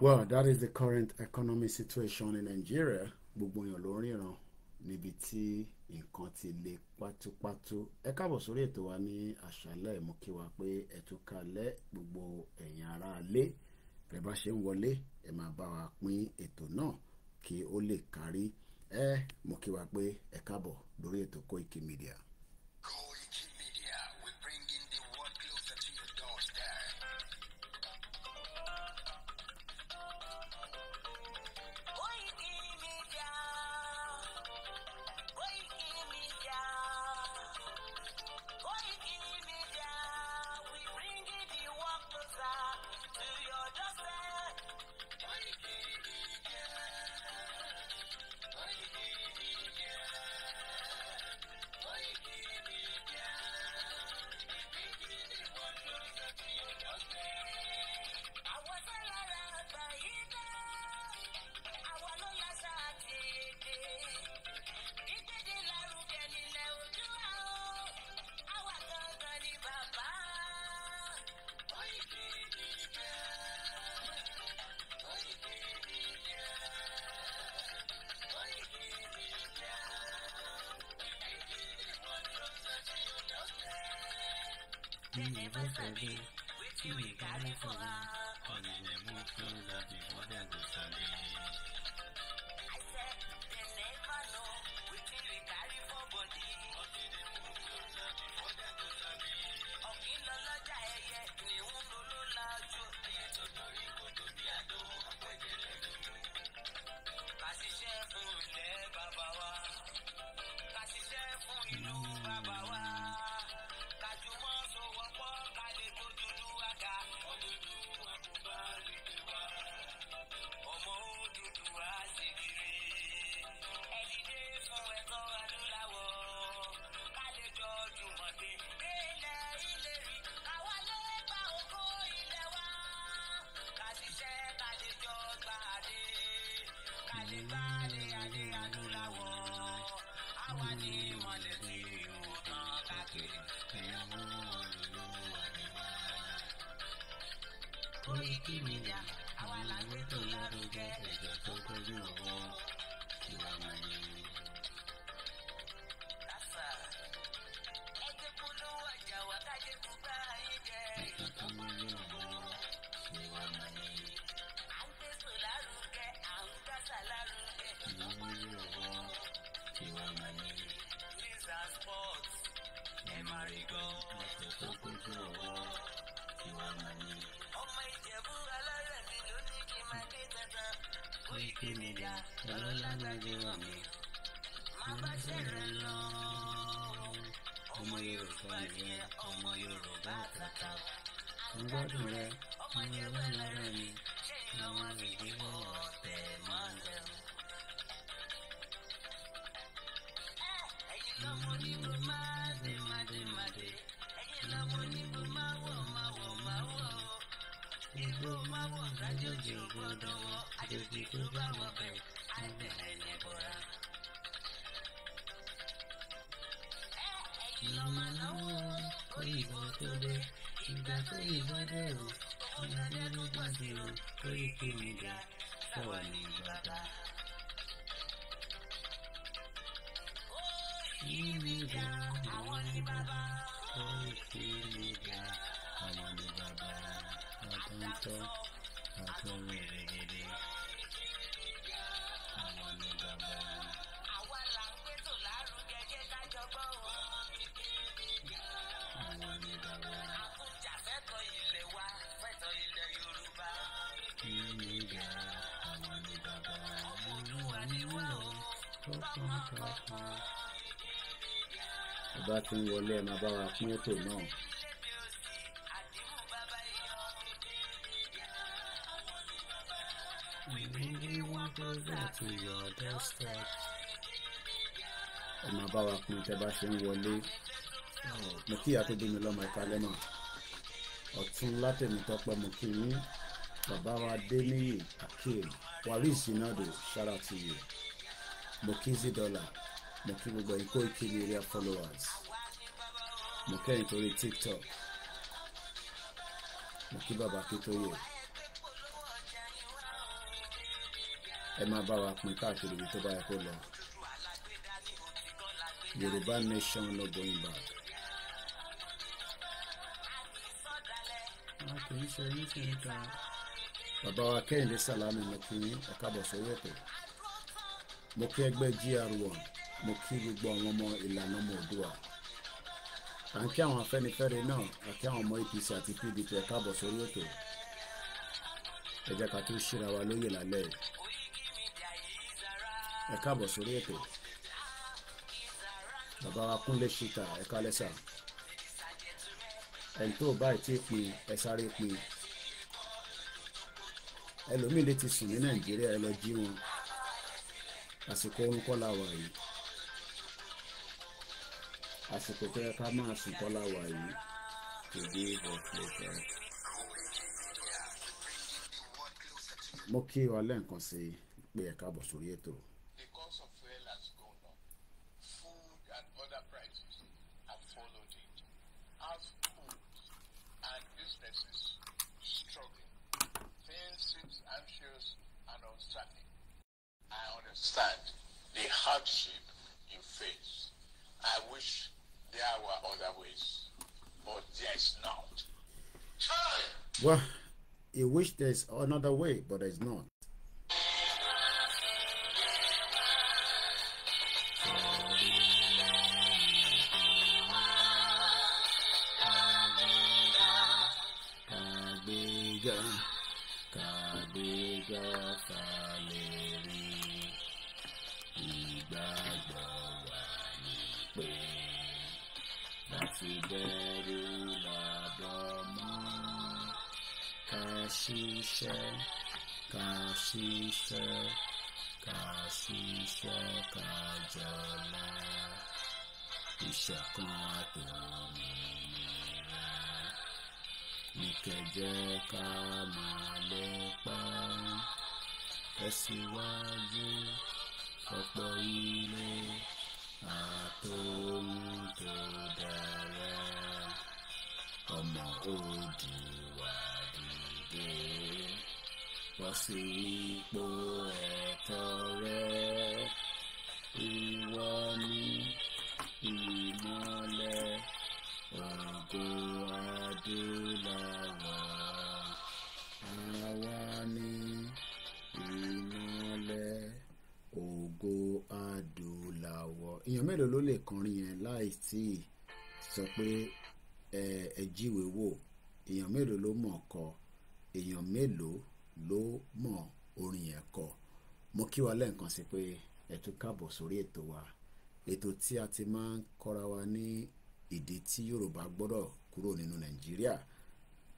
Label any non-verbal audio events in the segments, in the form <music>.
Well, that is the current economic situation in Nigeria. Gbogbo èèyàn ló ń ríran níbi tí nǹkan ti le pátópátó ẹ káàbọ̀ sórí ètò wa ní àṣálẹ́ mo kí wa pé ẹ tún kalẹ̀ gbogbo ẹ̀yin ará ilé rẹ bá ṣe ń wọlé ẹ máa bá wa pín ètò náà kí ó lè kárí ẹ mo kí wa pé ẹ káàbọ̀ lórí ètò Koiki Media. aládé adé adúláwọ̀ àwa ni ìmọ̀lẹ̀ tí yóò tàn káàkiri èèyàn mú olùlú ọ̀nìmọ̀. Koiki Media àwa là ń gbé tó lárugẹ ẹ̀jẹ̀ tó kojú òun ìwà mọ̀nyẹ́ni. tó pé kí ọwọ́ ti wá máa ní. ọmọ ìjẹ̀bú alára mi ló ní kí n máa ké tata kó ike mi dá ọlọ́lágbájú wà mí. máa bá ṣẹ̀rẹ̀ lọ. ọmọ yorùbá nìyẹn ọmọ yorùbá àtàtà. ń gbádùn rẹ ọmọ ìjẹ̀bú alára mi lọ́wọ́ mi dé wọ́ọ̀. àjèjì tó bá wọ̀ sájòjì ò gbọ́dọ̀ wọ̀ àjèjì tó bá wọ̀ bẹ̀ àìbẹ̀rẹ̀ ní bọ̀ra. lọ́mọ náwó òyìnbó tó dé ìgbà tó yìnbó dé o ọ̀nà lẹ́nu pọ̀ sí o lórí kìnìjà sáwà ní bàbá. yìí mi jà àwọn ní bàbá. lórí kìnìjà àwọn ní bàbá àdáńtọ́ àtọ̀rọ̀ rẹ̀gẹ̀dẹ̀. àwọn ni bàbá. àwa là ń gbẹ́tò lárugẹ jẹ́ kájọ gbọ́ o. àwọn ni bàbá. àkújà fẹ́tọ̀ ilẹ̀ wa fẹ́tọ̀ ilẹ̀ Yorùbá. ìyá mi gbà àwọn ni bàbá. ọmọ olúwa ni wá o. tọkàntọkàn. bàbá tí ń wọlé ẹ máa bá wa pín ètò náà. do that to your doorstep. ẹ máa bá wa pín tẹ bá ṣe ń wọlé mo kí ìyá tó bí mi lọ́mọ ìkálẹ́ náà ọ̀tún látẹ̀mí tọpẹ́ mo kí yín bàbá wa dé níyì akéem waris sinadu ṣára ti yè mo kí sí dọ́là mo kí gbogbo ikó ìkíni area followers mo kẹ́yìn torí tiktok mo kí bàbá kí tó yẹ. ẹ máa bá wa pín káàkiri ibi tó bá yẹ kó lọ Yorùbá nation no going back. a kì í ṣe oníṣẹ́ ìta. bàbá wa kẹ́hìndé sàlámì mo kí ẹ káàbọ̀ sórí ètò mo kí ẹgbẹ́ GR1 mo kí gbogbo àwọn ọmọ ìlànà ọmọ òdua à ń kí àwọn afẹ́nifẹ́re náà àti àwọn ọmọ APC àti PDP ẹ káàbọ̀ sórí ètò ẹ jẹ́ ká tún ṣíra wa lóye lálẹ́ yìí ẹ káàbọ̀ sórí ètò bàbá wa kúnlé ṣìkà ẹ kálẹ́ sà ẹni tó báyìí tí pe ẹ sáré pe ẹlòmíì lè ti sùn ní nàìjíríà ẹ lọ jí wọn àsìkò orúkọ la wà yìí àsìkò tó yẹ ká máa sùn kọ́ la wà yìí today but later. mo kí wa lẹ́ǹkan sí i pé ẹ káàbọ̀ sórí ètò. understand the hardship you face. I wish there were other ways, but there is not. Well, you wish there's another way, but there's not. Kashisha, Kashisha, Kashisha, Kajola, ìṣọ̀kan àtòmìnira. Ìkẹjẹ ká máa lépa, tẹ̀síwájú, ọ̀pọ̀ ilé, àtòhun tó dára, ọmọ òdìwà dé bọ́ sí ipò ẹ̀tọ́ rẹ ìwọ ni ìmọ́lẹ̀ ògo adúláwọ̀ àwa ni ìmọ́lẹ̀ ògo adúláwọ̀. èèyàn mélòó ló lè kọrin yẹn láì tí sọ pé ẹ jíwèé wò èèyàn mélòó ló mọ̀ ọ́ kọ́ ọ èèyàn mélòó ló mọ orin yẹn kọ mo kí wa lẹ́ẹ̀kan sí pé ẹ tún káàbọ̀ sórí ètò wa ètò tí a ti máa ń kọ́ra wa ní ìdí tí Yorùbá gbọ́dọ̀ kúrò nínú Nàìjíríà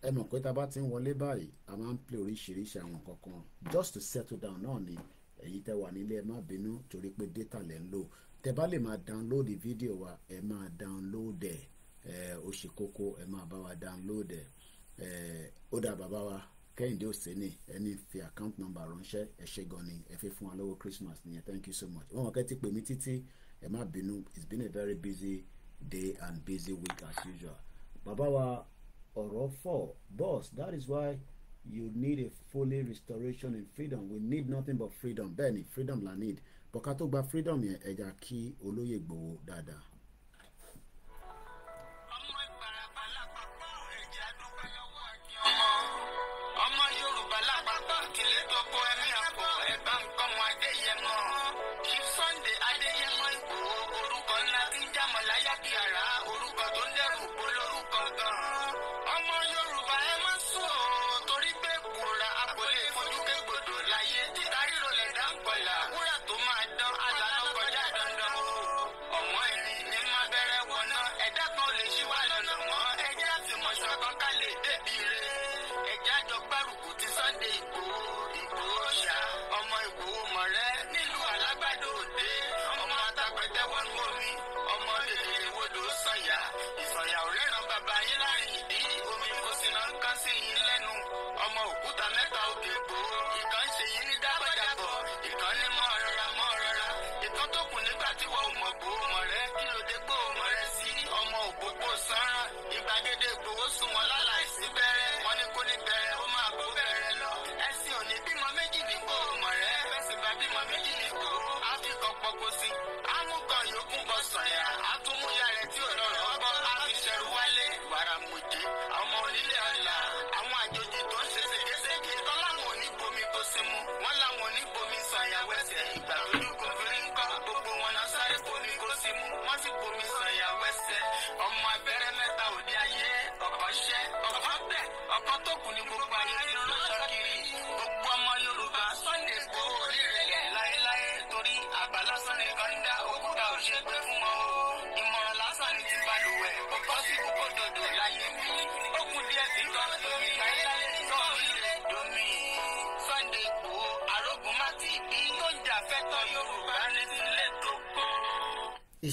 ẹ mọ̀ pé tá a bá ti ń wọlé báyìí a máa ń play oríṣiríṣi àwọn kankan just to settle down náà ni èyí tẹ́ wà nílé ẹ má bínú torí pé data lẹ́ ń lò tẹ́ bá lè máa download fídíò wa ẹ máa download ẹ ẹ ó ṣe kókó ẹ máa bá wa download ẹ ó dá bàbá wa kẹ́hìndé òsèlè ẹni fi account number ránṣẹ́ ẹ ṣé gan ni ẹ fi fún wa lọ́wọ́ christmas nìyẹn thank you so much wọn kẹ́ ti pè mí títí ẹ má bínú it's been a very busy day and busy week as usual bàbá wa ọ̀rọ̀ fọ̀ boss that is why you need a fully restoration in freedom we need nothing but freedom bẹ́ẹ̀ ni freedom la need bọ̀ká tó gba freedom yẹn ẹja kí olóyè gbowó dáadáa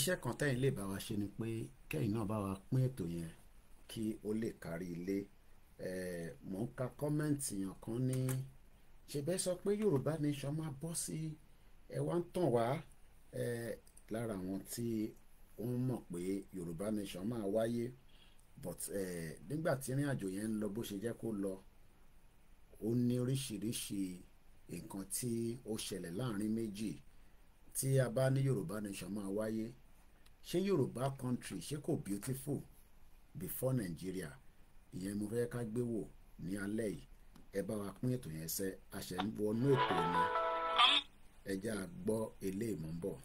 iṣẹ́ kan tẹ́yin lè bá wa ṣe ni pé kẹ́yin náà bá wa pín ètò yẹn kí ó lè kárí ilé mò ń ka kọ́mẹ́ǹtì yàn kan ní ṣe bẹ́ẹ̀ sọ pé Yorùbá Nation máa bọ́ sí ẹ wá ń tàn wá lára àwọn tí wọ́n mọ̀ pé Yorùbá Nation máa wáyé but nígbà tí ìrìn àjò yẹn ń lọ bó ṣe jẹ́ kó lọ ó ní oríṣiríṣi nǹkan tí ó ṣẹlẹ̀ láàrin méjì tí a bá ní Yorùbá Nation máa wáyé ṣé yorùbá country ṣé kò beautiful before nigeria ìyẹn mo fẹ́ ká gbé wò ní alẹ́ yìí ẹ bá wa pín ètò yẹn ṣe àṣẹ ń wọnú ètò ni ẹ já gbọ́ eléyìí mọ́ ń bọ̀.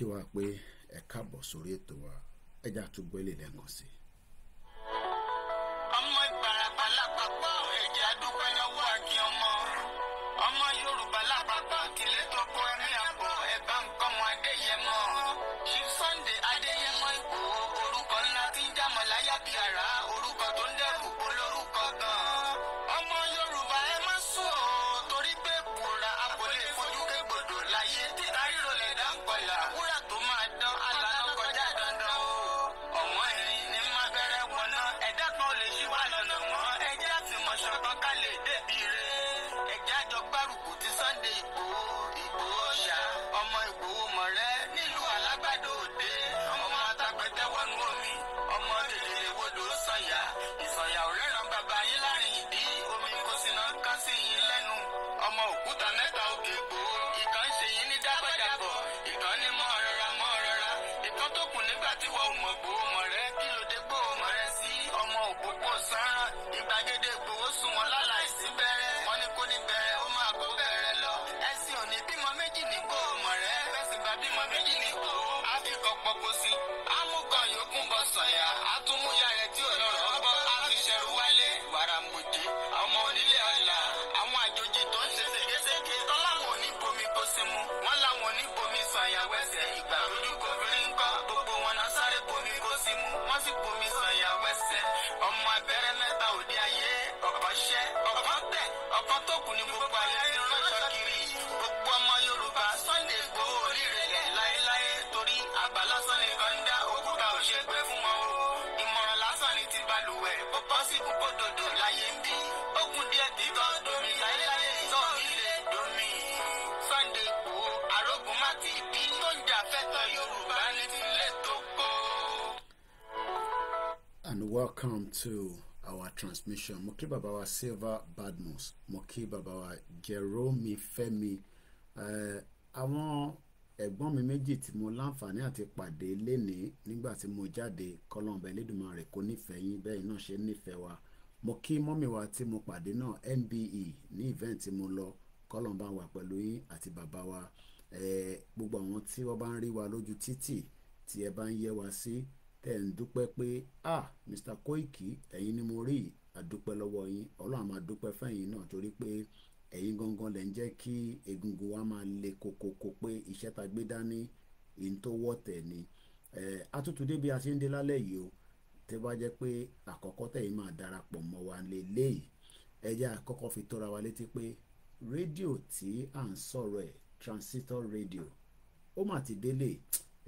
kí wa pé ẹ bọ̀ sórí ètò wa ẹ já tún gbọ́ ilé lẹ́ẹ̀kan sí i. sọ̀yà ò ríran bàbá yín láàrin ìdí omi kó síná ká sí yín lẹ́nu ọmọ òkúta mẹ́ta òkè gbòó welcome to our transmission mo kí Silver Badmus mo kí Jerome Femi. Eh, àwọn ẹ̀gbọ́n mi méjì tí mo láǹfààní àti pàdé lénìí nígbà tí mo jáde kọlọ́ọ̀bẹ Elédùmarè kò nífẹ̀ẹ́ yín bẹ́ẹ̀ náà ṣe nífẹ̀ẹ́ wa mo kí mọ́mì wa tí mo pàdé náà NBE ní event tí mo lọ kọlọ́ọ̀bá wà pẹ̀lú yín àti bàbá wa eh, gbogbo àwọn tí wọ́n bá ń rí wa lójú títì tí ẹ bá ń yẹ wa sí. Si tẹ́ ń dúpẹ́ pé ah Mr Koiki ẹ̀yin ni mo rí àdúpẹ́ lọ́wọ́ yín ọlọ́run máa dúpẹ́ fẹ́yìn náà torí pé ẹ̀yin gangan lẹ́ ń jẹ́ kí egungun wa máa le kokoko pé iṣẹ́ ta gbé dání in tó wọ́tẹ̀ ni atutu débi a ṣe ń dé lálẹ́ yìí o tẹ́ bá jẹ́ pé àkọ́kọ́ tẹ̀yin máa darapọ̀ mọ́ wa lélẹ́yìí ẹ àkọ́kọ́ fi tóra wa létí pé rédíò tí à ń sọ̀rọ̀ ẹ̀ transistor radio ó mà ti délé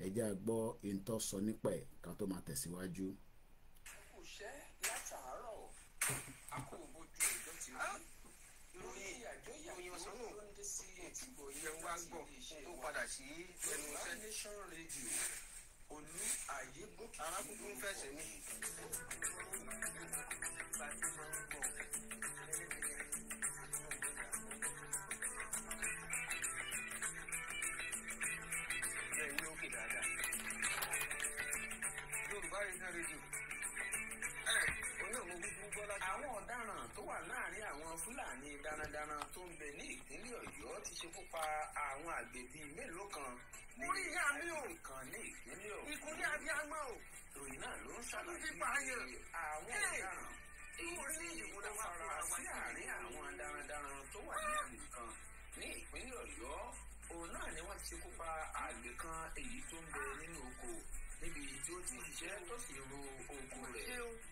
ẹ jẹ́ a gbọ́ ìntọ́ sọ nípa ẹ̀ ká tó máa tẹ̀síwájú. kò látàárọ̀ a ọjọ́ ti rí lórí ìyàjọyàwó ló ń dé sí ètìgbò wá gbọ́ tó padà sí ẹnu iṣẹ́ olú àyè arákùnrin fẹsẹ̀ mi. wà láàrin àwọn fúlàní darandaran tó ń bẹ ní ìpínlẹ̀ ọ̀yọ́ ti ṣekú pa àwọn àgbẹ̀ mélòó kan ní ìpínlẹ̀ kan ní ìpínlẹ̀ ọ̀yọ́. ìkúnlẹ̀ abiyamọ o. ròyìn náà ló ń ṣàlàyé àwọn ọ̀daràn tí wọ́n ní ìwúlò fara sí àárín àwọn darandaran tó wà ní àgbẹ̀ ah! kan ní ìpínlẹ̀ ọ̀yọ́ òun náà ni wọ́n ti ṣekú pa àgbẹ̀ kan èyí tó ń bẹ nínú oko níbi tí ó tó sì ro oko rẹ̀.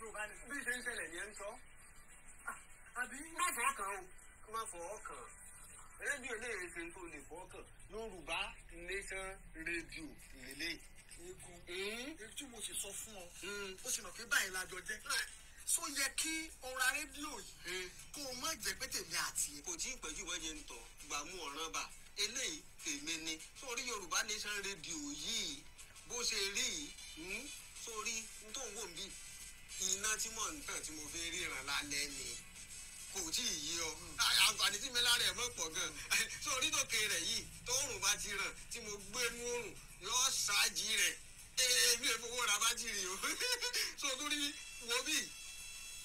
yorùbá ni bí ṣe ń ṣẹlẹ̀ yẹn ń sọ ah, àbí má fọwọ́ kàn o má fọwọ́ kàn rédíò lè ṣe tó lè fọwọ́ kàn yorùbá nation rédíò lélẹ̀. eegun hmm? èyí mo sì sọ fún ọ hmm. ó sì mọ̀ pé báyìí la jọ jẹ́ so yẹ kí ọ̀rọ̀ rédíò yìí hmm. kó o má jẹ́ pé tèmi àti kò tí ì pẹ́jù wọ́n jẹ́ ń tọ̀ gbàmú ọ̀ràn bá eléyìí tèmi ni sórí yorùbá nation rédíò yìí bó ṣe rí yìí sórí n tó ń wò ń iná tí mò ń tàn tí mo fi ríran lálẹ́ ni kò tí ì yí ọ àǹfààní tí mi lára mọ̀ pọ̀ gan so <laughs> onítòkè rẹ̀ yìí tó òrùn bá ti ràn tí mo gbé mú òrùn yóò ṣáájì rẹ̀ èmi ìfowó ra bá jìrì o <laughs> so tó rí wo bí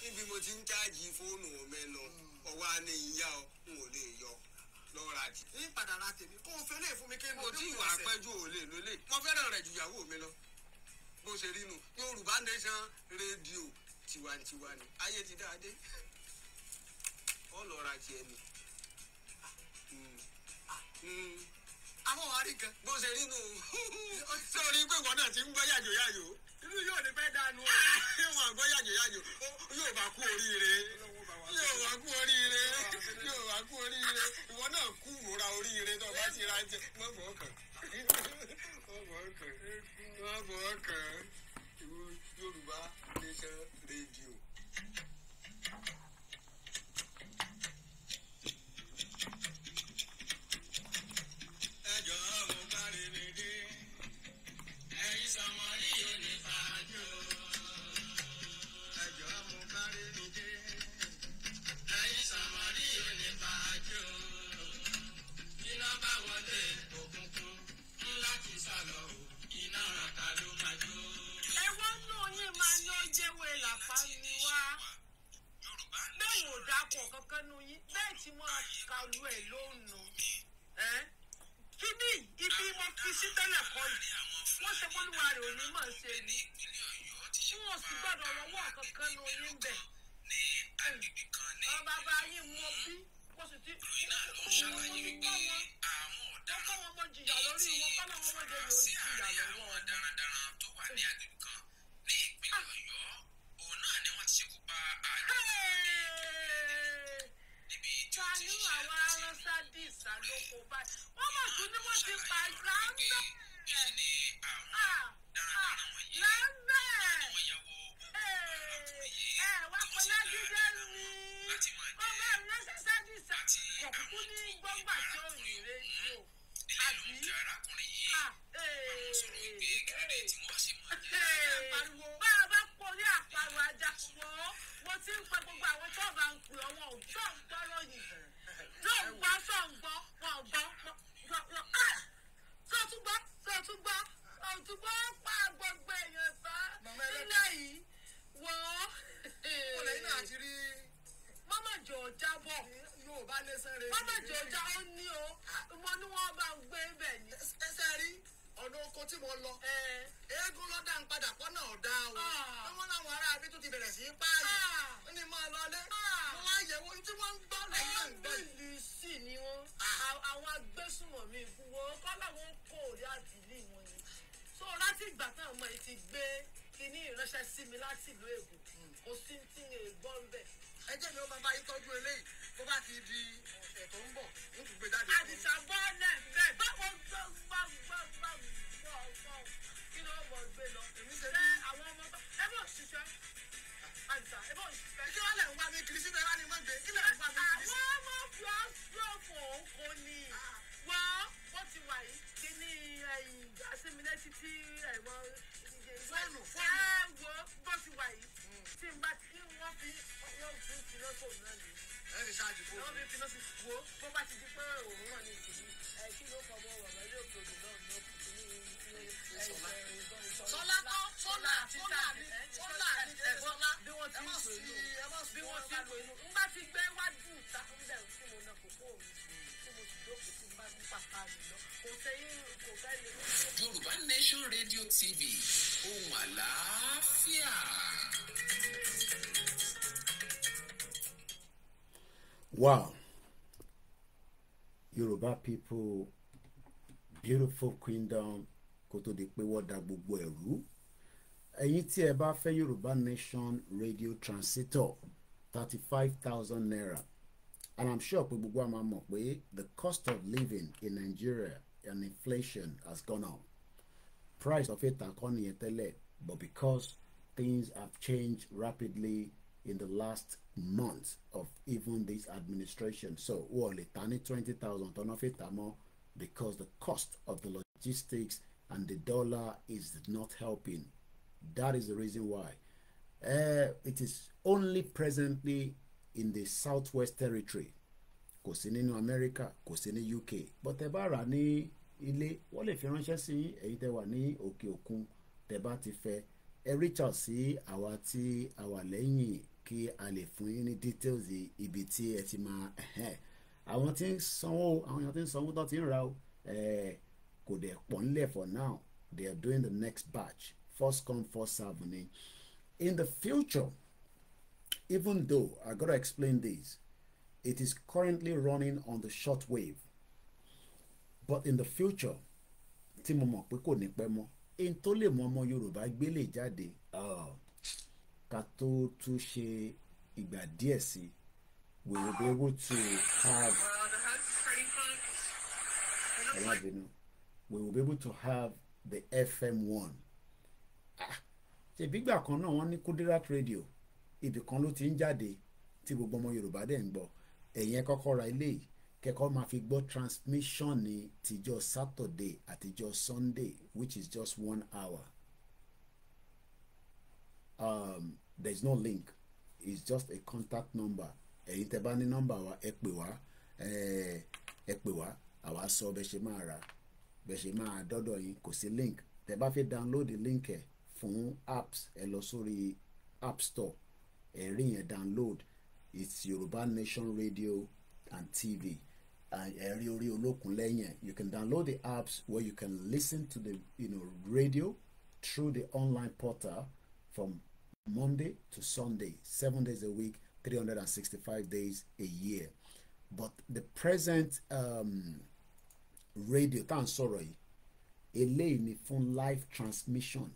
níbi mo ti ń cháàjì fóònù mẹ́nu hmm. ọwọ́ á ìyá ọ n ò lè yọ lọ́ra jì. ní padà ra tèmi kó o fẹ́ lè fún mi kí n mo ti ìwà àpẹ́jù ò lólè. mo fẹ́ràn rẹ̀ ju ìyàwó mi lọ bó ṣe rí nu yorùbá nation rédíò tiwantiwa ni ayé ti dáadé ọlọ́ra tiẹ̀ ni hmm. Hmm. àwọn wàá rí bó ṣe rí nu sọrí pé ìwọ náà ti ń gbọ́ yàjò yàjò inú yóò ní fẹ́ dànù ìwọ̀n àgbọ̀ yàjò yàjò yóò bá kú oríire yóò wá kú oríire yóò wá kú oríire ìwọ náà kú ìrora oríire tó o bá ti ra jẹ mọ́fọ̀ọ́kàn. ọmọ ọkàn ọmọ ọkàn yorùbá nation radio. kankan nu yín lẹ́yìn tí mo àkàlù ẹ̀ lónù kí ni ibi mo fi sí tẹ́lẹ̀ kọ́ yìí wọ́n ṣe bọ́lúwa rẹ̀ òní mọ̀ ṣe ni tí wọ́n gbọ́dọ̀ lọ́wọ́ kankan nu yín bẹ̀ ọba bá yín mo bí mo sì ti mo sì kọ́ wọn mo wọn mo jìyà lórí wọn kọ́ làwọn ọmọdé yóò jìyà lọ́wọ́ ọ̀dà ta nínú àwọn aránsádìs àlòkò báyìí wọ́n mọ̀ tún ní wọ́n ti pa láńdẹ̀. láńdẹ̀ ẹ wá kọjá jíjẹ́ ni wọ́n bá aránsádìs kọ̀kúkú ní gbọ́ngbà tí ó rìn rédíò àbí pariwo ah, eh, eh, eh, bá a bá kọrí àparò ajá wọ́n mo ti ń pe gbogbo àwọn tó bá ń pè ọwọ́ ò tó ń gbọ́ lóyìn tó ń gbọ́ tó ń gbọ́ wọn gbọ́ wọn á tó ah! tún gbọ́ tó tún gbọ́ òtún gbọ́ pa gbogbo èèyàn tán nílẹ̀ yìí wọ́. mo lè ní àṣírí. mọ́mọ́ jò ó jábọ̀. yóò bá lé sẹ́rẹ̀. mọ́mọ́ jò ó ó ní o ah! mo ní wọ́n bá ń gbé bẹ̀ ní. sẹ́rí ọ̀nà oko tí mo lọ. eégún lọ́dà ń padà pọ́nà ọ̀dà o. pé ah. wọ́n láwọn ará abí tó ti bẹ̀rẹ̀ sí í pààyàn. Ah. ó ní máa lọ lé. Ah. wọ́n á yẹ̀wò tí wọ́n ń gbọ́ lẹ́yìn náà ń gbọ́ yìí. àwọn ìlúsì ni wọ́n àwọn agbésùnmọ̀ mi kú wọ́n kọ́ làwọn kò rí wọn ni. tó o láti ìgbà táwọn ọmọ yìí ti gbé kinní ìránṣẹ́ sí mi láti ìlú èkó hmm. kò sí ti ń gbọ́ bẹ́ẹ̀ ẹjẹ mi ó bá báyìí tọ́jú eléyìí tó bá ti di ọ̀sẹ̀ tó ń bọ̀ ń tún gbé jáde. àdìsá bọ́ọ̀lẹ̀ bẹ́ẹ̀ báwo gbọ́gbọ́gbọ́gbọ́ kí ló wọ̀ gbé lọ. èmi ṣe bí àwọn ọmọ tó ẹ bọ̀ ṣiṣẹ́ àdìsá ẹ bọ̀ ṣiṣẹ́. kí wọ́n lè wá mi kiri síbẹ̀ wá ní mọ́ gbé kí lè wá mi kiri sí. àwọn ọmọ fúlọ́fù ọkọ ni ah. wọ́n wọ́n ti wà yìí kí ní ẹ̀yìn àṣemílẹ́tì tí ẹ̀wọ̀n fóònù fóònù. ẹ wo bó ti wà yìí tí n bá tí wọ́n fi wọ́n fi finá tó náà lè. wọ́n ṣáàjì fún mi. wọ́n fi finá sí wo bó bá ti di pé òun wà ní ìtìlú ẹ kí ló kọ́ bọ́ bàbá ilé òkè òdò náà mọ́ sọlá tó sọlá sọlá ni sọlá ni sọlá bí wọ́n ti ń sọ inú bí wọ́n ti ń sọ inú ń bá ti gbé wájú ìta fún mi fún mi náà kò kó òun. Yorùbá Nation Radio TV ohun àlàáfíà. Wow, Yorùbá people, beautiful kingdom kó tó di pé wọ́n da gbogbo ẹ̀rú. Ẹ̀yin tí ẹ bá fẹ́ Yorùbá Nation Radio Transistor thirty five thousand naira and i'm sure pé gbogbo àmà mọ̀ pé the cost of living in nigeria and inflation has gone up price of it kọ́ nìyẹn tẹ́lẹ̀ but because things have changed rapidly in the last months of even this administration so only lè ta ní twenty thousand tọ́nà fi ta mọ́ because the cost of the logistics and the dollar is not helping that is the reason why uh, it is only presently in the southwest territory kò sí nínú Amẹ́ríkà kò sí ní UK but ẹ bá rà ní ilé wọ́n lè fi ránṣẹ́ sí ẹ̀yin tẹ́ wà ní òkè òkun tẹ́ bá ti fẹ́ ẹ reach sí àwa tí a wà lẹ́yìn kí a lè fún yín ní details ibi tí ẹ ti máa àwọn tí ń sanwó àwọn èèyàn tí ń sanwó tó ti ń ra o kò dẹ̀ pọ̀ nílẹ̀ for now they are doing the next batch first come first serve ni in the future even though I gotta explain this, it is currently running on the short wave. But in the future, tí mo mọ̀ pé kò ní pẹ́ mọ́, in tó lè mọ ọmọ Yorùbá gbélé jáde ah, ká tó tún ṣe ìgbà díẹ̀ sí we will be able to have alábìnú we will be able to have the FM one. Ah, ṣèbí ìgbà kan náà wọ́n ní Kudirat radio ibì kan ló ti ń jáde tí gbogbo ọmọ Yorùbá dẹ̀ ń gbọ́ ẹ̀yin kọ́kọ́ ra ilé yìí kẹ́kọ́ máa fi gbọ́ transmission ní tìjọ́ Saturday àtijọ́ Sunday which is just one hour um, there is no link it's just a contact number ẹ̀yin tẹ́ bá ní nọ́mbà wa ẹ pè wá eh, ẹ pè wá àwa sọ bẹ́ẹ̀ ṣe máa ra bẹ́ẹ̀ ṣe máa dọ́dọ̀ yín kò sí link tẹ́ bá fi download link ẹ̀ fún apps ẹ lọ sórí app store ẹ̀rí yẹn download it's Yorùbá Nation Radio and TV ẹ̀rí orí olókun lẹ́yìn you can download the apps where you can listen to the you know, radio through the online portal from Monday to Sunday seven days a week three hundred and sixty-five days a year but the present um, radio tá à ń sọ̀rọ̀ yìí eléyìí ni fún live transmission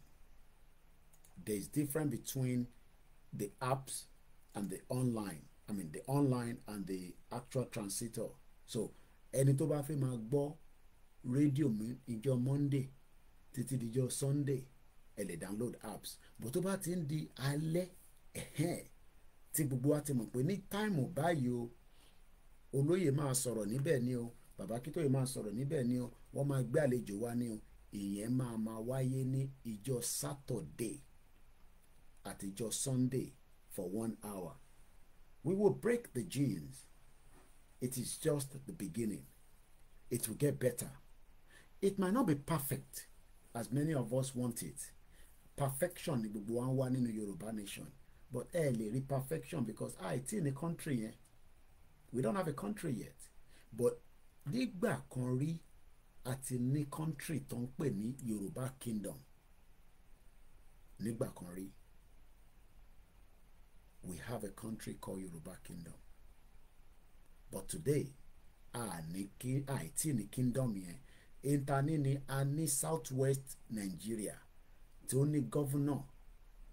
there is difference between the apps and the online i mean the online and the actual translator so ẹni tó bá fẹ́ máa gbọ́ rédíò mi ìjọ monday títí dìjọ sunday ẹ lè download apps bó tó bá ti ń di alẹ́ ẹ̀hẹ́n tí gbogbo wa ti mọ̀ pé ní táìmù báyìí o olóyè máa sọ̀rọ̀ níbẹ̀ ni o bàbá kítóyè máa sọ̀rọ̀ níbẹ̀ ni o wọ́n máa gbé àlejò wa ni o ìyẹn máa máa wáyé ní ìjọ sátọ̀dẹ̀ẹ́ àtijọ́ Sunday for one hour. We will break the genes. It is just the beginning. It will get better. It might not be perfect as many of us want it. Perfection ni gbogbo wa ń wá nínú Yorùbá nation but ẹ lè rí perfection because àìtí ah, the country yẹn we don't have a country yet but nígbà kan rí àti ní country tó ń pè ní Yorùbá kingdom nígbà kan rí we have a country called Yoruba Kingdom. But today, àìtí ní kingdom yẹn ìtaní ni a ní southwest Nigeria tí ó ní gọ́vùnà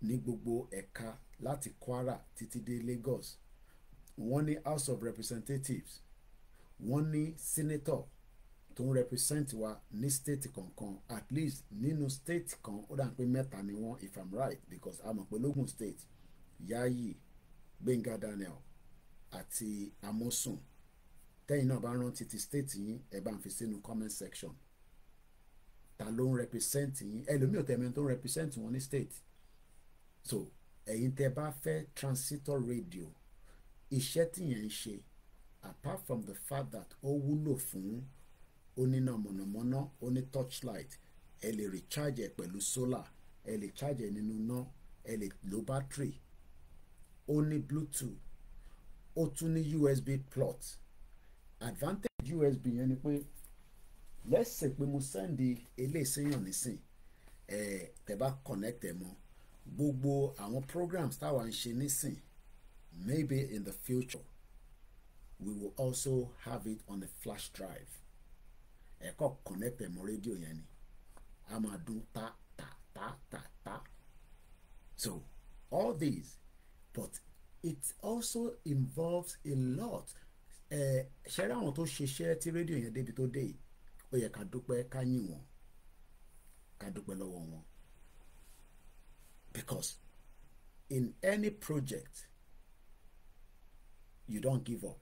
ní gbogbo ẹ̀ka láti Kwara títí dé Lagos wọ́n ní House of Representatives wọ́n ní senator tó ń represent wa ní state kankan at least nínú state kan ó dà pé mẹ́ta ni wọ́n if I'm right because a mọ̀ pé lógùn state Yayi Gbẹ̀ngà Daniel àti Amosun tẹ́yìn náà bá rántí ti state yín ẹ bá ń fi sínú comment section ta ló ń represent yín ẹlòmíì ò tẹ̀mí tó ń represent wọn ní state so ẹ̀yin tẹ́ bá fẹ́ transitor radio iṣẹ́ tìyẹn ń ṣe apart from the fact that ó wúlò fún oníná mọ̀nàmọ́ná oní torchlight ẹ lè recharge ẹ pẹ̀lú solar ẹ lè charge ẹ nínú iná ẹ lè lo battery ó ní bluetooth ó tún ní usb plot advantage usb yẹn ni pé let's say pé mo send eléyìí séyàn nísìn ẹ tẹ́ bá connect ẹ mọ́ gbogbo àwọn programs táwa ń ṣe nísìn maybe in the future we will also have it on a flash drive ẹ connect ẹ mọ́ rédíò yẹn ni a máa dún ta ta ta ta ta so all these but it also involves a lot ṣẹ́rí àwọn tó ṣiṣẹ́ tí rédíò yẹn débi tó dé yìí ó yẹ ká dúpẹ́ ká yìn wọ́n ká dúpẹ́ lọ́wọ́ wọn because in any project you don't give up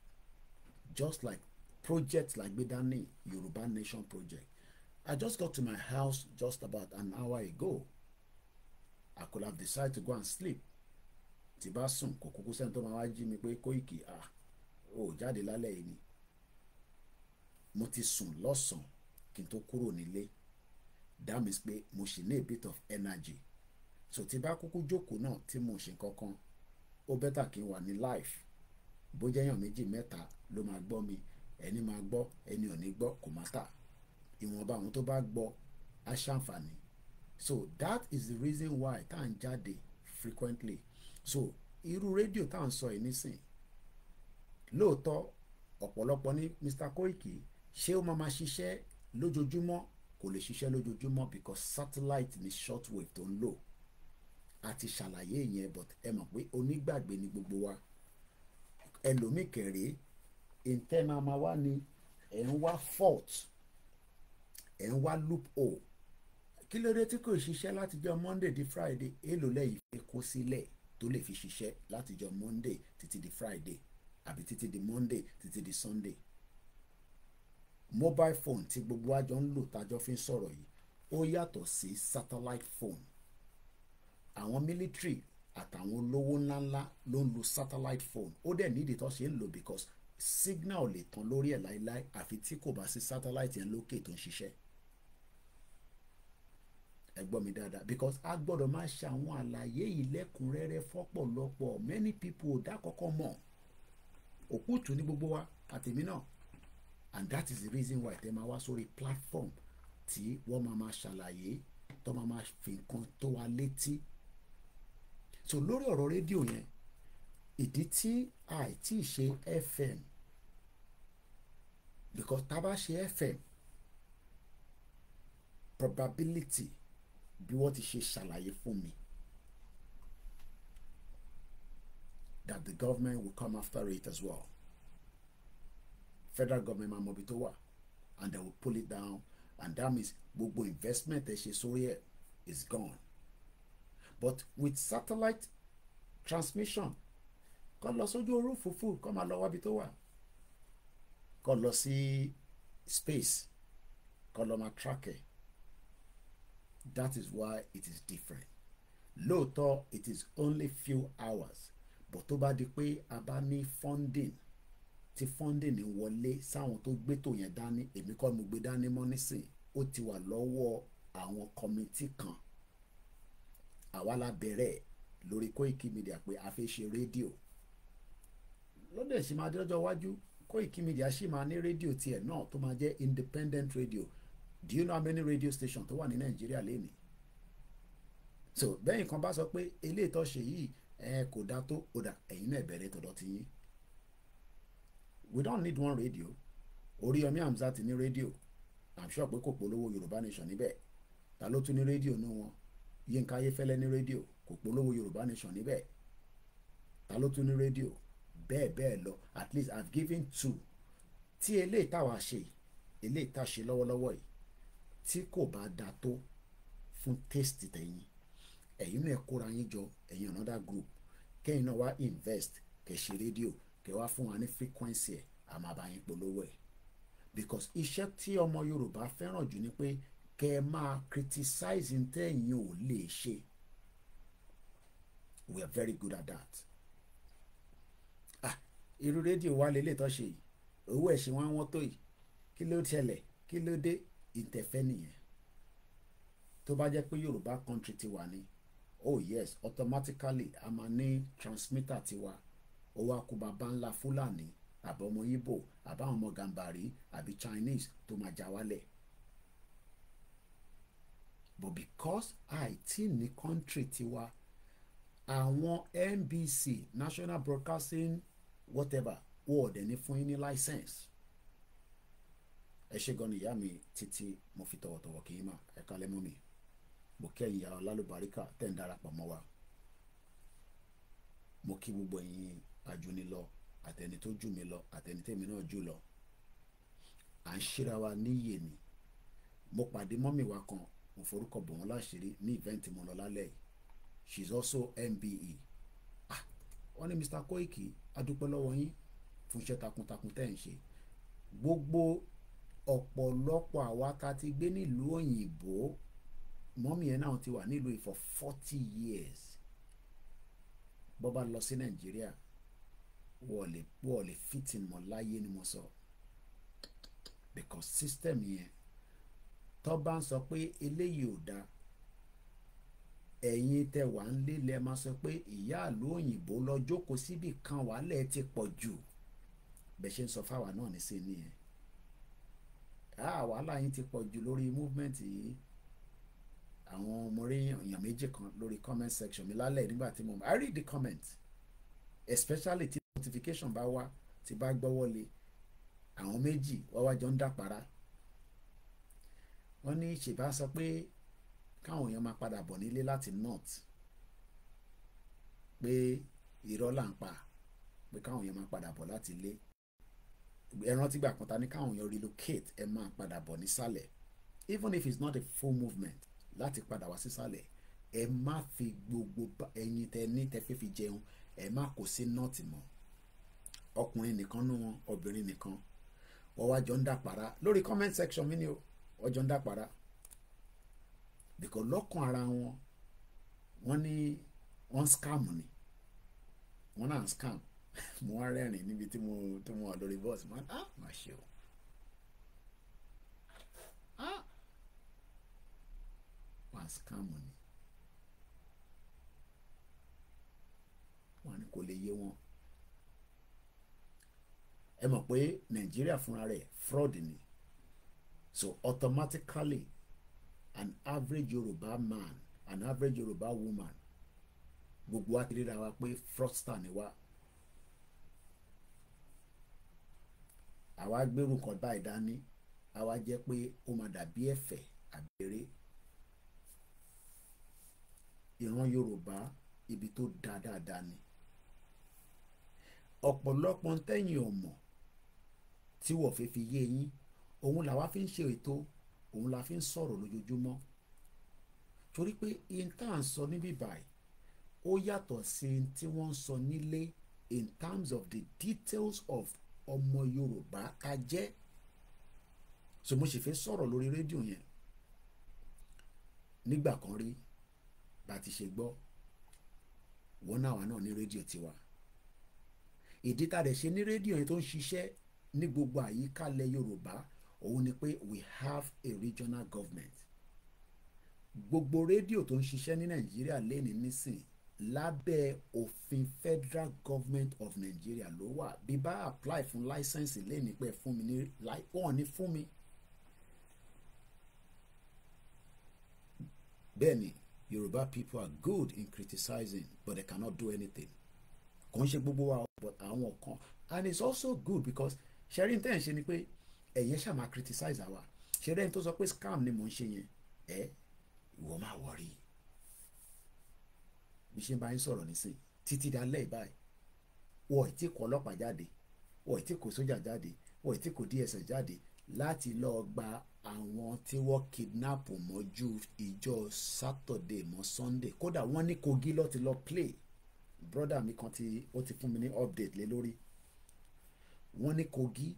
just like projects like Gbedani Yoruba Nation project I just got to my house just about an hour ago I could have decided to go and sleep tí bá sùn kò kúkú sẹ́ni tó máa wá jí mi pé Kóìkì à ò jáde lálẹ́ yìí ni mo ti sùn lọ́sàn-án kí n tó kúrò nílé that means pé mo ṣì ní a bit of energy so tí bá kúkú jókòó náà tí mo ṣe kankan ó bẹ́tà kí n wà ní life bó jẹ́ èèyàn méjì mẹ́ta ló máa gbọ́ mi ẹni máa gbọ́ ẹni ò ní gbọ́ kò má tà ìwọ̀nba àwọn tó bá gbọ́ á ṣàǹfààní so that is the reason why tá à ń jáde frequently so irú rédíò tá à ń sọ yìí nísìn lóòótọ́ ọ̀pọ̀lọpọ̀ ní Mr Koiki ṣé ó máa ma ṣiṣẹ́ lójoojúmọ́ kò lè ṣiṣẹ́ lójoojúmọ́ because satellite ni short wave tó ń lò àti ṣàlàyé ìyẹn but ẹ mọ̀ pé onígbàgbé ni gbogbo wa ẹlòmíì kẹrẹ ntẹ́ máa ma wá ni ẹ̀ ń wá fault ẹ̀ ń wá loophole kí ló dé tí kò ṣiṣẹ́ láti jọ Monday di Friday èèlò lẹ́yìn fi kó sílẹ̀. Si tó lè fi ṣiṣẹ́ látijọ́ monday títí di friday àbí títí di monday títí di sunday mobile phone tí gbogbo wa jọ ń lò tájọ́ fi ń sọ̀rọ̀ yìí ó yàtọ̀ sí satellite phone àwọn military àtàwọn olówó ńláńlá ló ń lo satellite phone ó dẹ̀ nídìí tó ṣe ń lò because signal ò lè tán lórí ẹ̀ láéláé àfi tí kò bá sí satellite yẹn lókè tó ń ṣiṣẹ́ ẹ gbọ́ mi dáadáa because a gbọ́dọ̀ máa ṣe àwọn àlàyé yìí lẹ́kùnrẹ́rẹ́ fọ́pọ̀lọpọ̀ many people ò dá kọ́kọ́ mọ̀ òkútù ní gbogbo wa àtèmi náà and that is the reason why tẹ́ máa wá sórí platform tí wọ́n máa máa ṣàlàyé tó máa máa fi nǹkan tó wa létí so lórí ọ̀rọ̀ rédíò yẹn ìdí tí àìtí ṣe fm because tá a bá ṣe fm probability bí wọ́n ti ṣe ṣàlàyé fún mi that the government will come after it as well federal government máa mọ ibi tó wà and they will pull it down and that means gbogbo investment ẹ ṣe sórí ẹ is gone but with satellite transmission kọ́ lọ sójú orú fùfú kọ́ máa lọ wábi tó wà kọ́ lọ sí space kọ́ lọ máa track ẹ̀. That is why it is different. Lóòótọ́ it is only few hours but tó bá di pé a bá ní funding tí funding wọlé sáwọn tó gbé tó yẹn dání èmi kọ́ mo gbé dání mọ́ nísìn ó ti wà lọ́wọ́ àwọn kọ́mítì kan àwa la bẹ̀rẹ̀ lórí Koiki Media pé a fẹ́ ṣe rédíò lọ́dẹ̀ sì máa dé lọ́jọ́ iwájú Koiki Media sì máa ní rédíò tiẹ̀ náà tó máa jẹ́ independent radio do you know how many radio stations tó wà ní nàìjíríà lẹ́nu so bẹ́ẹ̀ nǹkan bá sọ pé eléyìí tó ṣe yìí ẹ kò dá tó ó dà ẹ̀yin náà bẹ̀rẹ̀ tọ̀dọ̀ ti yín we don't need one radio Oríyọmí Hamzat ní rédíò i'm sure pé kò polówó yorùbá nation níbẹ̀ ta ló tún ní rédíò nú wọn Yínká Ayéfẹ́lẹ́ ní rédíò kò polówó yorùbá nation níbẹ̀ ta ló tún ní rédíò bẹ́ẹ̀ bẹ́ẹ̀ lọ at least I'm given two tí eléyìí táwa ṣe eléyìí tá a ṣe lọ́wọ́lọ́wọ́ yìí tí kò bá da tó fún taste tẹ̀yìn ẹ̀yin náà kóra yín jọ ẹ̀yin another group kẹ́yìn náà wá invest kẹ́ ṣe rédíò kẹ́ wá fún wa ní frequency ẹ̀ a polówó ẹ̀ because iṣẹ́ tí ọmọ Yorùbá fẹ́ràn jù ni pé kẹ́ ẹ máa criticize tẹ̀yìn ò lè ṣe we are very good at that ah irú rédíò wa lélẹ̀ tó ṣe yìí owó ẹ̀ ṣe wọ́n wọ́n tó yìí kí ló tẹ̀lẹ̀ kí ló dé ìtẹ̀fẹ́ nìyẹn tó bá jẹ́ pé Yorùbá country ti wà ní oh yes automatically a máa ní transmitter tiwa ó wá kó bàbá ńlá Fúlàní àbí ọmọ Ìgbò àbáwọn ọmọ Gàmbàrí àbí Chinese tó máa já wálẹ̀ but because àìtí ní country tiwa àwọn NBC National Broadcasting whatever wọ́ọ̀dẹ̀ ní fún yín ní license ẹ ṣe gan ni ìyá mi títí mo fi tọ̀wọ̀tọ̀wọ̀ kì í mà ẹ kálẹ́ mọ́ mi mo kí ẹ̀yin ìyá ọlálùbáríkà tẹ̀ ń darapọ̀ mọ́ wa mo kí gbogbo ẹ̀yin ajúnilọ àtẹni tó jù mí lọ àtẹni tèmi náà jù lọ à ń ṣíra wa níyè ni mo pàdé mọ́mì wa kan mo forúkọ bò wọ́n láṣìírí ní ìvẹ́ǹtì mo lọ lálẹ́ yìí she is also MBE ah wọ́n ní Mr Koiki adúpẹ́ lọ́wọ́ yín fún iṣẹ́ takuntakun tẹ́ ń ṣe gbogbo ọ̀pọ̀lọpọ̀ àwa ta ti gbé nílùú òyìnbó mọ́mí ẹ̀ náà ti wà nílùú for forty years bọ́ bá lọ sí nàìjíríà wọ́n lè fitin mọ́ láyé ni mo sọ because system yẹn tó bá ń sọ pé eléyìí ò dáa ẹ̀yin tẹ wà ń lé lẹ́ máa sọ pé ìyá ìlú òyìnbó lọ jókòó síbì kan wàhálẹ̀ ti pọ̀ jù bẹ́ẹ̀ ṣe ń sọ fáwa náà nísìnyí yẹn wàhálà yín ti pọ̀ jù lórí movement yìí àwọn mo èèyàn méjì kan lórí comment section mi lálẹ́ nígbà tí mo I read the comment especially tí notification bá wá tí bá gbọ́wọ́ lé àwọn méjì wọ́n wá jọ ń dàpara wọ́n ní ṣèbá sọ pé káwọn èèyàn máa padà bọ̀ nílé láti north pé irọ́ là ń pa pé káwọn èèyàn máa padà bọ̀ láti ilé ẹ rántí gbà kan ta ní káwọn èèyàn relocate ẹ máa padà bọ̀ nísàlẹ̀ even if it's not a full movement láti padà wá sísàlẹ̀ ẹ má fi gbogbo ẹyin tẹ ní tẹ fẹ́ fi jẹun ẹ má kó sí nọ́ọ̀tì mọ́ ọkùnrin nìkan nú wọn obìnrin nìkan wọ́n wá jọ ń dàpàrà lórí comment section mi ni o wọ́n jọ ń dàpàrà because lọ́kàn ara wọn wọ́n ní wọ́n scam ni wọ́n náà scam <laughs> mo wá rẹ́rìn níbi tí mo tí mo wà lórí bọ́ọ̀sì máa ah má ṣe o ah wàá skáàmù ni wọ́n ní kò lè yé wọn ẹ mọ̀ pé nàìjíríà fúnra rẹ̀ fraud ni so automatically an average yorùbá man an average yorùbá woman gbogbo wa ti ríra wa pé fraudster ni wa àwa gbèrú kan báyìí dání àwa jẹ́ pé ó máa dàbí ẹ̀fẹ̀ àbẹ̀rẹ̀ ìran Yorùbá ibi tó dáa dáadáa ni ọ̀pọ̀lọpọ̀ tẹ́yìn ọmọ tí wọ́n fi fi yé yín òun làwa fi ń ṣe ètò òun la fi ń sọ̀rọ̀ lójoojúmọ́ torí pé ihun tá à ń sọ níbí báyìí ó yàtọ̀ sí tí wọ́n ń sọ nílé in terms of the details of ọmọ Yorùbá ká jẹ́ so mo sì fi sọ̀rọ̀ lórí rédíò yẹn nígbà kan rí bá ti ṣe gbọ́ wọn náà náà ní rédíò tiwa ìdí tá a dẹ̀ ṣe ní rédíò yẹn tó ń ṣiṣẹ́ ní gbogbo àyíká Yorùbá òun ni pé we have a regional government gbogbo rédíò tó ń ṣiṣẹ́ ní Nàìjíríà lẹ́ni nísìn lábẹ́ òfin federal government of Nigeria ló wà bí bá apply fún license lẹ́ni pẹ́ fún mi ní wọ́n ní fún mi. bẹ́ẹ̀ni Yorùbá people are good in criticizing but they cannot do anything kò ń ṣe gbogbo wa but àwọn kan and it's also good because ṣẹ́rí tẹ́ ẹ̀ ń ṣe ni pé ẹ̀yẹ́ ṣá máa criticize àwa ṣẹ́rí ẹni tó sọ pé scam ni mò ń ṣe yẹn ẹ̀ ìwọ máa wọrí bí ṣe bá yín sọ̀rọ̀ nísìnyí títí dalẹ́ ìbáyìí wọ́n ti kó ọlọ́pàá jáde wọ́n ti kó sójà jáde wọ́n ti kó dss jáde láti lọ́ọ́ gba àwọn tí wọ́n kidnap mọ́jú ìjọ Saturday mọ́ Sunday kódà wọ́n ní Kogi ló ti lọ play broda mi kan tí ó ti fún mi ní update lé lórí wọ́n ní Kogi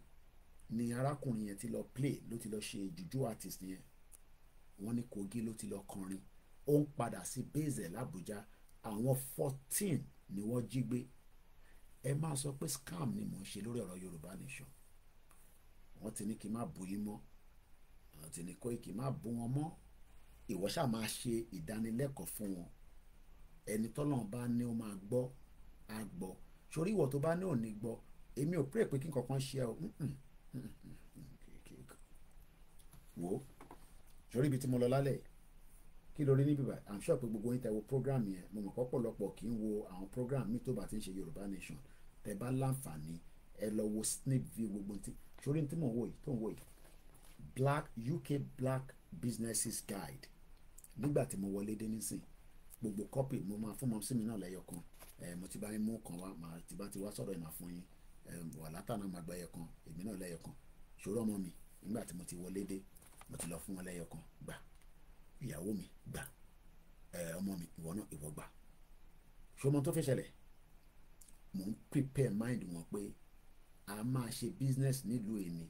ni arákùnrin yẹn ti lọ play ló ti lọ ṣe juju artist yẹn wọ́n ní Kogi ló ti lọ kọrin ó ń padà sí base ẹ̀ l'Abuja àwọn fourteen ni wọ́n jí gbé ẹ máa sọ pé scam ni mò ń ṣe lórí ọ̀rọ̀ Yorùbá nation wọ́n ti ní kí n má bu yín mọ́ wọ́n ti ní kó kí n má bu wọn mọ́ ìwọ ṣáà máa ṣe ìdánilẹ́kọ̀ọ́ fún wọn ẹni tọ́lọ́run bá ní ó máa gbọ́ á gbọ́ sórí ìwọ tó bá ní òní gbọ́ èmi ò pray pé kí nǹkankan ṣe ẹ o wo sórí ibi tí mo lọ lálẹ́ yìí kí ló rí níbí i'm sure pé gbogbo yín tẹ́ wo program yẹn mo mọ̀ pọ̀pọ̀lọpọ̀ kì í wo àwọn program mi tó bá ti ń ṣe yorùbá nation tẹ́ bá láǹfààní ẹ lọ wo snake view gbogbo ti sórí tí mò ń wò yìí tó ń wò yìí black uk black businesses guide nígbà tí mo wọlé dé nísìn gbogbo copy mo máa fún mọ́sí mi náà lẹ́yọ kan mo ti bá yín mú kan wá màá ti bá ti wá sọ̀rọ̀ ìmọ̀ fún yín wà látàná màá gba ẹyọ kan èmi náà lẹ́yọ kan ṣòro ọmọ mi nígbà tí mo ti wọlé dé mo ti lọ fún wọn lẹ́yọ gbà ìyàwó mi gbà ọmọ mi ìwọ náà ìwọ gbà ṣọmọ tó fẹ́ ṣẹlẹ̀ mò ń prepare mind wọn pé a máa ṣe business nílùú èmi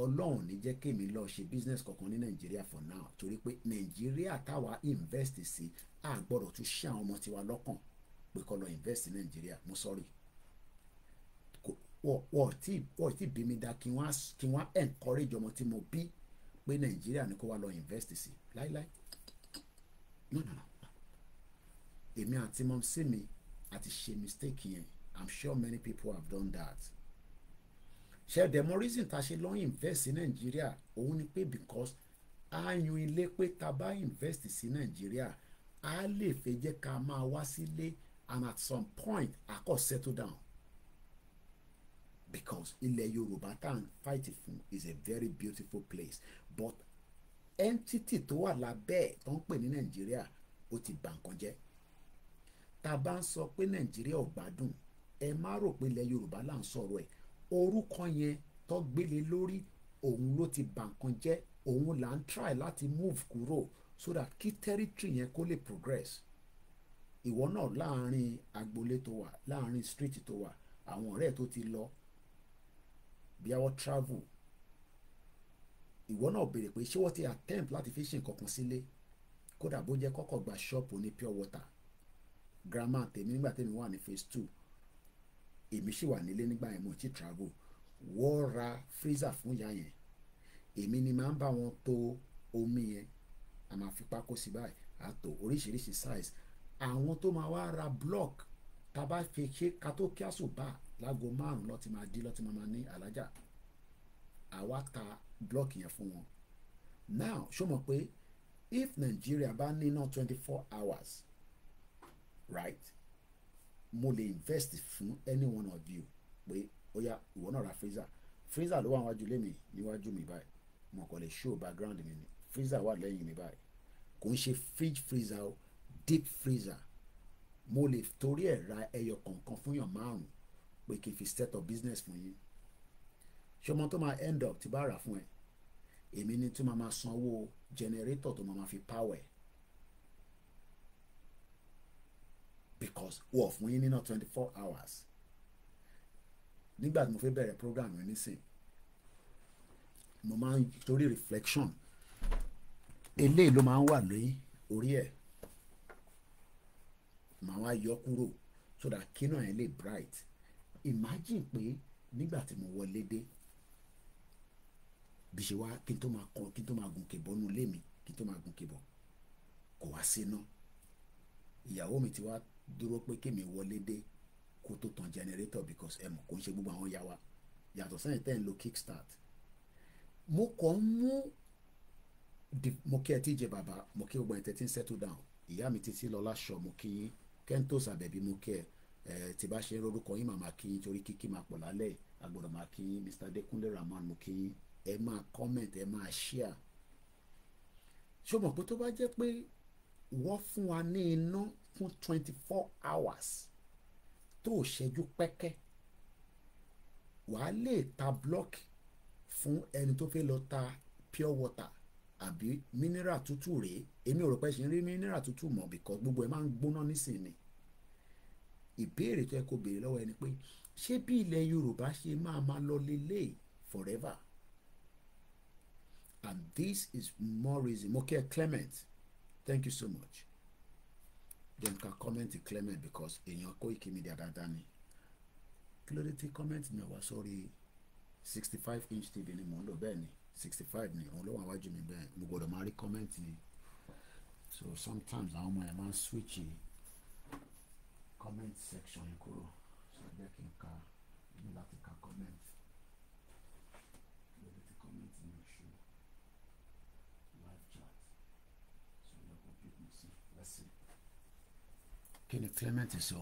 ọlọ́run ní jẹ́ kémi lọ ṣe business kankan ní nàìjíríà for now torí pé nàìjíríà táwa invest sí a gbọ́dọ̀ tún ṣe àwọn ọmọ tiwa lọ́kàn pé kọ́ lọ invest ní nàìjíríà mo sọ́rí wọ́n ti bí mi dá kí wọ́n encourage ọmọ tí mo bí pé nàìjíríà ni kó wá lọ invest sí láíláí no no no èmi àti mọ̀ sí mi àti ṣe mistake yẹn i'm sure many people have done that ṣe dẹ̀mọ́ reason ta ṣe lọ invest sí nàìjíríà òun ni pé because a yan ilé pé ta bá invest sí nàìjíríà a lè fẹ́ jẹ́ ká máa wá sílé and at some point a kò settle down because ilẹ̀ Yorùbá tá à ń fight fún is a very beautiful place but entity tó wà lábẹ́ ẹ̀ tó ń pè ní Nàìjíríà ó ti bà nǹkan jẹ́ tá a bá ń sọ pé Nàìjíríà ò gbádùn ẹ má rò pé ilẹ̀ Yorùbá là ń sọ̀rọ̀ ẹ̀ orúkọ yẹn tó gbélé lórí òun ló ti bà òun là ń try láti move kúrò so that kí territory yẹn kó lè progress ìwọ náà láàrin agboolé tó wà láàrin street tó wà àwọn ọ̀rẹ́ tó ti lọ bí àwọn travel ìwọ náà béèrè pé ṣé wọ́n ti attempt láti fi ṣe nǹkan kan sílé kódà bó jẹ́ kọ́kọ́ gba ṣọ́ọ̀pù ní pure water grandma tèmi nígbà tèmi wà ní phase two èmi sì wà nílé nígbà yẹn mo ti travel wọ́n ra freezer fún ìyá yẹn èmi ni máa ń bá wọn to omi yẹn a máa fi pákó sí báyìí a tò oríṣiríṣi size àwọn tó máa wá ra block tá a bá fi ṣe ká tó kí àsùbà láago márùn lọ́ọ́ ti máa dí lọ́ọ́ ti máa ní alájà àwa ta blọ́ọ̀kì yẹn fún wọn now ṣó mọ̀ pé if Nigeria bá níná twenty four hours right mo lè invest fún any one of you pé ó yá ìwọ náà ra freezer freezer ló wà níwájú lé mi níwájú mi báyìí mo kàn lè show background mi ni freezer wà lẹ́yìn mi báyìí kò ń ṣe fridge freezer o deep freezer mo lè torí ẹ̀ ra ẹyọ kọ̀ọ̀kan fún yàn márùn-ún pé kí n fi set up business fún yín ṣọmọ tó máa end up ti bá rà fún ẹ èmi ni tó máa ma sanwó generator tó máa ma fi power because wọ́n fún yín nínà twenty four hours nígbà tí mo fẹ́ bẹ̀rẹ̀ program yẹn nísìn mo máa ń torí reflection eléyìí ló máa ń wà lórí orí ẹ̀ màá wá yọ kúrò so that kínà yẹn lè bright imagine pé nígbà tí mo wọlé dé bí ṣe wá kí n tó máa kọ kí n tó máa gùn kébọ nu ilé mi kí n tó máa gùn kébọ kò wá síná ìyàwó mi ti wá dúró pé kémi wọlé dé kó tó tan generator because ẹ mọ̀ kò ń ṣe gbogbo àwọn yàwá yàtọ̀ sẹ́yìn tẹ́ ń lo kickstart mo kàn ń mú mo kí ẹ tí jẹ bàbá mo kí gbogbo ẹ tẹ́ ti ń settle down ìyá mi ti sí lọ láṣọ mo kí yín kẹ́ńtòsì mo kí ẹ ẹ tí bá ṣe rorúkọ yín màmá kí yín torí kíkí máa pọ̀ lálẹ́ àgbọ̀dọ̀ máa kí yín Mr. Adékúnlé Ramon mo kí yín ẹ máa comment ẹ máa share ṣó mọ̀ pé tó bá jẹ́ pé wọ́n fún wa ní iná fún twenty four hours tó ṣẹ́jú pẹ́kẹ́ wàá lè ta block fún ẹni tó fẹ́ lọ ta pure water àbí mineral tútù rèé èmi ò rò pé ṣe ń rí mineral tútù mọ́ because gbogbo ẹ máa ń gbóná nísìnyí ìbéèrè tó yẹ kó béèrè lọ́wọ́ ẹni pé ṣé bí ilẹ̀ Yorùbá ṣe máa máa lọ lélẹ̀ forever and this is more reason mo kẹ́ Clement thank you so much then ka comment Clement because èèyàn Koiki Media dáadáa ni kí ló dé tí comment mi wá sórí sixty five inch tv ni mò ń lò bẹ́ẹ̀ ni sixty five ni òun ló wà wájú mi bẹ́ẹ̀ mo gbọ́dọ̀ máa rí comment ni so sometimes àwọn ọmọ yẹn máa ń switch yìí comment section yìí kúrò so jẹ́ kí n ka ní láti ka comment lórí ti comment ní oṣù live chat so yẹ kó bí mo sì lẹ́sìn. kí ni Clement sọ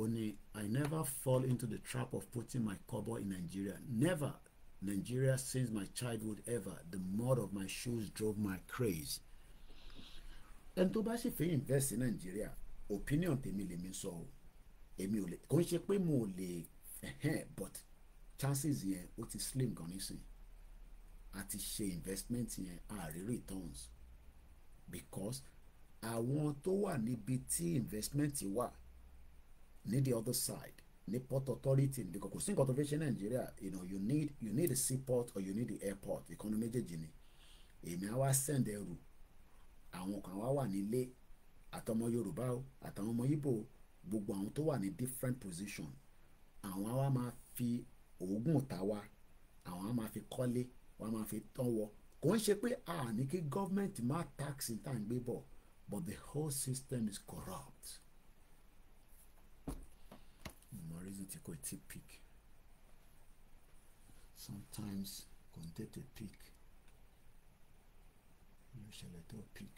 ó ní I never fall into the trap of putting my cobble in Nigeria never Nigeria since my childhood ever the mud of my shoes drove my craze ẹni tó bá sì fẹ́ invest in Nigeria opinion tèmi lèmi sọ o èmi ò lè kò ń ṣe pé mo ò lè but chances yẹn ó ti slim gan nísìn a ti ṣe investment yẹn ààrẹ returns because àwọn tó wà níbi tí investment wà ní the other side ní port authority because kò sí nǹkan tó fi ṣe nàìjíríà you know you need you need a seaport or you need the airport ìkànnì méjèèjì ni èmi á wá send ẹrù àwọn kan wá wà nílé àtọmọ yorùbá o àtàwọn ọmọ ibo gbogbo àwọn tó wà ní different position àwọn wa máa fi òógùn ta wa àwọn á máa fi kọ́lé wọ́n máa fi tán wọ kò ń ṣe pé a ní kí gọ́ọ̀mẹ̀ntì má tax in tá à ń gbé bọ̀ but the whole system is corrupt. mo reason tí kò tí pick sometimes kò ń tètè pick yóò ṣẹlẹ̀ tó pick.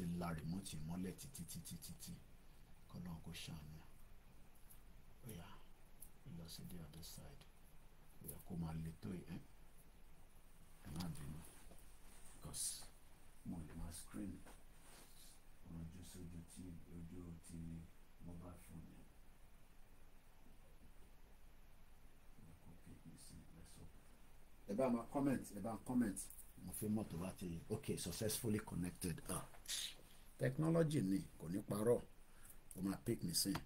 ti ń la rìmọ́ọ̀tì mọ́lẹ̀ títí títí títí kọ́lọ́n kó ṣàánú ọ̀yà lọ sí the other side ọ̀yà kó máa le tó ẹ̀ ẹ̀ má bínú because mo lè máa screen ojú sójú tí ojú ti mobile phone yẹn. ẹ bá máa comment ẹ bá comment mo fi mọ̀ tó ti ok successfully connected ah technology ni kò ní parọ́ o máa pick me sin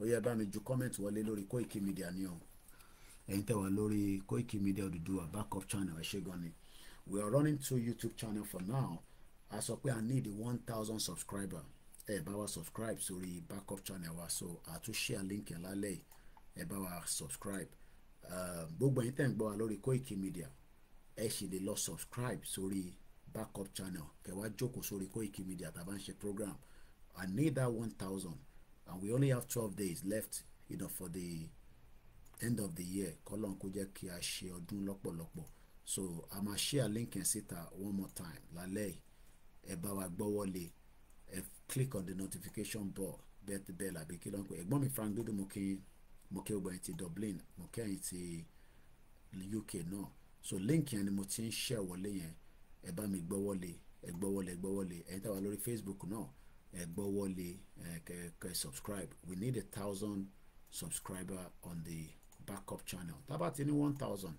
ó yẹ bá mi ju comment wọlé lórí Koiki Media ni o ẹ̀yin tẹ́ wà lórí Koiki Media Odùduwà backup channel ẹ̀ ṣe gan ni we are running two YouTube channel for now a sọ pé i need one thousand subscriber ẹ bá wa subscribe sórí backup channel wa so àtúnṣe link ẹ̀ lálẹ́ ẹ bá wa subscribe ehm, gbogbo ẹ̀yin tẹ́ ń gbọ́ wa lórí Koiki Media ẹ sì lè lọ subscribe sórí backup channel kẹwàá jókòó sórí Koiki Media tàbá ń ṣe program I need that one thousand and we only have twelve days left you know, for the end of the year kọ́lọ́n kó jẹ́ kí a ṣe ọdún lọ́pọ̀lọpọ̀ so a máa share link yẹn síta one more time lálẹ́ yìí ẹ bá wa gbọ́wọ́ lé ẹ click on the notification bell bẹ́ẹ̀ ti bẹ́ẹ̀ làbí kí ló ń pè ẹ̀gbọ́n mi Frank Dudu mo kí mo kí ogbà ti Dublin mo kí ẹ̀yin ti UK náà. No so link yẹn ni mo ti ń ṣẹ̀ wọlé yẹn ẹ bá mi gbọ́ wọlé ẹ gbọ́ wọlé ẹ gbọ́ wọlé ẹ̀yin tá a wà lórí Facebook náà ẹ gbọ́ wọlé ẹ kẹ subscribe we need a thousand subscriber on the backup channel tá a ti ní one thousand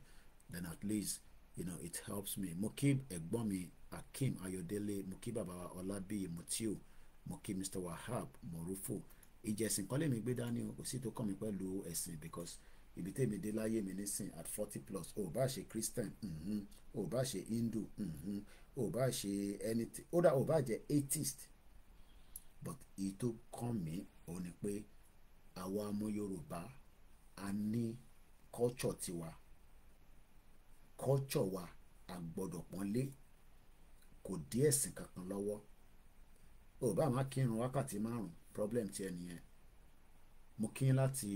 then at least you know it helps me mo kí ẹ̀gbọ́n mi Akim Ayodele, mo kí bàbá Ọlábíyì Mutiu mo kí Mr Wahab Morufo ìjẹ̀sìn kọ́lé mi gbé dání o kò sí tó kàn mí pẹ̀lú ẹ̀sìn because ibi tèmi dé láyé mi nísìn at forty plus ò bá ṣe christian mhm, ò bá ṣe hindu mhm, ò bá ṣe anything ó dà ò bá jẹ atheist but èyí tó kàn mí ò ní pé àwa ọmọ yorùbá a ní culture tiwa culture wa a gbọ́dọ̀ pọ́nlé kò dí ẹ̀sìn kankan lọ́wọ́ ò bá má kírun wákàtí márùn problem tiẹ̀ nìyẹn mo kí láti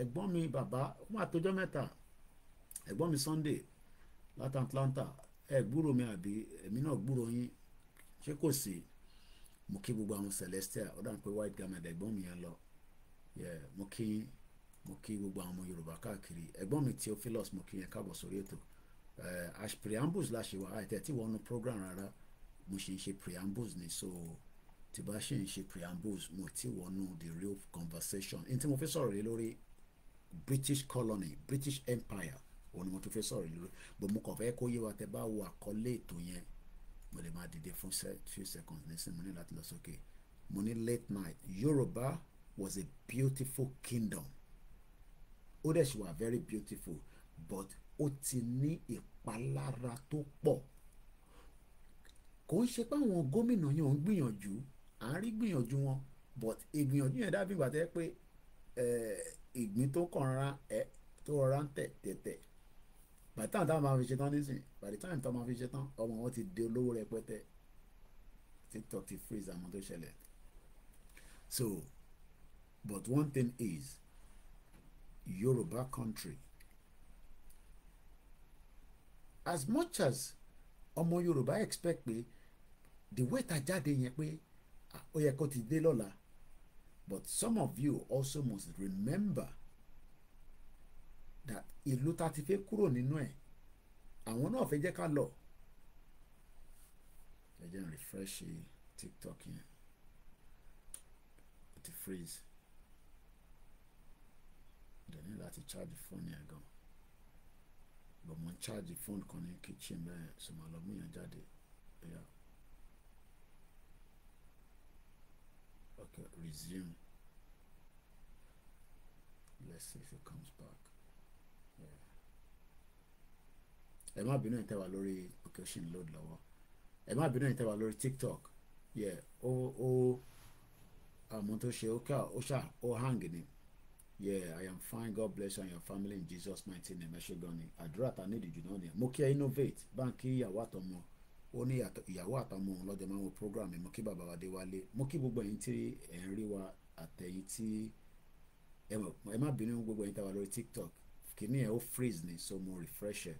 ẹ̀gbọ́n mi bàbá ó máa tójọ́ mẹ́ta ẹ̀gbọ́n mi Sunday láti Atlanta ẹ gbúrò mi àbí èmi náà gbúrò yín ṣé kò sí mo kí gbogbo àwọn Celestial ó dà pé white garment ẹ̀gbọ́n mi yẹn lọ mo kí yín mo kí gbogbo àwọn ọmọ Yorùbá káàkiri ẹ̀gbọ́n mi Theophilus mo kí yẹn káàbọ̀ sórí ètò eh, preambles la ṣe wá àìtẹ́ tí wọ́n nu program rárá mo ṣe ń ṣe preambles ni so tí bá ṣe ń ṣe preambles mo ti wọnú the real conversation n tí mo fẹ́ sọ̀rọ̀ lé lórí British colony British Empire òun ni mo tún fẹ́ sọ̀rọ̀ lé lórí bó mo kàn fẹ́ kó yé wa tẹ́ bá wo àkọlé ètò yẹn mo lè máa dìde fún few seconds nísìnyí mo ní láti lọ sókè mo ní late night Yorùbá was a beautiful kingdom ó dẹ̀ ṣì wà very beautiful but ó ti ní ìpalára tó pọ̀ kò ń ṣe pé àwọn gómìnà yẹn ò ń gbìyànjú à ń rí gbìyànjú wọn but ìgbìyànjú yẹn dàbí ìgbà tẹ́ pé ìgbín tó kàn rárá ẹ̀ tó rọra ń tẹ̀ tẹ̀tẹ̀ by the time táwọn máa fi ṣetán nísìn by the time táwọn máa fi ṣetán ọmọ wọn ti di olówó rẹpẹtẹ TikTok ti freeze àwọn tó ṣẹlẹ̀ so but one thing is Yorùbá country as much as ọmọ Yorùbá expect pé the way ta yẹn pé ó yẹ kó ti dé lọ́la but some of you also must remember that ìlú ta ti fẹ́ kúrò nínú ẹ̀ àwọn náà fẹ́ jẹ́ ká lọ. ẹ jẹ́ n refresh tiktok yẹn ó ti freeze dẹ̀ láti charge fóònù yẹn gan bọ̀ mo ń charge fóònù kan ní kitchen bẹ́ẹ̀ sọ ma lọ mú yẹn jáde ẹ̀yà. Okay, resume. Let's see if it comes back. Ẹ má bínú ìtẹ́ wa lórí okay ó ṣì ń load lọ́wọ́. Ẹ má bínú ìtẹ́ wa lórí TikTok. Yeah, ó ó àmọ́ tó ṣe Okay. ká ó ṣá ó hang ni. Yeah, I am fine. God bless you and your family in Jesus' mighty name. Ẹ ṣe gan ni. Àdúrà ta nídìí jù náà ni. Mo kí ẹ innovate. Báńkì ìyàwó àtọmọ ó ní ìyàwó àtàwọn ohun lọ́jọ́ máa ń wo program mi mo kí bàbá wa dé wálé mo kí gbogbo ẹ̀yin tí ẹ̀ ń rí wa àtẹ̀yìn tí ẹ má bínú gbogbo ẹ̀yin tá a wà lórí tiktok kìíní ẹ̀ ó freeze ni so mo refresh ẹ̀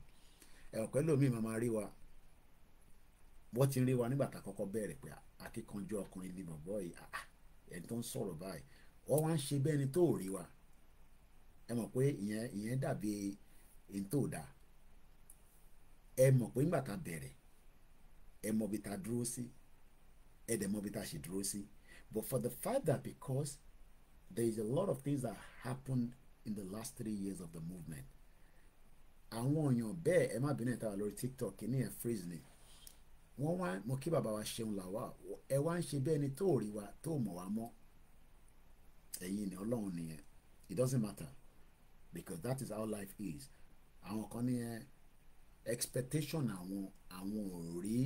ẹ̀ ọ̀pẹ́ lómi máa máa rí wa wọ́n ti ń rí wa nígbà tá a kọ́kọ́ bẹ̀rẹ̀ pé akíkanjú ọkùnrin ni bọ̀bọ́ yìí ẹni tó ń sọ̀rọ̀ báyìí wọ́n wá ń ṣe bẹ́ẹ̀ ni tó rí ẹ mọ ibi tá a dúró sí ẹ dẹ̀ mọ ibi tá a ṣe dúró sí but for the fact that because there is a lot of things that happened in the last three years of the movement àwọn èèyàn bẹ́ẹ̀ ẹ má bínú ẹ̀ lórí tiktok ní ẹ̀ freeze ni wọ́n wá mo kí bàbá wa ṣeun làwa ẹ wá ń ṣe bẹ́ẹ̀ ni tó rí wa tó mọ̀ wá mọ́ ẹ̀yin ni ọlọ́run nìyẹn it doesn't matter because that is how life is àwọn kan ní ẹ expectation àwọn àwọn ò rí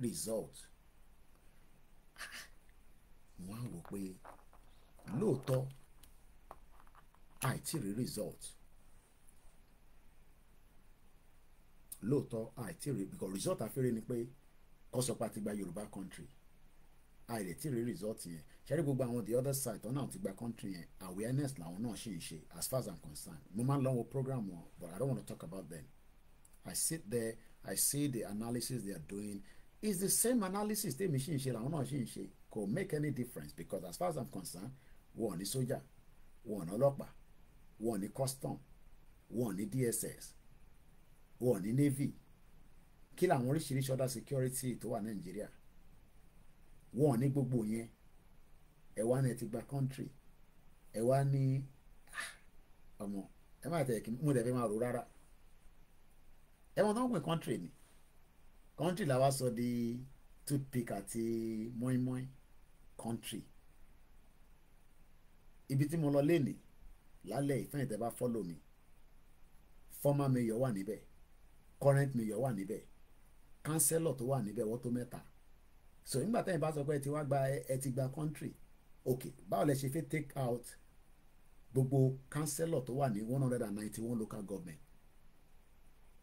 result wọ́n á rò pé lóòótọ́ àìtí rí result lóòótọ́ àìtí rí because result àfẹ́rẹ́ ni pé kọ́sọ́pá ti gba Yorùbá country àìrètí rí result yẹn ṣẹ́rí gbogbo àwọn the other side ọ̀nà àti gba country yẹn awareness làwọn náà ṣì ń ṣe as far as i'm concerned mo máa ń lọ́wọ́ program wọn but i don't want to talk about them i sit there i see the analysis they are doing Is the same analysis tèmi machine, ń ṣe làwọn náà sì ń ṣe kò make any difference because as far as i'm concerned wọn ò ní sójà wọn ò ní ọlọ́pàá wọn ò ní custom wọn ò ní dss wọn ò ní navy kí làwọn oríṣiríṣi other security tó wà nàìjíríà wọn ò ní gbogbo yẹn ẹ wá ní ẹ gba country ẹ wá ní ah, ọmọ ẹ má tẹ̀ kí mo dẹ̀ fi máa rò rárá ẹ wọn tó ń pè country ni country làwa sọ di toothpick àti mọ́ínmọ́ín country ibi tí mo lọ lénìí lálẹ́ ìfẹ́yìn tẹ́ bá follow mi former mayor wà níbẹ̀ current mayor wà níbẹ̀ councillor tó wà níbẹ̀ wọ́n tó mẹ́ta so nígbà tẹ́yìn bá sọ pé ẹ ti wá gba ẹ ti gba country ok báwo lẹ ṣe fẹ́ take out gbogbo councillor tó wà ní one hundred and ninety one local government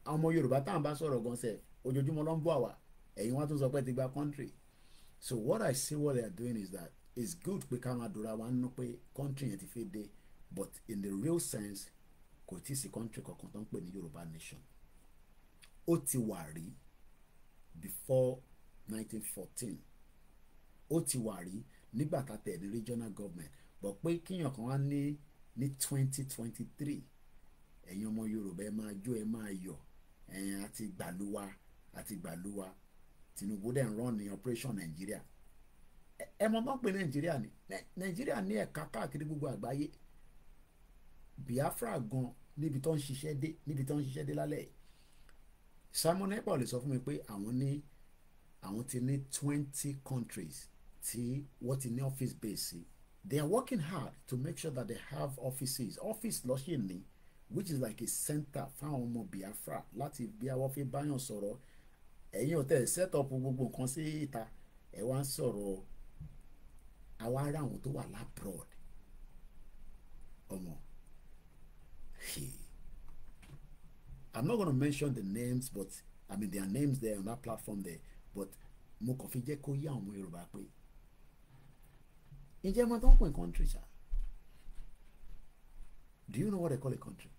àwọn ọmọ Yorùbá táwọn bá sọ̀rọ̀ gan sẹ́ẹ̀ ojoojúmọ́ ló ń bọ̀ àwà ẹ̀yin wọn tún sọ pé ti gba country so what I see what they are doing is that it's good pé ká máa dúra wa nínú pé country yẹn ti fẹ́ dé but in the real sense kò tí ì sí country kankan tó ń pè ní Yorùbá nation ó ti wà rí before 1914 ó ti wà rí nígbà tá a tẹ̀ ní regional government but pé kíyàn kan wá ní ní 2023 ẹ̀yin ọmọ Yorùbá ẹ máa jó ẹ máa yọ̀ ẹ̀yin àti gbàlúwa àti ìgbàlúwa Tinubu dẹ̀ ń rán ní operation Nàìjíríà ẹ mọ mọ́ pé Nàìjíríà ni Nàìjíríà ní ẹ̀ka káàkiri gbogbo àgbáyé Biafra gan níbi tó ń ṣiṣẹ́ dé níbi tó ń ṣiṣẹ́ dé lálẹ́ Simon Ekpa lè sọ fún mi pé àwọn ní àwọn ti ní twenty countries tí wọ́n ti ní office base sí they are working hard to make sure that they have offices office lọ́sìn ni which is like a center fáwọn ọmọ Biafra láti bí àwọn fi báyọ̀ sọ̀rọ̀ ẹ̀yin ò tẹ̀ set up gbogbo nǹkan sí ìta ẹ̀ wá ń sọ̀rọ̀ àwa ará àwọn tó wà lábroad ọmọ I'm not gonna mention the names but I mean their names there on that platform there but mo kàn fi jẹ́ kó yé àwọn Yorùbá pé ǹjẹ́ mo tó ń pè country ṣá do you know what they call a country?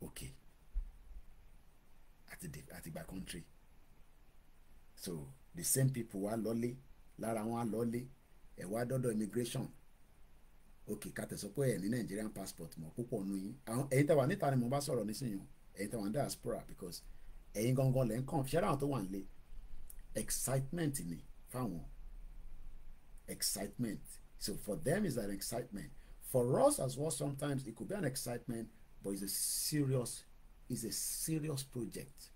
okay àti àtìgbà country so the same people wá lọ́lé lára wọn á lọ́lé ẹ̀ wá dọ́dọ̀ immigration ok kàtẹ́ sọ pé ẹ̀ ní Nigerian passport mọ̀ púpọ̀ nù yín àwọn ẹ̀yin tẹ̀wà níta ni mo bá sọ̀rọ̀ nísìnyí ẹ̀yin tẹ̀wà diaspora because ẹ̀yin gangan lẹ́ ń kàn ṣẹ́ra àwọn tó wà nílé excitement ni fáwọn excitement so for them is an excitement for us as well sometimes it could be an excitement but it's a serious is a serious project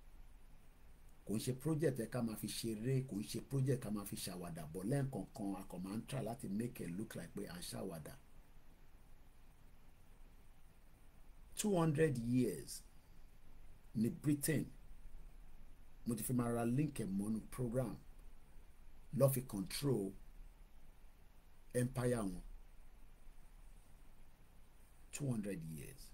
kò ń ṣe project ẹ ká máa fi ṣeré kò ń ṣe project ká máa fi ṣàwàdà bọ̀ lẹ́ẹ̀kọ̀ọ̀kan a kàn máa ń try láti make it look like pé à ń ṣàwàdà. two hundred years ní Britain mo ti fi máa ra link ẹ̀ mọ́nú program lọ́ fi control empire wọn two hundred years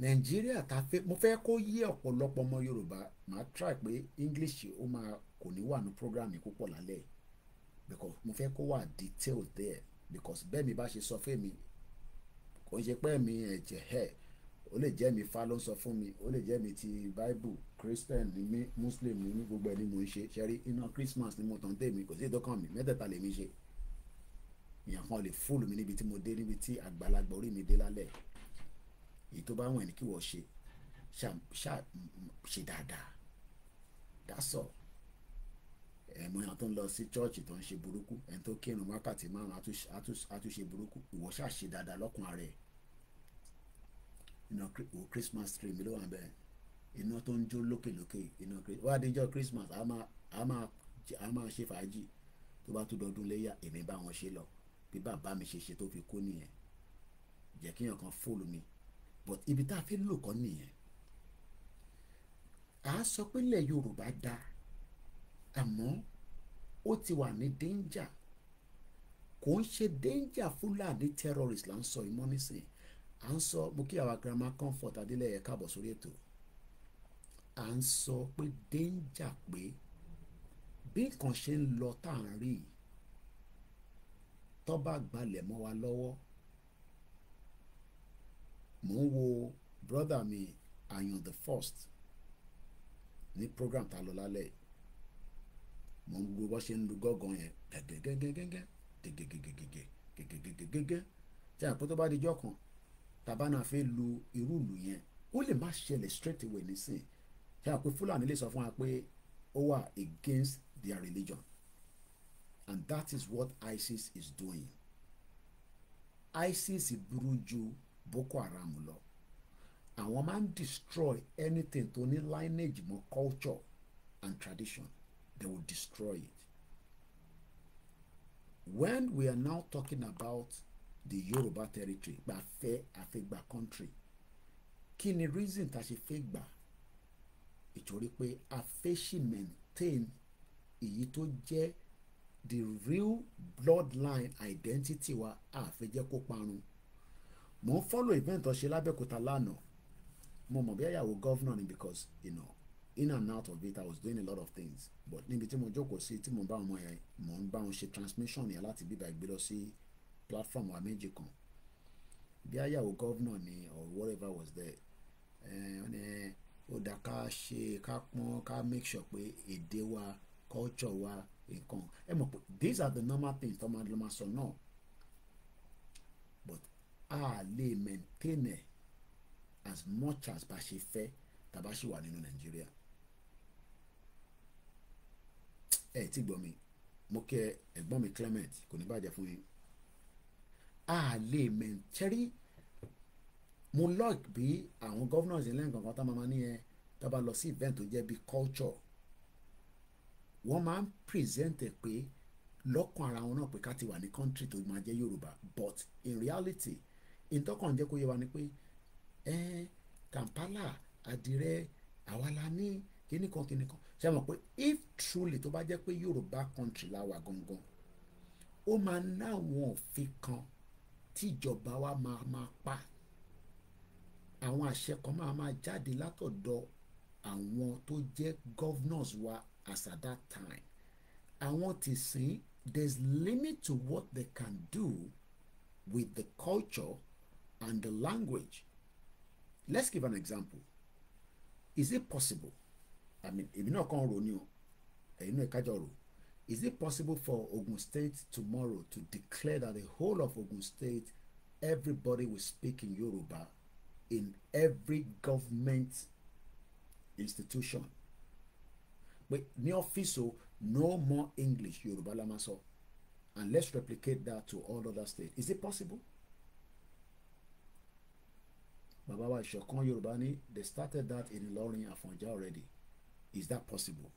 nàìjíríà ta fẹ́ mo fẹ́ kó yé ọ̀pọ̀lọpọ̀ ọmọ yorùbá màá try pé english ó máa kò ní wà ní program yìí púpọ̀ because mo fẹ́ kó wà detail there because bẹ́ẹ̀ mi bá ṣe sọ fún mi kò ń ṣe pé mi ẹ̀jẹ̀ ẹ̀ ó lè jẹ́ mi fa ló ń sọ fún mi ó lè jẹ́ mi ti bible christian ni mí muslim ni mí gbogbo ẹni mo ń ṣe ṣẹ́rí iná christmas ni mo tàn dé mi kò sí ìdókàn mi mẹ́tẹ̀ẹ̀ta lèmi ṣe ìyàn kan lè fóòlù mi níbi tí mo dé níbi tí àgbàlagbà orí mi dé lálẹ́ èyí tó bá wọ̀n ní kí wọ́n ṣe ṣe dáadáa dásọ̀ ẹ̀mọ̀yàn tó ń lọ sí chọ́ọ̀chì tó ń ṣe burúkú ẹni tó kírun wákàtí márùn àtúnṣe burúkú ìwọ ṣàṣe dáadáa lọ́kùn ara iná wo Christmas tree mi ló wà bẹ́ẹ̀ iná tó ń jó lókèlókè iná wá díjọ́ Christmas a máa a máa a máa ṣe fàájì tó bá tún dọdún léyà èmi bá wọn ṣe lọ bí bàbá mi ṣe ṣe tó fi kú nìyẹn jẹ́ kíyàn kan fóònù mi ibi tá a fẹ́ lò kọ́ nìyẹn à á sọ pé ilẹ̀ Yorùbá da àmọ́ ó ti wà ní danger kò ń ṣe danger Fúlàní terrorist là ń sọ ìmọ̀ nísìnyí à ń sọ mo kí àwa grandma comfort adélẹ́yẹ káàbọ̀ sórí ètò à ń sọ pé danger pé bí nǹkan ṣe ń lọ tá à ń rí tó bá gbalẹ̀ mọ́ wa lọ́wọ́ mò ń wo brọ́dà mi àyàn the first ní program ta lọ lálẹ́ mò ń gbọ́ bó ṣe ń lu gángan yẹn gẹ́gẹ́gẹ́gẹ́gẹ́ gẹ́gẹ́gẹ́gẹ́gẹ́ gẹ́gẹ́gẹ́gẹ́gẹ́ tí àpò tó bá di jọ́ kan tàbá náà fẹ́ lu irú ìlú yẹn ó lè má ṣẹlẹ̀ straight away nísìn tí àpò fúlàní lè sọ fún wa pé ó wà against their religion and that is what ISIS is doing ISIS burú Boko Haram lọ àwọn máa ń destroy anything tó ní lineage mọ́ culture and tradition they will destroy it when we are now talking about the Yoruba territory gbàfẹ́ àfẹ́gbà country kí ni reason ta ṣe fẹ́ gbà ìtorí pé a ṣì maintain èyí tó jẹ́ the real bloodline identity wa àfẹ́jẹ́ kó parun mo ń follow event tó ṣe lábẹ́òkúta lánàá mo mọ̀ bí àyàwó governor ni because you know, in and out of it I was doing a lot of things but níbi tí mo jókòó sí tí mo bá wọn yẹn mo ń bá wọn ṣe transmission yẹn láti bíbá ìgbé lọ sí platform wa méjì kan bí àyàwó governor ni or whatever was there eh, ó dá ká ṣe ká pọ́n ká make sure pé èdè wa culture wa nǹkan ẹ mọ̀ pé these are the normal things tó máa lọ́ máa sọ náà a lè maintain ẹ̀ as much as bá ṣe fẹ́ tàbá ṣì wà nínú nàìjíríà ẹ ti gbọ́ mi mo kẹ ẹ̀gbọ́n mi Clement kò ní bàjẹ́ fún yín a lè maintain mo lọ́ọ̀kì bí àwọn governors ilé nǹkan tá máa ní ẹ tá bá lọ sí event tó jẹ́ bí culture wọ́n máa ń present ẹ̀ pé lọ́kàn ara wọn náà pé ká ti wà ní country tó máa jẹ́ Yorùbá but in reality ìtọ́kàn jẹ́ kó yẹ wa ni pé ẹ́ẹ́ Kampala àdìrẹ àwa la ní kíní kan kíní kan ṣe mọ̀ pé if truly tó bá jẹ́ pé Yorùbá country la wà gangan ó máa náwọn òfin kan tíjọba wa máa máa pa àwọn àṣẹ kan máa máa jáde látọ̀dọ̀ àwọn tó jẹ́ governors wa as at that time àwọn ti sìn there's limit to what they can do with the culture and the language. Let's give an example. Is it possible? I mean, èmi náà kàn rò ni o, ẹ̀yin Is it possible for Ogun State tomorrow to declare that the whole of Ogun State, everybody will speak in Yoruba in every government institution? But ní ọ́fíìsì no more English Yorùbá la and let's replicate that to all other states. Is it possible? bàbá wa ìṣọ̀kan yorùbá ní they started that in Ìlọrin Àfọ̀njá already is that possible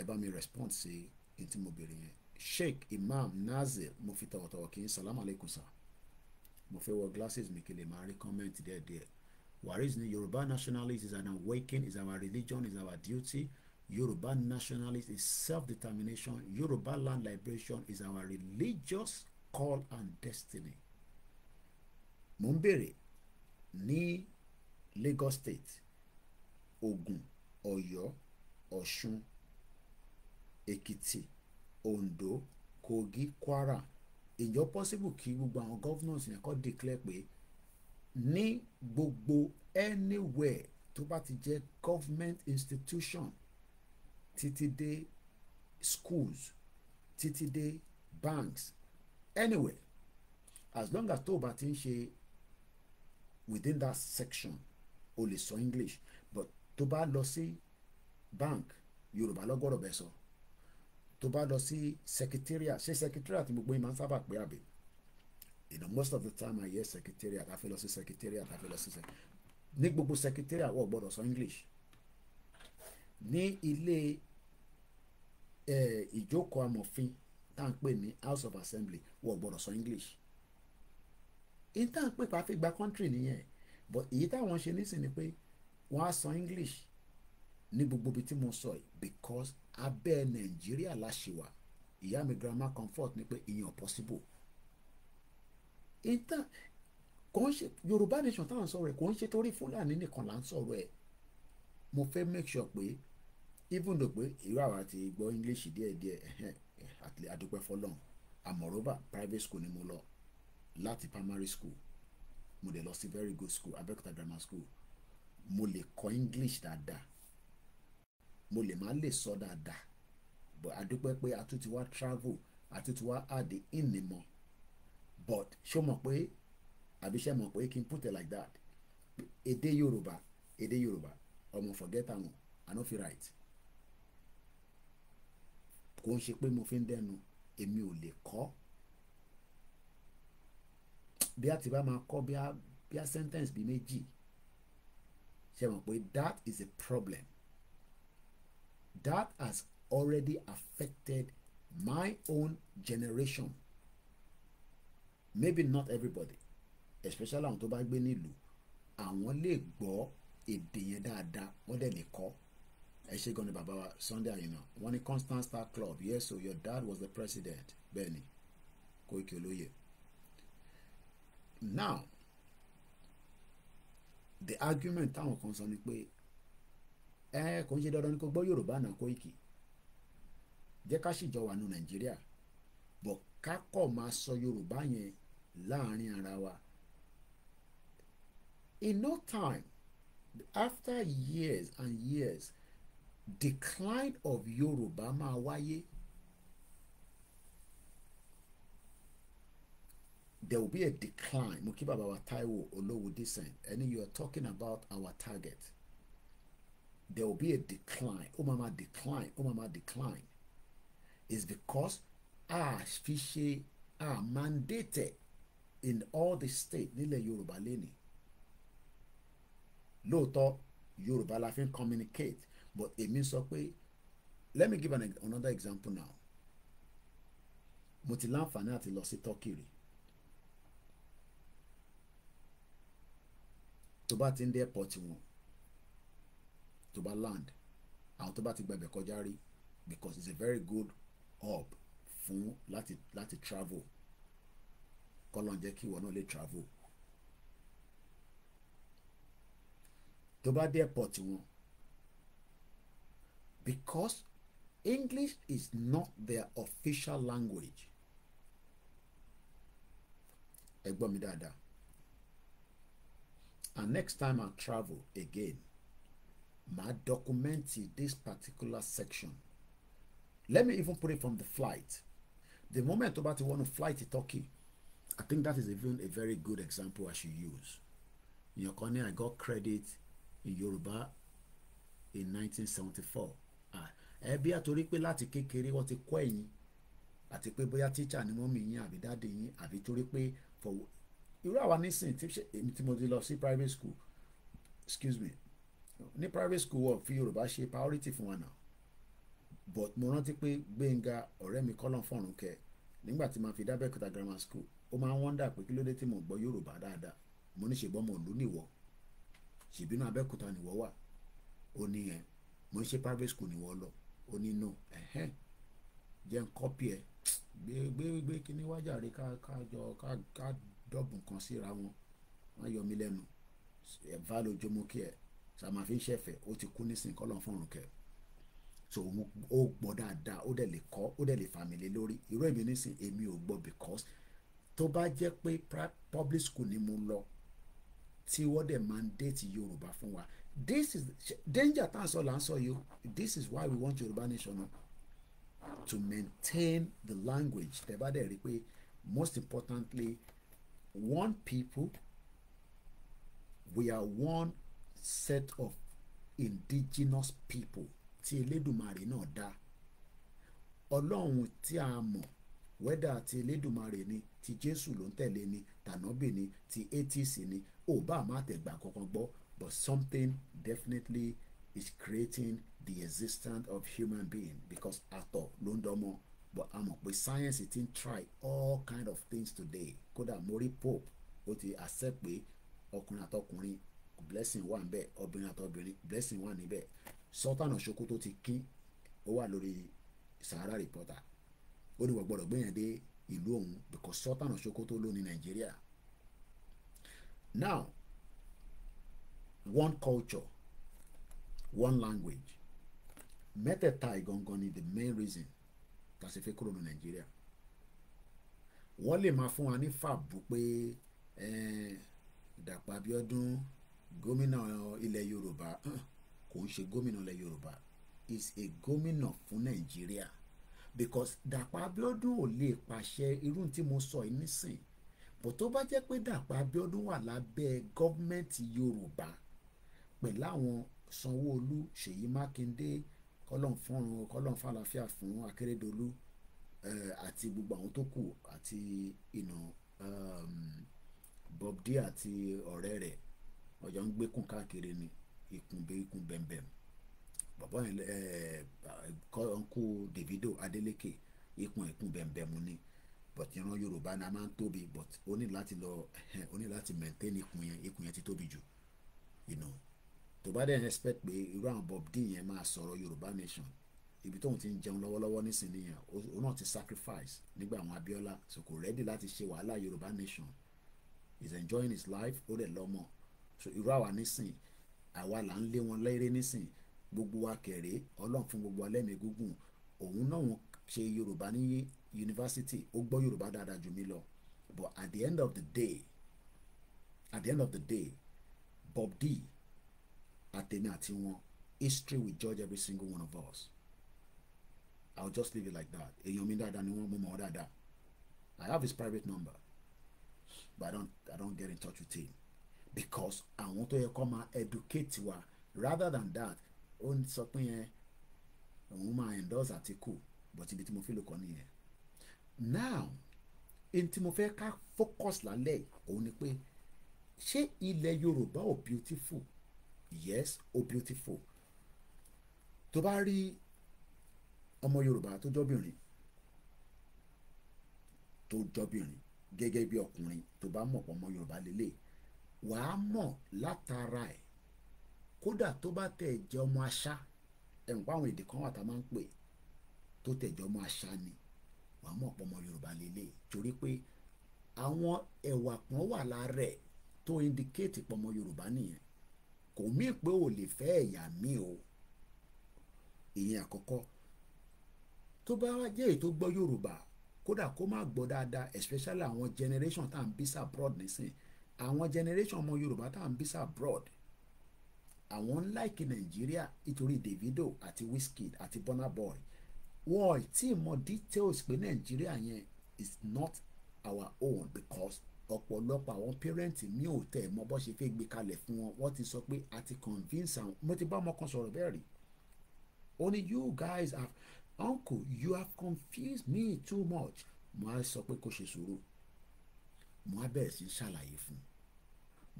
ẹ bá mi respond sí n tí mo béèrè yẹn sheikh imam nazir mo fi tọ̀wọ̀tọ̀wọ̀ kí n salamu aleykum sa mo fẹ́ wọ glasses mi kí lè máa rí comment díẹ̀díẹ̀ waris ni yorùbá nationalist is an awakening is our religion is our duty yorùbá nationalist is self-determination yorùbá land liberation is our religious call and destiny mo ń béèrè ní Lagos State Ogun, Ọ̀yọ́ Ọ̀ṣun Ekiti, Ondo Kogi Kwara ìjọ possible kí gbogbo àwọn governors yẹn kọ́ declare pé ní gbogbo anywhere tó bá ti jẹ́ government institution títí dé schools títí dé banks anywhere as long as tó o bá ti ń ṣe within that section o lè sọ english but tó bá lọ sí bank yorùbá ló gbọ́dọ̀ bẹ́ẹ̀ sọ tó bá lọ sí secretariat ṣé secretariat tí gbogbo yín máa ń sábà pé àbí you know most of the time i hear secretariat àtàfẹ́ lọ sí secretariat àtàfẹ́ lọ sí secretariat ní gbogbo secretariat wọ́n gbọ́dọ̀ sọ english ní ilé eh, ìjókòó amòfin tá à ń pè ní house of assembly wọ́n gbọ́dọ̀ sọ english intan pé pa fi gba country nìyẹn but èyí táwọn ṣe nísìn ni pé wọ́n á sọ english ní gbogbo ibi tí mo sọ yìí because abẹ́ nàìjíríà láṣìwà ìyá mi grandma comfort ni pé ìyẹn possible intan kò ń ṣe yorùbá nation táwọn sọ̀rọ̀ ẹ̀ kò ń ṣe torí fúlàní nìkan là ń sọ̀rọ̀ ẹ̀ mo fẹ́ make sure pé even though pé irú àwa ti gbọ́ english díẹ̀díẹ̀ àdúpẹ́ fọlọ́n àmọ̀rọ́bà private school ni mo lọ láti primary school mo dẹ̀ lọ sí very good school Abẹ́òkúta grammar school mo lè kọ́ English dáadáa mo lè má lè sọ dáadáa but adúpẹ́ pé a tún ti wá travel a tún ti wá add ìnìmọ̀ but ṣó mọ̀ pé àbí ṣe mọ̀ pé kí n put it like that èdè Yorùbá èdè Yorùbá ọmọ forget am I no fit write kò ń ṣe pé mo fi ń dẹnu èmi ò lè kọ́ bí a ti bá máa kọ́ bí a bí a sentence bí méjì ṣe mọ̀ pé that is a problem that has already affected my own generation maybe not everybody especially àwọn tó bá gbé nílùú àwọn lè gbọ́ èdè yẹn dáadáa wọ́n dẹ̀ lè kọ́ ẹ ṣe gan ni Baba wa Sunday Àyìnà wọ́n ní Constant Star Club yes o your dad was the president bẹ́ẹ̀ ni Koiki Olóyè now the argument táwọn kan sọ ni pé ẹ kò ń ṣe dandan ni kò gbọ́ Yorùbá náà Koiki jẹ́ ká sì jọ wà nù Nàìjíríà bọ̀ ká kọ̀ máa sọ Yorùbá yẹn láàrin ara wa in no time after years and years decline of Yorùbá máa wáyé. there will be a decline mo kí bàbá wa Taiwo olówó decent And you are talking about our target there will be a decline ó máa ma decline ó máa ma decline is because ah fi ah mandated in all the state nílẹ̀ Yorùbá lẹ́nìí lóòótọ́ Yorùbá la communicate but èmi sọ pé let me give an, another example now Mutilan fanati láǹfààní àti tó bá ti ń dé airport wọn tó bá land àwọn tó bá ti gbàgbẹ́ kọjá rí because it's a very good hub fún láti láti travel kọ́lọ̀ ń jẹ́ kí ìwọ náà lè travel tó bá dé airport wọn because English is not their official language ẹ mi dáadáa and next time I travel again màá document this particular section let me even put it from the flight the moment about bá want to fly to Turkey I think that is even a very good example I should use In your ní I got credit in Yoruba in 1974 ẹbí àtòrí pé láti kékeré wọ́n ti kọ́ ẹ̀yin àti pé bóyá tíṣà ni mọ́mì yín àbí dáàdì yín àbí torí pé for irú àwa nísìn tí ṣe èmi tí mo ti lọ sí private school excuse me ní private school wọ́n fi Yorùbá ṣe priority fún wa náà but mo rántí pé Gbénga ọ̀rẹ́ mi kọ́lọ̀ fọ̀rùn kẹ nígbà tí màá fi dábẹ́kúta grammar school ó máa ń wọ́ndà pé kí ló dé tí mo gbọ́ Yorùbá dáadáa mo ní ṣègbọ́n mo lù níwọ̀ ṣèbínú Abẹ́òkúta níwọ̀ wà ó ní ẹ mo ń ṣe private school níwọ̀ lọ ó ní no ẹ̀hẹ́n jẹ́ ń kọ́pì ẹ gbé gbé gbé kíní wájà rí ká ká jọ ká ká dọ́ọ̀bù nǹkan síra wọn wọ́n yọ mí lẹ́nu ẹ̀fà lójúmọ́ kí ẹ̀ sàmàfi ń ṣẹ̀fẹ̀ ó ti kú nísìnyí kọ́ lọ́n fọ̀rùn kẹ́ so òun ó gbọ́ dáadáa ó dẹ̀ lè kọ́ ó dẹ̀ lè fàmì lé lórí irú èmi nísìn èmi ò gbọ́ because tó bá jẹ́ pé public school ni mo lọ tí wọ́n dẹ̀ mandate Yorùbá fún wa this is danger tá à ń sọ là ń sọ yìí this is why we want Yorùbá nation to maintain the language tẹ́ bá dẹ̀ rí pé most importantly one people, we are one set of indigenous people tí Elédùmarè náà dá ọlọ́run tí a mọ̀ wẹ́dà ti Elédùmarè ni ti Jésù ló ń tẹ̀lé ni tànábì ni ti atheist ni ò bá àmọ́ àtẹ̀gbà kankan gbọ́ but something definitely is creating the existence of human being because ato ló ń dánmọ́ but a mọ̀ pé science ti ń try all kind of things today kódà mo pope ó ti accept pé ọkùnrin àtọkùnrin blessing wà níbẹ̀ obìnrin àtọbìnrin blessing wà níbẹ̀ sultan ọ̀ṣọ́kú tó ti kín ó wà lórí Sahara Reporter ó ní wọ́n gbọ́dọ̀ gbẹ̀yàn ìlú òun because sultan ọ̀ṣọ́kú tó ló ní Nàìjíríà now one culture one language mẹ́tẹ̀ẹ̀ta ìgangan ni the main reason láti fi kúrò ní nàìjíríà wọ́n lè máa fún wa ní fàbù pé Dàpọ̀ Abíọ́dún gómìnà ilẹ̀ Yorùbá kò ń ṣe gómìnà ilẹ̀ Yorùbá is a gómìnà fún nàìjíríà because Dàpọ̀ Abíọ́dún ò lè pàṣẹ irú tí mo sọ yìí nísìn bó tó bá jẹ́ pé Dàpọ̀ Abíọ́dún wà lábẹ́ gọ́ọ̀mẹ̀ntì Yorùbá pẹ̀lú àwọn sanwó Ṣèyí Mákindé kọ́lọ́n fún un kọ́lọ́n fún àlàáfíà fún Akérédolú eh, àti gbogbo àwọn tó kù àti ìnà um, Bob Dee àti ọ̀rẹ́ rẹ̀ ọjọ́ ń gbẹ́kùn káàkiri ni ìkùnbẹ ìkùn bẹ̀m̀bẹ̀m bàbá yẹn ọ̀nkú eh, Davido Adeleke ìkùn ìkùn bẹ̀m̀bẹ̀m ni but ìran Yorùbá náà máa ń tóbi but ó ní láti lọ eh, ó ní láti maintain ìkùn yẹn ìkùn yẹn ti tóbi jù you know tó bá dẹ̀ expect pé irú àwọn Bob Dean yẹn máa sọ̀rọ̀ Yorùbá nation ibi tóun ti ń jẹun lọ́wọ́lọ́wọ́ nísìnyí yẹn òun náà ti sacrifice nígbà àwọn Abiola so kò ready láti ṣe wàhálà Yorùbá nation is enjoying his life ó dẹ̀ lọ́mọ so irú àwa nísìn àwa là ń lé wọn léré nísìn gbogbo wa kéré ọlọ́run fún gbogbo wa lẹ́mìí gúngùn òun náà wọn ṣe Yorùbá ní yunifásitì ó gbọ́ Yorùbá dáadáa jù mí lọ but at the end of the day at the end of the day Bob D àtẹ̀mí àti wọn history will judge every single one of us i will just leave it like that èèyàn mi dáadáa ni wọ́n mọ̀ mọ̀ dáadáa i have his private number but i don't i don't get in touch with him because àwọn tó yẹ kó máa educate wa rather than that ó ń sọ pé yẹn òun máa endorse Àtíkù but ibi tí mo fi lò kọ́ nìyẹn now in tí mo fẹ́ ká focus lálẹ́ òun ni pé ṣé ilẹ̀ Yorùbá ò beautiful yes o oh, beautiful tó bá rí ọmọ Yorùbá tó jọ́bìnrin tó jọ́bìnrin gẹ́gẹ́ bí ọkùnrin tó bá mọ̀ pọ̀ ọmọ Yorùbá lélẹ̀ wàá mọ̀ látara ẹ̀ kódà tó bá tẹ̀ jẹ́ ọmọ aṣá ẹ̀rùn pa àwọn èdè kan wà tá a máa ń pè tó tẹ̀ jẹ́ ọmọ aṣá ni wàá mọ̀ pọ̀ ọmọ Yorùbá lélẹ̀ torí pé àwọn ẹ̀wà kan wà lára ẹ̀ tó indicate pọ̀ ọmọ Yorùbá nìyẹn kò mí pé ò lè fẹ́ ẹ̀yà mi o ìyẹn àkọ́kọ́ tó bá wá jẹ́ èyí tó gbọ́ Yorùbá kódà kó má gbọ́ dáadáa especially àwọn generation tá à ń bí sá abroad nísìn àwọn generation ọmọ Yorùbá tá à ń bí sá abroad àwọn ń láìkì Nàìjíríà nítorí Davido àti Wizkid àti Burna Boy wọn ò tí ì mọ details pé Nàìjíríà yẹn is not our own because ọ̀pọ̀lọpọ̀ àwọn pẹ́rẹ́ǹtì mi ò tẹ̀ mọ́ bó ṣe fẹ́ gbé kalẹ̀ fún wọn wọ́n ti sọ pé a ti convince àwọn mo ti bá ọmọ kan sọ̀rọ̀ bẹ́ẹ̀ rí ó ní you guys have uncle you have confused me too much mo á sọ pé kó ṣe sùúrù mo á bẹ̀rẹ̀ sí ṣàlàyé fún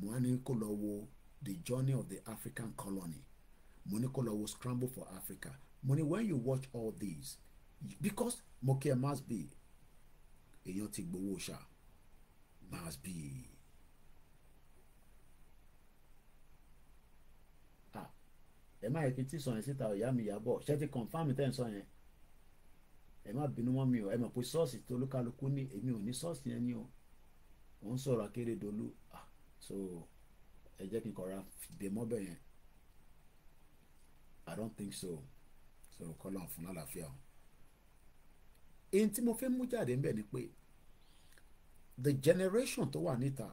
mo á ní kó lọ wo the journey of the African colony mo ní kó lọ wo scramble for Africa mo ní when you watch all these because mo kí ẹ must be èèyàn ti gbowó ṣáà must be. Ah, ẹ má yẹ kí n tí sọ yẹn síta ìyá mi ìyàbọ̀ ṣé ti kọ̀nfàmì tẹ́ ń sọ yẹn ẹ má bínú mọ́ mi o ẹ mọ̀ pé ṣọ́ọ̀ṣì tó olúkálukú ní èmi ò ní ṣọ́ọ̀ṣì yẹn ni o wọ́n ń sọ̀rọ̀ Akérédolú ah so ẹ jẹ́ kí n kọ̀ra dè mọ́bẹ̀ yẹn I don't think so so kọ́lọ́n fún lálàáfíà o. èyí tí mo fẹ́ mú jáde ń bẹ̀ ni pé the generation tó wà níta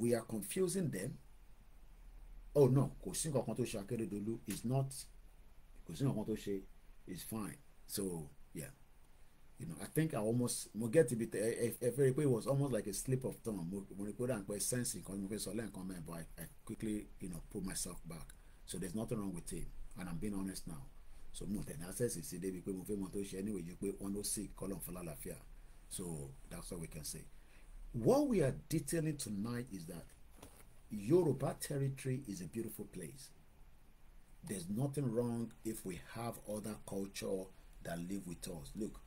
we are confusing them oh no kò sí nǹkan kan tó ṣe Akérédolú is not kò sí nǹkan kan tó ṣe is fine so yeah you know I think I almost mo get ibi tẹ ẹ ẹ fẹ́ rí pé it was almost like a slip of tongue mo mo rí pé ó dà ń pẹ́ sensing kan mo fẹ́ sọ lẹ́ẹ̀kan mẹ́rin but I, I quickly you know pull myself back so there's nothing wrong with him and I'm being honest now so mo tẹ̀ ní access sí débi pé mo fẹ́ mọ tó ṣe anyway yìí pé wọ́n ló sì kọ́lọ̀ fún lálàáfíà. So that's all we can say. What we are detailing tonight is that Yoruba territory is a beautiful place. There's nothing wrong if we have other culture that live with us. Look,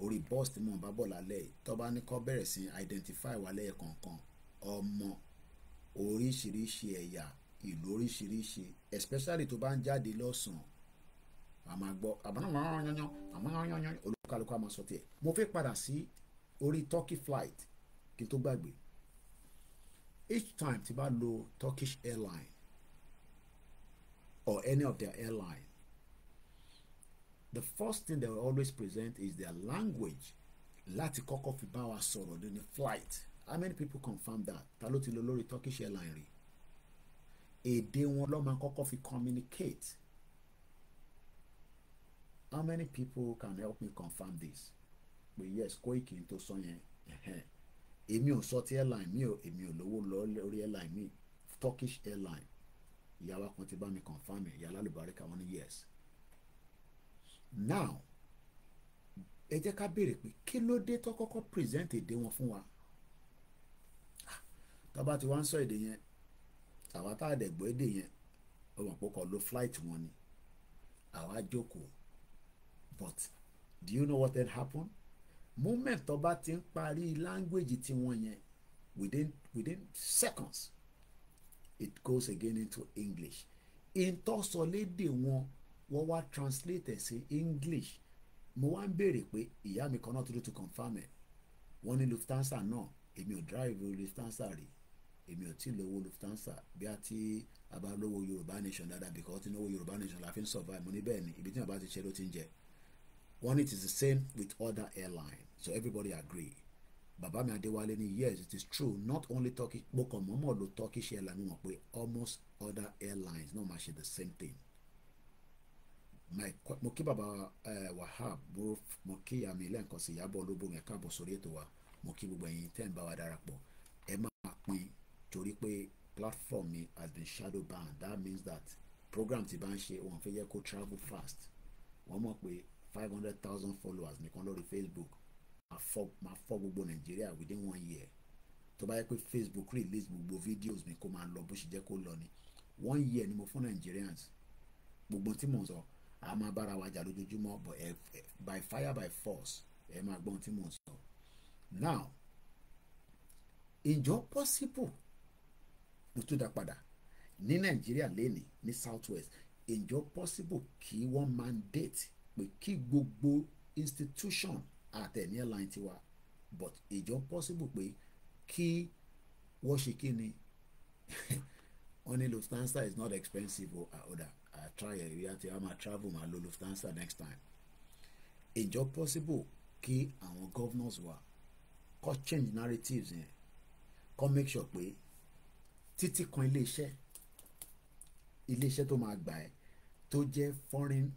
ori bọ́ọ̀sì tí mò ń bá bọ̀ lálẹ́ tọ́ba ní kọ́ bẹ̀rẹ̀ sí identify wa lẹ́yẹ kọ̀ọ̀kan ọmọ oríṣiríṣi ẹ̀yà ìlú oríṣiríṣi especially tó bá ń jáde lọ́sàn-án àmàgbọ́ àbánáwó kálukú àmọ́ sọ tiẹ̀ mo fẹ́ padà sí orí Turkey flight kí n tó gbàgbé each time tí bá lo Turkish airline or any of their airline the first thing they will always present is their language láti kọ́kọ́ fi bá wa sọ̀rọ̀ lórí flight how many people confirm that ta ló ti lọ lórí Turkish airline rí èdè wọn ló máa kọ́kọ́ fi communicate how many people can help me confirm this pé yes Koiki n tó sọ yẹn èmi ò sọ ti airline mi ò èmi ò lówó lọ airline mi Turkish airline ìyá wa kan ti bá mi confirm ẹ̀ ìyá alálùbáríkà wọn ní yes now ẹ jẹ́ ká béèrè pé kí ló dé tó kọ́kọ́ present èdè wọn fún wa ah, tá bá ti wá ń sọ èdè yẹn àwa tá a dẹ̀ gbọ́ èdè yẹn ọmọ pọ̀ kọ́ flight wọn ni àwa jókòó but do you know what then happened moment tó bá ti ń parí language tiwọn yẹn within within seconds it goes again into English ìtọ́sọ̀lédè wọn wọ́n wá translate ẹ̀ sí English mo wá ń béèrè pé ìyá mi kan náà tó ló ti confam ẹ̀ wọ́n ní Lufthansa náà èmi ò drive Lufthansa rí èmi ò tí ì lówó Lufthansa bí a ti a lówó Yorùbá nation dáadáa because tí lówó Yorùbá nation la fi ń survive mo ní bẹ́ẹ̀ ni ibi tí wọn bá ti ṣe ló ti ń jẹ One, it is the same with other airlines, So everybody agree. Bàbá mi Adéwálé ní yes it is true not only Turkish mo kàn mọ́mọ́ lo Turkish airline mọ̀ pé almost other airlines náà much the same thing. My, mo kí bàbá uh, Wahab mo kí àmì lẹ́ǹkan sí Ìyábọ̀ Olóbùn yẹn káàbọ̀ sórí ètò wa mo kí gbogbo ẹ̀yin tẹ́ ń platform me has been shadow banned that means that program ti bá ń ṣe wọn fẹ́ travel fast One more pé five hundred thousand followers nìkan lórí Facebook máa fọ́ gbogbo Nàìjíríà within one year tó bá yẹ pé Facebook release gbogbo videos mi kó máa lọ bó ṣe jẹ́ kó lọ ni one year ni mo fún Nigerians gbogbo tí mò ń sọ a máa bára wa jà lójoojúmọ́ but ẹ by fire by force ẹ máa gbọ́n tí mò ń sọ now ìjọ possible mo tún dá padà ní Nàìjíríà lẹ́nìí ní south west ìjọ possible kí wọ́n mandate pé kí gbogbo institution àtẹ̀ní airline tiwa but ìjọ possible pé kí wọ́n ṣe kí ni <laughs> wọ́n Lufthansa is not expensive o àọ̀dà àtúráyà ìrírí àti àwọn máa travel máa lo Lufthansa next time ìjọ possible kí àwọn governors wa kọ́ change narratives yẹn kọ́ make sure pé títí kan iléeṣẹ́ iléeṣẹ́ tó máa gbà ẹ́ tó jẹ́ foreign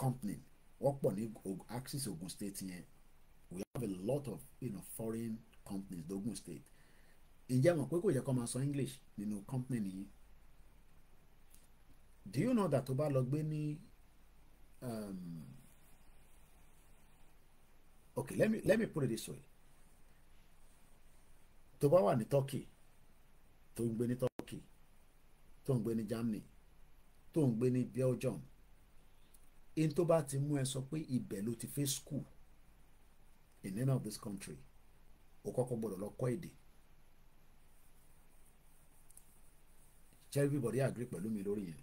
company wọ́n pọ̀ ní axis Ogun state yẹn we have a lot of you know, foreign companies l'Ogun state ǹjẹ́ mọ̀ pé kò yẹ kó máa sọ English nínú company nìyí do you know that tó bá lọ gbé ní um, okay let me let me put it this way tó bá wà ní Turkey tó ń gbé ní Turkey tó ń gbé ní Germany tó ń gbé ní Belgium in tó bá ti mú ẹ sọ pé ibẹ̀ ló ti fẹ́ school in any of this country o kọ́kọ́ gbọ́dọ̀ lọ kọ́ èdè ṣé everybody agree pẹ̀lú mi lórí yẹn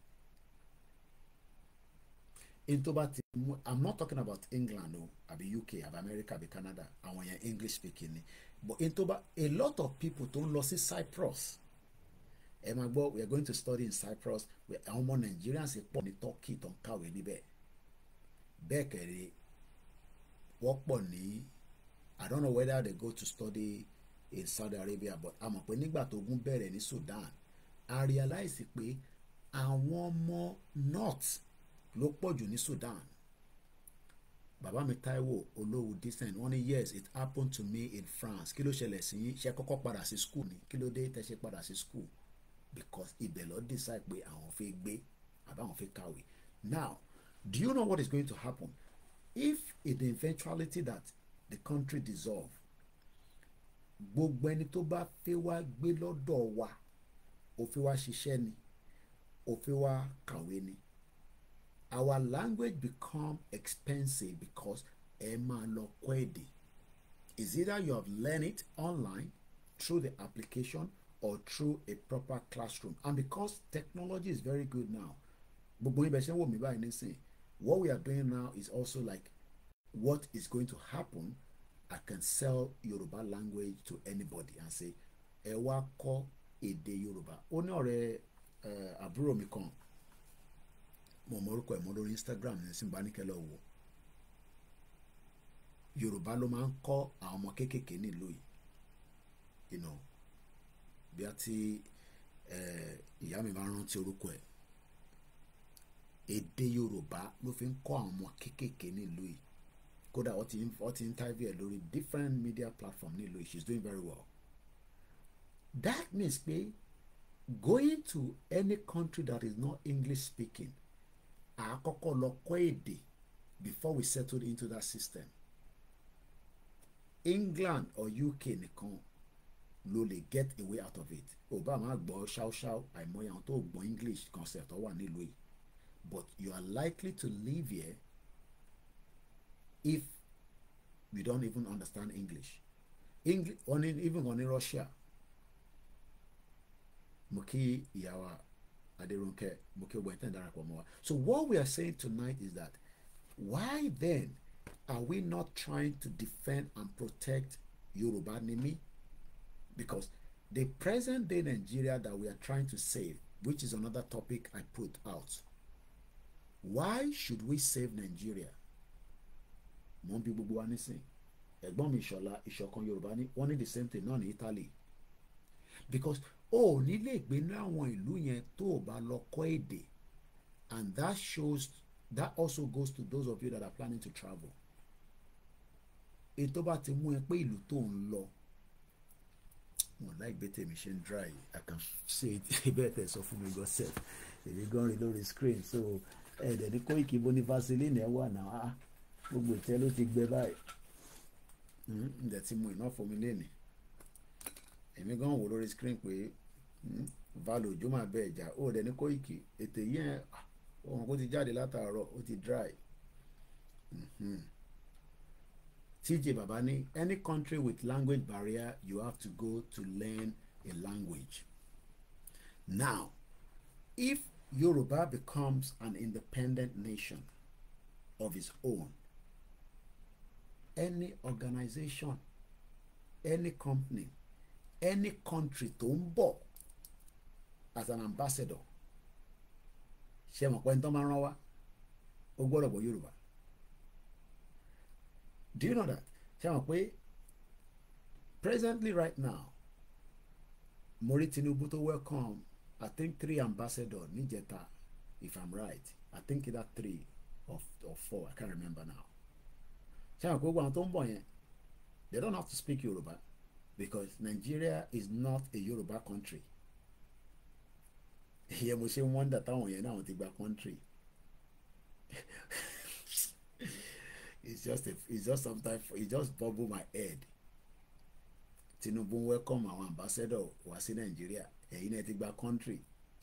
in tó bá ti mú i'm not talking about england o àbí uk àbí america àbí canada àwọn yẹn english speaking ni but in tó bá a lot of people tó ń lọ sí cyprus ẹ máa gbọ́ we are going to study in cyprus àwọn ọmọ nigerians pọ̀ ní turkey tó ń kàwé níbẹ̀ bẹ́ẹ̀ kẹ̀rẹ́ wọ́n ní I don't know whether they go to study in Saudi Arabia but a mọ̀ pé nígbà tó ogun bẹ̀rẹ̀ ní Sudan a realize pé àwọn ọmọ north ló pọ̀ jù ní Sudan bàbá mi Táíwò olówó decent wọ́n ní yes it happened to me in France kí ló ṣẹlẹ̀ sí ṣe kọ́kọ́ padà sí school ni kí ló dé tẹ́ ṣe padà sí school because ibẹ̀ ló decide pé àwọn fẹ́ gbé àbáwọn fẹ́ kàwé now Do you know what is going to happen? If in the eventuality that the country dissolve, gbogbo ẹni tó bá fẹ́ wá gbé lọ́dọ̀ wa ó fẹ́ ṣiṣẹ́ ni ó fẹ́ kàwé ni. Our language become expensive because ẹ máa lọ kọ́ èdè. Is either you have learned it online through the application or through a proper classroom and because technology is very good now gbogbo ibẹ̀ ṣe ń wò mí báyìí nísìnyí What we are doing now is also like what is going to happen. I can sell Yoruba language to anybody and say, ẹ wá kọ́ èdè Yoruba." Ó ní ọ̀rẹ́ eh, àbúrò mi kan, mo mọ orúkọ ẹ̀ mọ́ lórí Instagram ní Simbanikẹ́lẹ́ owó. Yorùbá ló máa ń kọ́ àwọn ọmọ kéékèèké nílùú yìí. You know, bí a ti eh, ìyá mi máa ń rántí orúkọ ẹ̀ èdè yorùbá ló fi ń kọ́ àwọn ọmọ kéékèèké nílùú yìí kódà ó ti ń ó ti ń interview ẹ̀ lórí different media platform nílùú yìí she's doing very well that means pé going to any country that is not english speaking àkọ́kọ́ lọ kọ́ èdè before we settle into that system england or uk nìkan ló lè get away out of it ò bá máa gbọ́ ṣáúṣáú àìmọye àwọn tó gbọ́ english concept tó wà nílùú yìí but you are likely to live here if you don't even understand English. English on in, even on in Russia. Mo kí ìyá wa Adérónkẹ́, mo So what we are saying tonight is that why then are we not trying to defend and protect Yoruba Nimi? Because the present day Nigeria that we are trying to save, which is another topic I put out, why should we save Nigeria mo ń bi gbogbo wa nísìn ẹ̀gbọ́n mi ìṣọ̀la ìṣọ̀kan Yorùbá ní wọ́n ní the same thing náà ní Italy because o ò ní lè gbé ní àwọn ìlú yẹn tó o bá lọ kọ́ èdè and that shows that also goes to those of you that are planning to travel ètò bá ti mú ẹ pé ìlú tó ń lọ wọn láì gbé tèmi ṣe ń dry I can say it <laughs> better sọ fún mi God sef èmi gan rí lórí screen so ẹ̀ẹ́dẹ̀ ní kó ìkìbò ní vaseline ẹ̀ wà náà ah, gbogbo ìtẹ́ ló ti gbẹ báyìí hmm, ǹdẹ̀ ti mu iná fomi léni èmi gan wò lórí screen pé hmm, valo ojú máa bẹ ẹ̀jà ó dẹ̀ ní Koiki ètè yẹn ah, ohun kó ti jáde látàárọ̀ ó ti dry hmm, TJ baba ní any country with language barrier you have to go to learn a language now if Yoruba becomes an independent nation of its own. Any organization, any company, any country to ń bọ̀ as an ambassador ṣe mọ̀ pé ní tó máa rán wá ó gbọ́dọ̀ bọ̀ Yorùbá do you know that ṣe mọ̀ pé presently right now mo rí Tinubu tó welcome I think three ambassador níjẹta if I'm right I think that three of or four I can't remember now. ṣáà gbogbo àwọn tó ń they don't have to speak Yoruba because Nigeria is not a Yoruba country. ìyẹn mo ṣe ń that táwọn yẹn náà ti gba country. <laughs> it's just a, it's just sometimes it just bubble my head Tinubu welcome our ambassador was in Nigeria ẹ̀yin náà ti gba country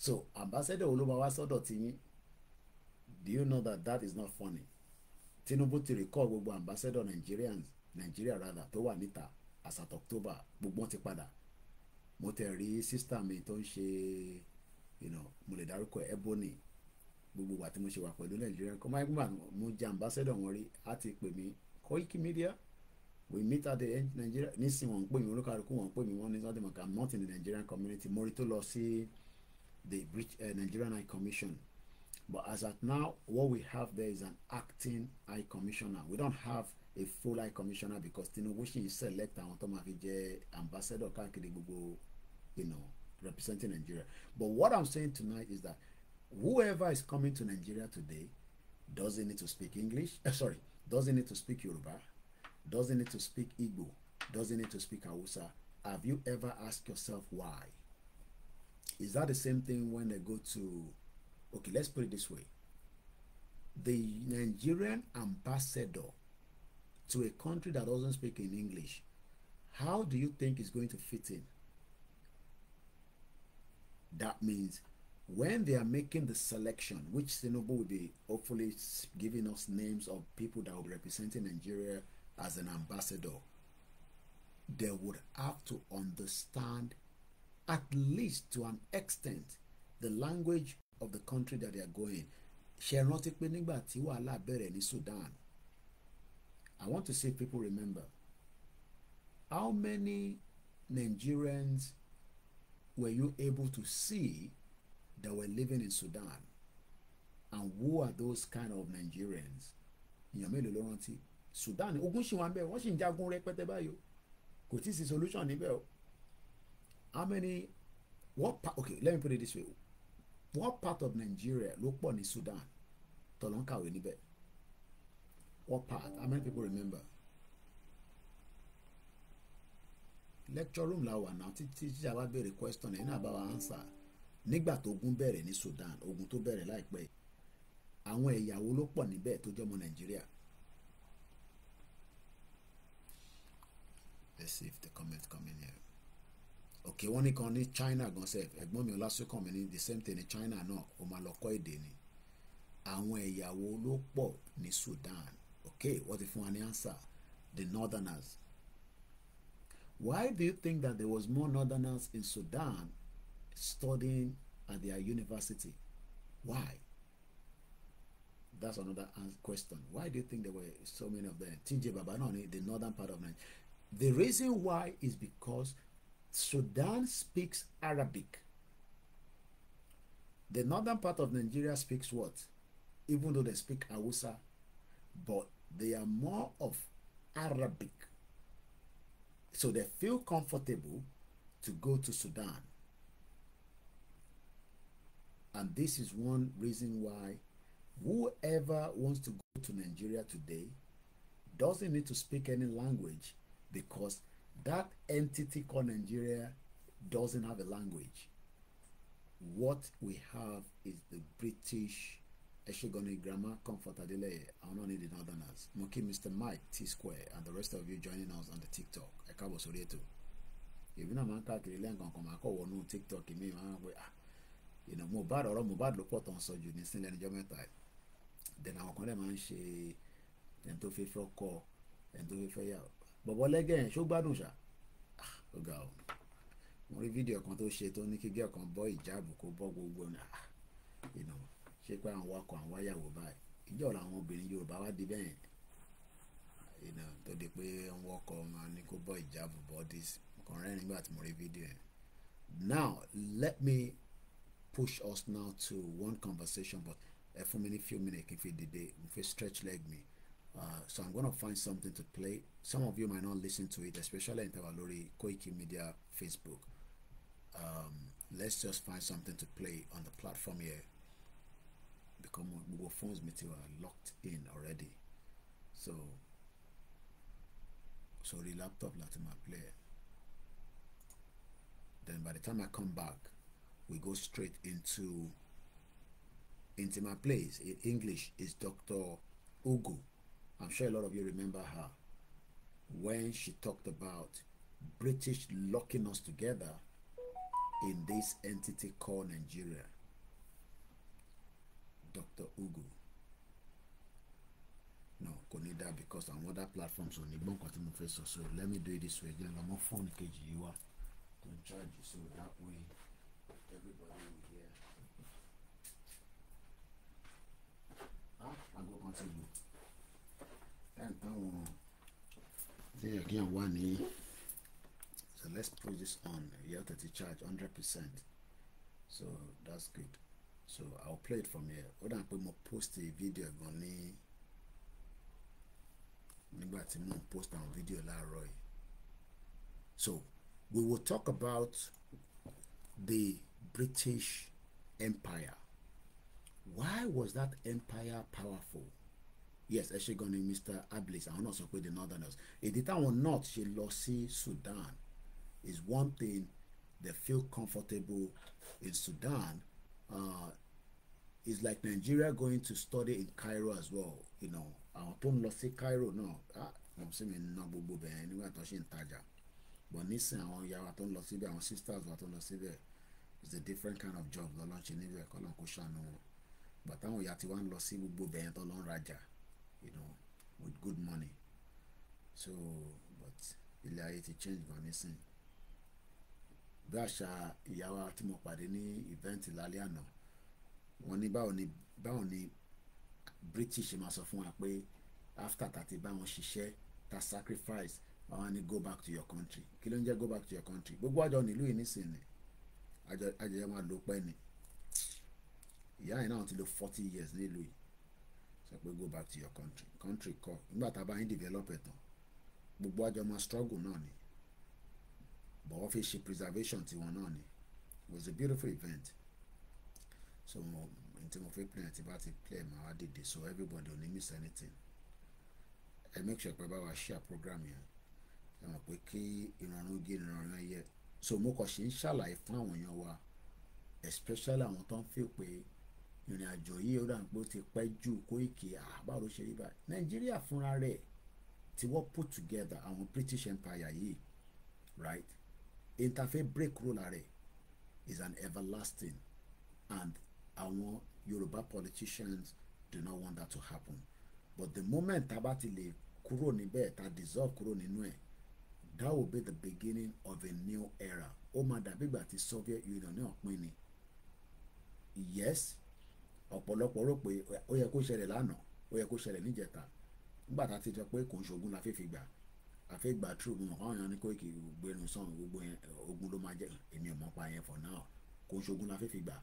so ambassador olóma wá sọ́dọ̀ tiyín do you know that that is not funny Tinubu ti rìkọ́ gbogbo ambassador Nigerians Nigeria rather tó wà níta as at October gbogbo wọn ti padà mo tẹ̀ rí sísítà mi tó ń ṣe you know, mo lè dárúkọ Ebony gbogbo wa tí mo ṣe wà pẹ̀lú Nigeria kọ́ máa ń mo jẹ́ ambassador wọn rí á ti pè mí Koiki Media we meet at the end Nigeria nísìnyí wọ́n ń pè mí olúkàlùkù wọ́n ń pè mí wọ́n ní sọ́dọ̀ mọ̀ká not in the Nigerian community mo to tó lọ sí the British eh, uh, Nigerian High Commission but as at now what we have there is an acting High Commissioner we don't have a full High Commissioner because Tinubu ṣì ń select àwọn tó máa fi jẹ ambassador káàkiri gbogbo you know representing Nigeria but what I'm saying tonight is that whoever is coming to Nigeria today doesn't need to speak English uh, sorry doesn't need to speak Yoruba doesn't need to speak Igbo, doesn't need to speak Hausa. Have you ever asked yourself why? Is that the same thing when they go to, okay, let's put it this way. The Nigerian ambassador to a country that doesn't speak in English, how do you think is going to fit in? That means when they are making the selection, which Sinobu will be hopefully giving us names of people that will be representing Nigeria as an ambassador, they would have to understand, at least to an extent, the language of the country that they are going. Ṣé rántí pé nígbà tí wàhálà bẹ̀rẹ̀ ní Sudan? I want to see people remember how many Nigerians were you able to see that were living in Sudan? And who are those kind of Nigerians? Èèyàn mélòó ló rántí? Sudan ogun ṣì wà ń bẹ wọ́n sì ń jagun rẹpẹtẹ báyìí o kò tí ì sí solution níbẹ̀ o how many what part okay let me put it this way what part of Nigeria ló pọ̀ ní Sudan tọ̀lọ́ ń kàwé níbẹ̀ what part how many people remember lecture room la wà náà títí tíjà wa béèrè question ẹ̀ náà bá answer nígbà tó ogun bẹ̀rẹ̀ ní Sudan ogun tó bẹ̀rẹ̀ láìpẹ́ àwọn ẹ̀yà wo ló pọ̀ níbẹ̀ tó jẹ́ ọmọ Nàìjíríà let's the comment coming here okay wọ́n ní kan ní China gan sef ẹ̀gbọ́n mi ọlásùnkàn mi ní the same thing ní China náà ó máa lọ kọ́ èdè ni àwọn ẹ̀yàwó ló pọ̀ ní Sudan okay wọ́n ti fún wa ní answer the northerners why do you think that there was more northerners in Sudan studying at their university why that's another question why do you think there were so many of them TJ Baba náà ní the northern part of Nigeria The reason why is because Sudan speaks Arabic. The northern part of Nigeria speaks what? Even though they speak Hausa, but they are more of Arabic. So they feel comfortable to go to Sudan. And this is one reason why whoever wants to go to Nigeria today doesn't need to speak any language because that entity called Nigeria doesn't have a language. What we have is the British Eshigonin Grammar Comfort Adeleye, àwọn ní the Northerners. Mo Mr. Mike T Square and the rest of you joining us on the TikTok. Ẹ káàbọ̀ sórí ètò. Èmi náà máa ń káàkiri lẹ́ǹkan kan TikTok mi máa ń pè ah ìnà Mohbad ọ̀rọ̀ Mohbad ló pọ̀ jometai. Then sọ jù ní sílẹ̀ níjọ́ mẹ́ta. Dẹ̀nà àwọn kan lè máa ń ṣe ẹni tó bọ̀bọ̀ lẹ́gẹ̀ yẹn ṣó gbádùn ṣá ah, ó ga o mo rí fídíò kan tó ṣe tó ní kí gẹ́ẹ̀ bọ́ ìjáàbù kó bọ́ gbogbo ìnà ah, ṣé pé àwọn wakọ̀ àwọn wáyàwó báyìí ìjọ làwọn obìnrin Yorùbá wá di bẹ́ẹ̀ ìnà tó di pé wọn kọ ọmọ ní kó bọ́ ìjáàbù bọ́ dis ọkàn rẹ̀ nígbà tí mo rí fídíò yẹn now let me push us now to one conversation but ẹ fún mi ní few minutes kí n fi dìde n fi stretch leg mi. Uh, so I'm gonna find something to play. Some of you might not listen to it, especially in Tawalori Koiki Media Facebook. Um, let's just find something to play on the platform here. Because Google Phones meeting are locked in already. So sorry laptop láti my play then by the time I come back we go straight into into my place in English is Dr. Ugu I'm sure a lot of you remember her when she talked about British locking us together in this entity called Nigeria. Dr. Ugu. No, kò ní dá because àwọn other platforms ò ní gbọ́n kan face mo so let me do it this way jẹ́ lọ́mọ fóònù You are wá to charge you so that way everybody will hear. Ah, àgọ́ go continue báwọn tí yẹ kí n wà ní so let's put this on yẹ kí ti charge hundred percent so that's good so I'll play it from here ó dà pé mo post a video gan ní nígbà tí mo post àwọn video láàárọ̀ yìí so we will talk about the British Empire why was that empire powerful yes ẹ ṣe gan ni Mr Ablis àwọn náà sọ pé the northerners ìdí táwọn north ṣe lọ sí Sudan is one thing they feel comfortable in Sudan uh, is like Nigeria going to study in Cairo as well you know àwọn tó ń lọ sí Cairo náà ah, wọn sì mí ná gbogbo bẹ́ẹ̀ nígbà tó ṣe ń tajà but nísìnyí àwọn ìyá wa tó ń lọ síbẹ̀ àwọn sisters wa tó ń lọ síbẹ̀ it's a different kind of job lọ́lọ́ ṣe níbẹ̀ kọ́ ló ń kó ṣàánú wọn gbàtàwọn ìyá tí wọ́n ń lọ sí gbogbo bẹ́ẹ̀ tó lọ́ ń rajà you know, with good money. So, but ilé ayé ti change gan nísìn. Bí àṣà ìyàwó tí mo pàdé ní event lálẹ́ àná, wọ́n ní báwo ni báwo ni British máa sọ fún wa pé after tá ti bá wọn ṣiṣẹ́ ta sacrifice àwọn ni go back to your country kí ló ń jẹ́ go back to your country gbogbo àjọ nílùú yìí nísìnyí àjọyọ̀ máa lò pẹ́ ni ìyá yìí náà ti lò forty years nílùú yìí sọ pé go back to your country country kọ nígbà tá a bá yín develop ẹ̀ tán gbogbo àjọ ọmọ struggle náà ni but wọ́n fi ṣe preservation tiwọn náà ni it was a beautiful event so until mo fi play àti bá ti play ma wá dìde so everybody don't miss anything ẹ make sure pé bá wa share program yẹn ẹ mọ̀ pé kí ìrọ̀rùn gé ìrọ̀rùn ẹyẹ so mo kàn ṣe ń ṣàlàyé fún àwọn èèyàn wa especially àwọn tó ń fi pé ìrìn àjò yìí ó dà ń pé ó ti pẹ́ jù Koiki àbáro ṣe rí báyìí Nàìjíríà fúnra rẹ̀ tí wọ́n put together àwọn British Empire yìí right interfaith break rule rẹ̀ is an everlasting and àwọn Yorùbá politicians do not want that to happen but the moment tá a bá ti lè kúrò níbẹ̀ tá dissolve kúrò nínú ẹ̀ that will be the beginning of a new era ó máa dàbí ìgbà tí Soviet Union náà pín ni yes ọ̀pọ̀lọpọ̀ rò pé ó yẹ kó ṣẹlẹ̀ lánàá ó yẹ kó ṣẹlẹ̀ níjẹta nígbà tá a ti sọ pé kò ń ṣogun la fẹ́ fi gbà àfẹ́ gbà true mu àwọn èèyàn ní kó kì í gbẹnu sàn gbogbo yẹn ogun ló máa jẹ èmi ò mọ̀ pa yẹn for now kò ń ṣogun la fẹ́ fi gbà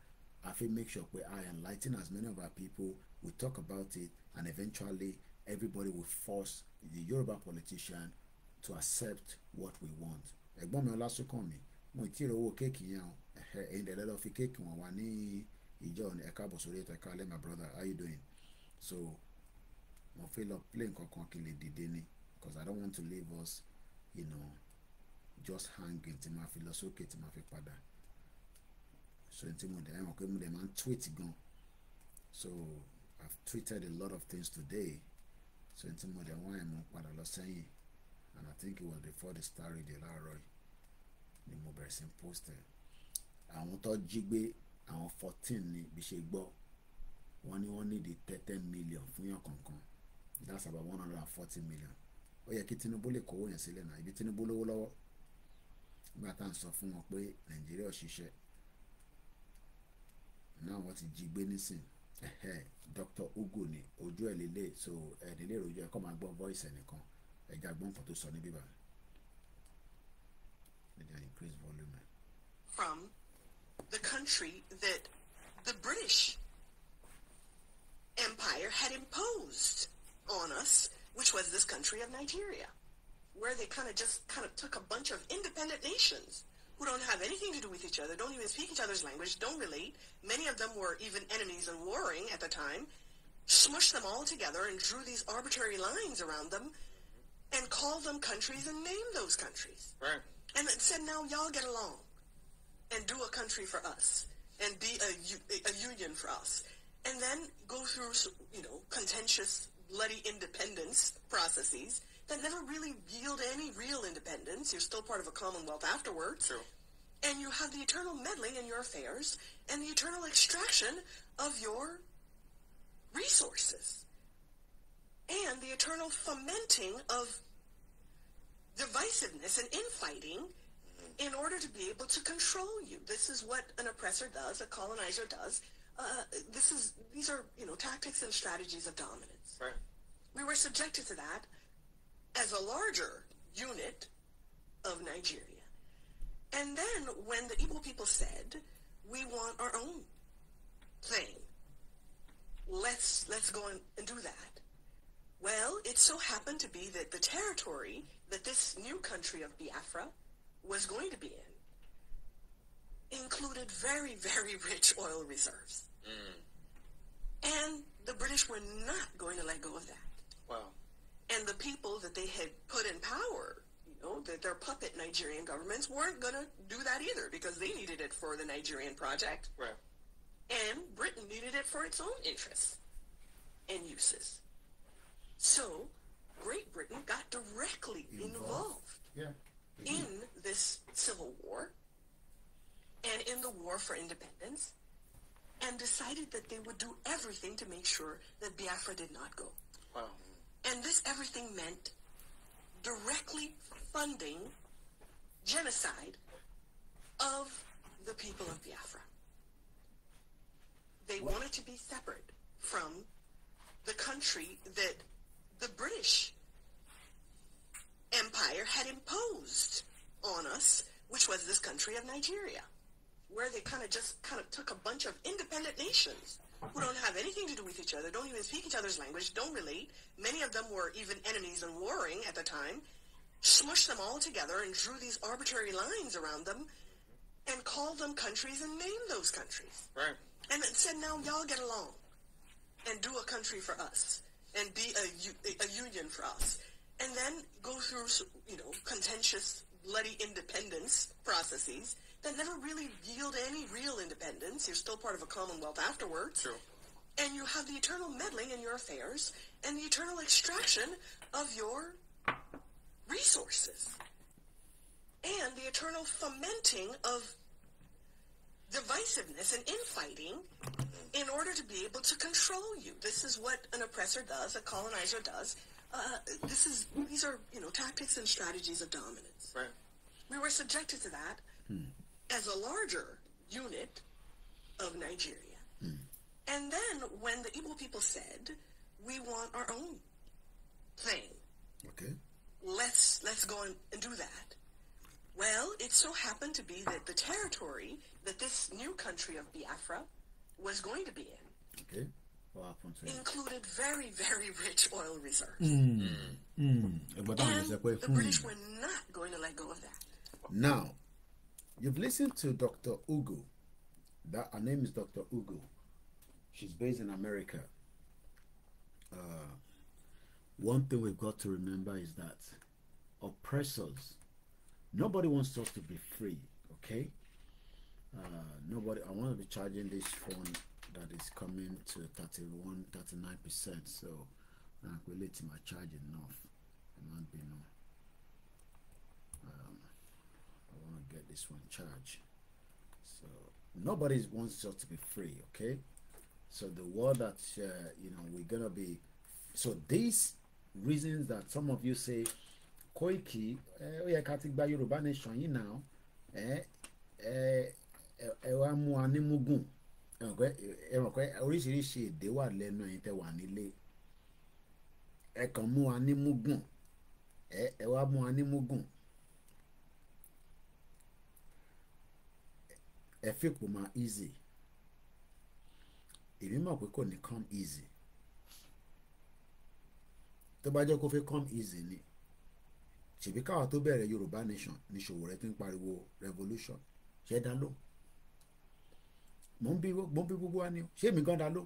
àfẹ́ make sure pé I enlighten as many of our people we talk about it and eventually everybody will force the Yoruba politician to accept what we want ẹ̀gbọ́n mi Ọlásùnkànmí mo ì tí ì rówó kéèkì yẹn ẹ̀hẹ̀ ẹ̀yìn dẹ̀ lọ́ọ́ fi kéèkì wọn wá ní John ẹ káàbọ̀ sórí ètò ẹ káàlẹ́ my brother how you doing so mo fẹ́ lọ play nǹkan kan kí n lè dìde ni because I don't want to leave us you know just hanging tí màá fi lọ sókè tí màá fi padà so tí mo dẹ̀ ẹ̀ mọ̀ pé mo dẹ̀ máa ń tweet gan so I've tweeted a lot of things today so tí mo dẹ̀ wọ́n ẹ̀ mọ̀ padà lọ sẹ́yìn and I think it was before the star radio láàárọ̀ yìí ni mo bẹ̀rẹ̀ sí post ẹ̀ àwọn tó jí gbé àwọn fourteen ni bí ṣe gbọ́ wọ́n ní wọ́n nídìí thirty million fún yàn kankan that's about one hundred and forty million ó yẹ kí Tinubu lè kówó yẹn sílẹ̀ náà ibi Tinubu lówó lọ́wọ́ nígbà tá à ń sọ fún wọn pé Nàìjíríà ṣiṣẹ́ náà wọ́n ti jí gbé nísìn Dr. Ugo ni ojú ẹ̀ lélẹ̀ so ẹ̀ẹ́dẹ́lẹ́ ìròyìn ẹ̀kọ́ máa gbọ́ voice ẹnìkan ẹ̀já gbọ́n nǹkan tó sọ ní bíbá. volume. From the country that the British Empire had imposed on us, which was this country of Nigeria, where they kind of just kind of took a bunch of independent nations who don't have anything to do with each other, don't even speak each other's language, don't relate. Many of them were even enemies and warring at the time, smushed them all together and drew these arbitrary lines around them and called them countries and named those countries. Right. And said, now y'all get along and do a country for us and be a, a union for us and then go through you know contentious bloody independence processes that never really yield any real independence you're still part of a commonwealth afterwards True. and you have the eternal meddling in your affairs and the eternal extraction of your resources and the eternal fomenting of divisiveness and infighting in order to be able to control you. This is what an oppressor does, a colonizer does. Uh, this is these are you know tactics and strategies of dominance. Right. We were subjected to that as a larger unit of Nigeria. And then when the Igbo people said, "We want our own thing," let's let's go and do that. Well, it so happened to be that the territory that this new country of Biafra was going to be in included very, very rich oil reserves. Mm. And the British were not going to let go of that. Wow. And the people that they had put in power, you know, that their puppet Nigerian governments weren't going to do that either because they needed it for the Nigerian project. Right. And Britain needed it for its own interests and uses. So Great Britain got directly involved. involved. Yeah in this civil war and in the war for independence and decided that they would do everything to make sure that Biafra did not go. Wow. And this everything meant directly funding genocide of the people of Biafra. They wanted to be separate from the country that the British empire had imposed on us, which was this country of Nigeria, where they kind of just kind of took a bunch of independent nations who don't have anything to do with each other, don't even speak each other's language, don't relate. Many of them were even enemies and warring at the time. Smushed them all together and drew these arbitrary lines around them and called them countries and named those countries. Right. And said, now y'all get along and do a country for us and be a, a union for us and then go through, you know, contentious, bloody independence processes that never really yield any real independence. You're still part of a commonwealth afterwards. True. And you have the eternal meddling in your affairs and the eternal extraction of your resources and the eternal fomenting of divisiveness and infighting in order to be able to control you. This is what an oppressor does, a colonizer does, uh, this is these are you know tactics and strategies of dominance. Right. We were subjected to that hmm. as a larger unit of Nigeria. Hmm. And then when the Igbo people said, "We want our own thing," okay, let's let's go and do that. Well, it so happened to be that the territory that this new country of Biafra was going to be in okay included very, very rich oil reserves. Mm. Mm. And the hmm. British were not going to let go of that. Now, you've listened to Dr. Ugo. That her name is Dr. Ugo. She's based in America. Uh, one thing we've got to remember is that oppressors. Nobody wants us to be free. Okay. Uh, nobody. I want to be charging this phone that is coming to 31 39% so I'm really to my charge enough and not be no um, I want to get this one charged so nobody wants us to be free okay so the word that uh, you know we're gonna be so these reasons that some of you say Koiki eh, ó yẹ ká ti gba Yorùbá nation yìí now Eh? Eh? Eh? wá mú wa ní mugun ẹ mọ̀ pé oríṣiríṣi èdè wà lẹ́nu ẹ̀yin tẹ́ wà nílé ẹ kàn mú wa ní múgùn ẹ wá mú wa ní múgùn ẹ fipò máa easy èmi mọ̀ pé kò ní come easy tó bá jẹ́ kó fẹ́ come easy ni ṣèbí káwa tó bẹ̀rẹ̀ Yorùbá nation ní Ṣòwòrẹ́ ti ń pariwo revolution ṣẹ́dá lóhùn mò ń bí mò ń bí gbogbo wa ni o ṣé èmi gan da ló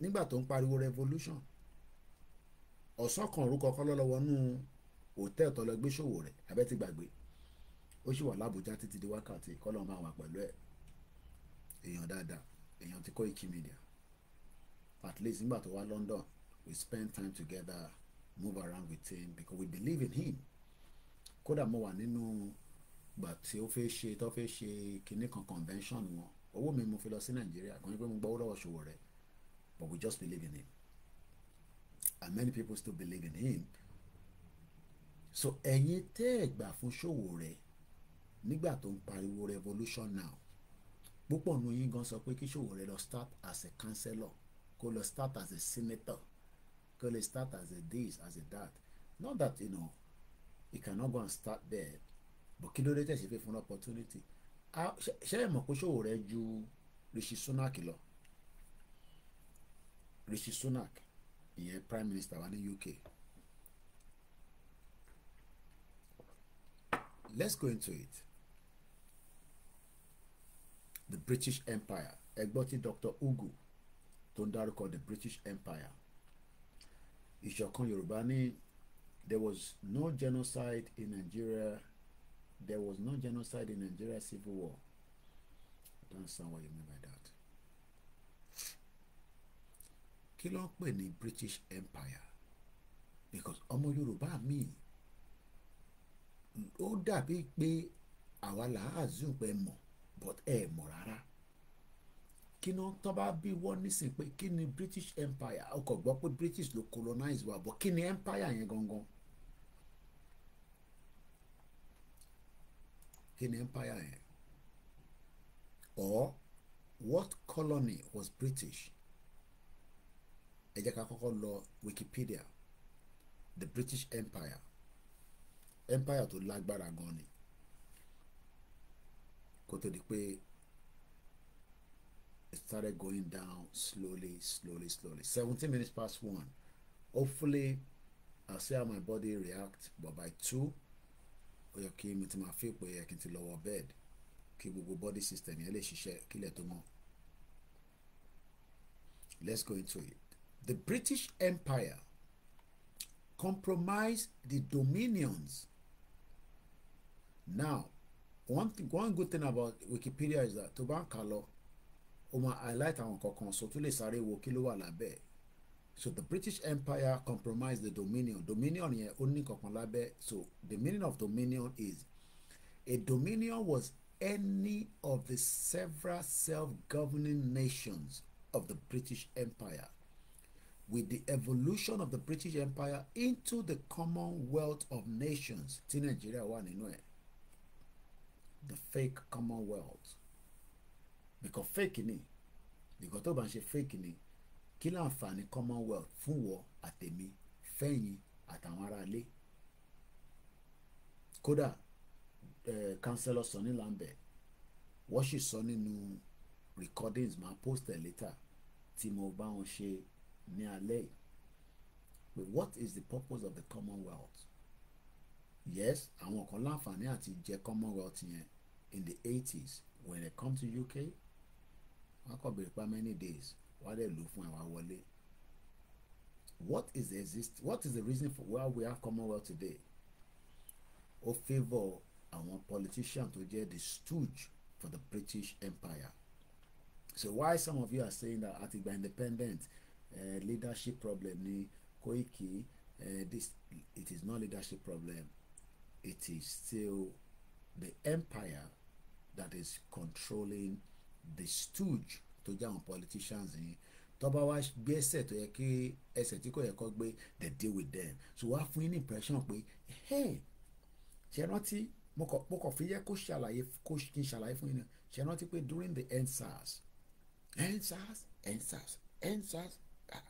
nígbà tó ń pariwo revolution ọ̀sán kan orúkọ kọ́ lọ́lọ́ wọnú hòtẹ́ẹ̀ tó lọ gbé ṣòwò rẹ̀ abẹ́ ti gbàgbé ó sì wà lábújá títí di wákàtí kọ́lọ́ọ̀ máa pẹ̀lú ẹ̀ èèyàn dáadáa èèyàn ti kọ́ ìkí media at least nígbà tó wá London we spend time together move around with him because we believe in him kódà mo wà nínú. No But tí ó fẹ́ ṣe tó fẹ́ ṣe kinní kan convention wọn owó mi mo fi lọ sí nàìjíríà kan ní pé mo gbọ́ lọ́wọ́ ṣòwò rẹ̀ but we just believe in him and many people still believe in him so ẹ̀yin tẹ́ ẹ̀ gbà fún ṣòwò rẹ̀ nígbà tó ń pariwo revolution now púpọ̀ nu yín gan sọ pé kí ṣòwò rẹ̀ lọ start as a councillor kó lọ start as a senator kó lè start as a this as a that not that you know he cannot go and start there bọ̀ kí ló dé tẹ̀sí fẹ́ fún opportunity ṣé ẹ mọ̀ pé ṣòwò rẹ ju Rishi Sunak lọ Rishi Sunak ìyẹn prime minister wa ní UK let's go into it the British Empire ẹ gbọ́ tí Dr. Ugu tó ń dárúkọ the British Empire ìṣọ̀kan Yorùbá ní there was no genocide in Nigeria there was no genocide in Nigeria civil war. I don't understand what you mean by that. Kí ló ń pè British Empire? Because Omo Yoruba me. ó dàbí pé àwa là á zoom but ẹ morara. rárá. Kí be one tán bá bí wọ́n British Empire? Ọkọ̀ gbọ́ pé British ló colonize wa but kin the empire yẹn gangan? in empire yẹn or what colony was British ẹ jẹ́ ká kọ́kọ́ Wikipedia the British Empire empire to lágbára gan ni kó it started going down slowly slowly slowly seventeen minutes past one hopefully I'll see how my body react but by two ó yẹ kí mi ti máa fi pé ẹ̀kìn ti lọ́wọ́ bed kí gbogbo body system yẹn lè ṣiṣẹ́ kílẹ̀ tó mọ́. Let's go into it. The British Empire compromised the dominions. Now, one thing, one good thing about Wikipedia is that tó bá ń kà lọ, ó máa highlight àwọn kankan so tó lè sáré wo kí ló wà lábẹ́ so the British Empire compromised the dominion dominion yẹn ó ní kankan lábẹ́ so the meaning of dominion is a dominion was any of the several self-governing nations of the British Empire with the evolution of the British Empire into the Commonwealth of Nations tí Nàìjíríà wà nínú ẹ̀ the fake Commonwealth because fake ni because tó bá ń fake ni kí láǹfààní commonwealth fún wọ àtẹ̀mí fẹ́yìn àtàwọn aráalé kódà eh, councillor Sunny Lambert wọ́n sì sọ nínú recordings máa post ẹ̀ later tí mo bá wọn ṣe ní alẹ́ pé what is the purpose of the commonwealth yes àwọn kan láǹfààní àti jẹ commonwealth yẹn in the eighties when they come to UK wọ́n kàn béèrè pa many days wàá dẹ̀ lò fún àwa wọlé what is the exist what is the reason for why we have commonwealth today ó favour àwọn politician to get the stooge for the british empire so why some of you are saying that àti gba independent uh, leadership problem ni Koiki uh, this it is not leadership problem it is still the empire that is controlling the stooge tó jẹ́ àwọn politicians yẹn tó bá wá gbẹ́sẹ̀ tó yẹ kí ẹsẹ̀ tí kò yẹ kó gbé they deal with them so wá fún yín ní impression pé ṣe rántí mo kàn fi yẹ kó ṣàlàyé kó kí n ṣàlàyé fún yín náà ṣe rántí pé during the endsars endsars endsars endsars ah,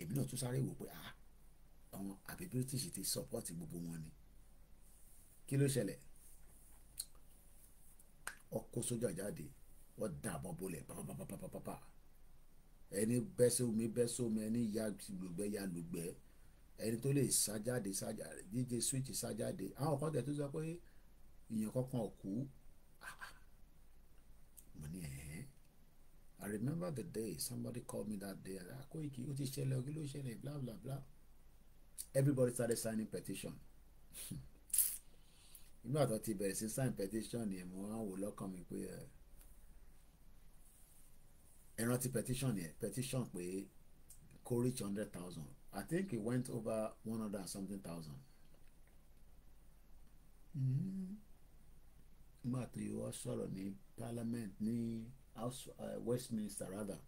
èmi náà tún sáré wò pé ah àwọn àbí british ti support gbogbo wọn ni kí ló ṣẹlẹ̀ ọkọ̀ sójà jáde wọ́n dà bọ́ bolẹ̀ pàpàpàpàpàpà ẹni bẹ́ sómi bẹ́ sómi ẹni ya lùgbẹ́ ya lùgbẹ́ ẹni tó lè sájáde sájáde díje switch sájáde àwọn kan tẹ̀ tó sọ pé ìyẹn kankan kú ah, ah. mo ní ẹ̀ẹ́ I remember the day somebody called me that day ah, Koiki ó ti ṣẹlẹ̀ ó kí ló ṣẹlẹ̀ bla bla bla everybody started signing petition <laughs> nígbà tó ti bẹ̀rẹ̀ sí sign petition yẹn mo wá wò lọ́kàn mi pé ẹ̀. Uh, ẹ rántí petition yẹn petition pé kó reach hundred thousand I think it went over one hundred and something thousand. Mm-hmm. nígbà tó yọ sọ̀rọ̀ ní parliament ní house uh, Westminster rather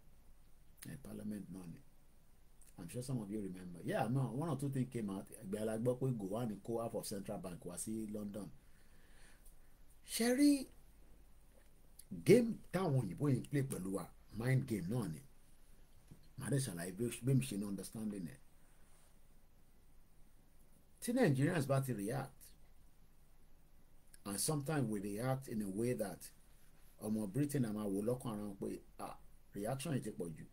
uh, parliament náà ni I'm sure some of you remember yeah no one or two things came out ẹgbẹ́ alágbọ́ pé Gowon kó half of Central Bank wá sí London ṣe rí game táwọn òyìnbó yìí ń play pẹ̀lú wa mind game náà ni màá dẹ̀ ṣàlàyé bí mi ṣe ní understanding ẹ̀ tí Nigerians bá ti react and sometimes we react in a way that ọmọ Britain àmà wò lọ́kàn ara wọn pé ah reaction yìí ti pọ̀ jù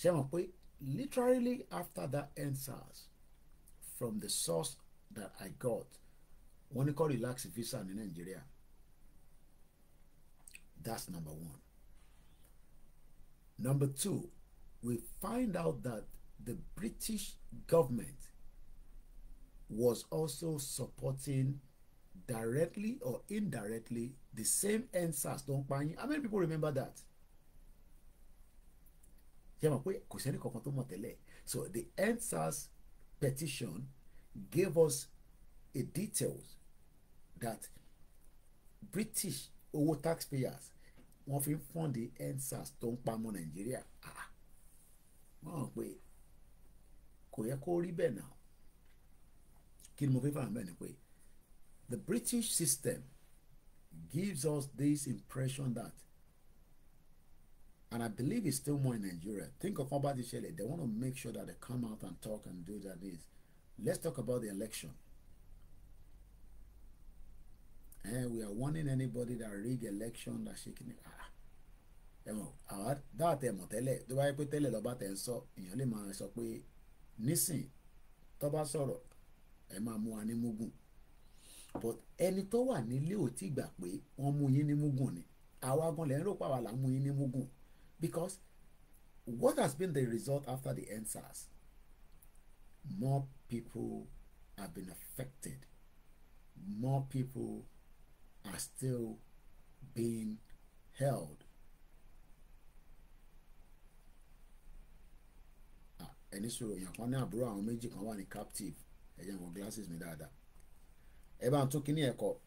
ṣé wọn pé literally after that answers from the source that I got wọ́n ní kó relax visa ní Nigeria, that's number one. Number two, we find out that the British government was also supporting directly or indirectly the same answers. tó ń pa yín how many people remember that? ṣé ẹ pé kò sẹ́ni kankan tó mọ̀ tẹ́lẹ̀ so the answers petition gave us a details that British owó taxpayers wọ́n fi ń fọ́ǹdì endsars tó ń pamọ́ nàìjíríà ah, wọ́n hàn pé kò yẹ kó rí bẹ́ẹ̀ náà kí ni mo fi fàmì bẹ́ẹ̀ ni pé the British system gives us this impression that and I believe it's still more in Nigeria think of ọba ti ṣẹlẹ̀ they want to make sure that they come out and talk and do that this let's talk about the election and eh, we are warning anybody that rig election that shaking it ah ẹ̀wọ̀n àwa dáhà tẹ mọ̀ tẹ́lẹ̀ tó bá yẹ pé tẹ́lẹ̀ lọ́ba tẹ̀ ń sọ èèyàn lè máa sọ pé nísìn tó bá sọ̀rọ̀ ẹ máa mú wa ní mugun but ẹni tó wà nílé ò tí gbà pé wọ́n mú yín ní mugun ni àwa gan lẹ́yìn rò pàwọ́ là ń mú yín ní mugun because what has been the result after the endsars more people have been affected more people are still being held. Ah, ẹni sọ̀rọ̀ èèyàn kan ní àbúrò àwọn méjì kan wà ní captive ẹ̀yà àwọn glasses my dáadáa ẹ bá ń tún kíní ẹ̀kọ́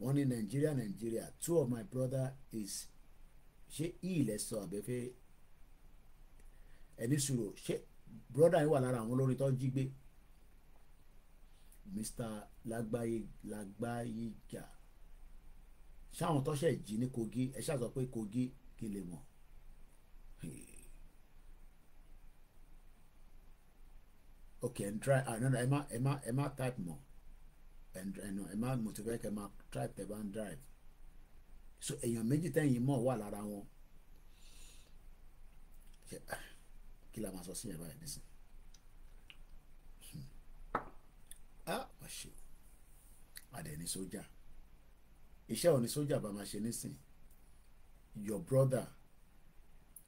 wọ́n Nigeria Nigeria two of my brother is she ill, so àbẹ́fẹ́ ẹni sọ̀rọ̀ ṣé brother yìí wà lára àwọn olórin tó jí gbé Mr. Lagbay, Lágbáyéjà ṣáwọn tọ́ṣẹ̀ jí ní Kogi ẹ ṣáà pé Kogi kí lè mọ̀ ok ẹ̀ ń try ah má ẹ má ẹ má type mọ̀ ẹ̀ ń ẹ má mo ti fẹ́ kẹ́ ẹ má type tẹ̀ bá ń drive so èèyàn méjì tẹ́yìn mọ̀ wà lára wọn ah, kí la máa sọ sí ẹ̀ báyìí nísìnyí hmm. ah ọ̀ṣẹ́ adẹ̀ ní sójà. So iṣẹ́ òní sójà bá máa ṣe nísìn your brother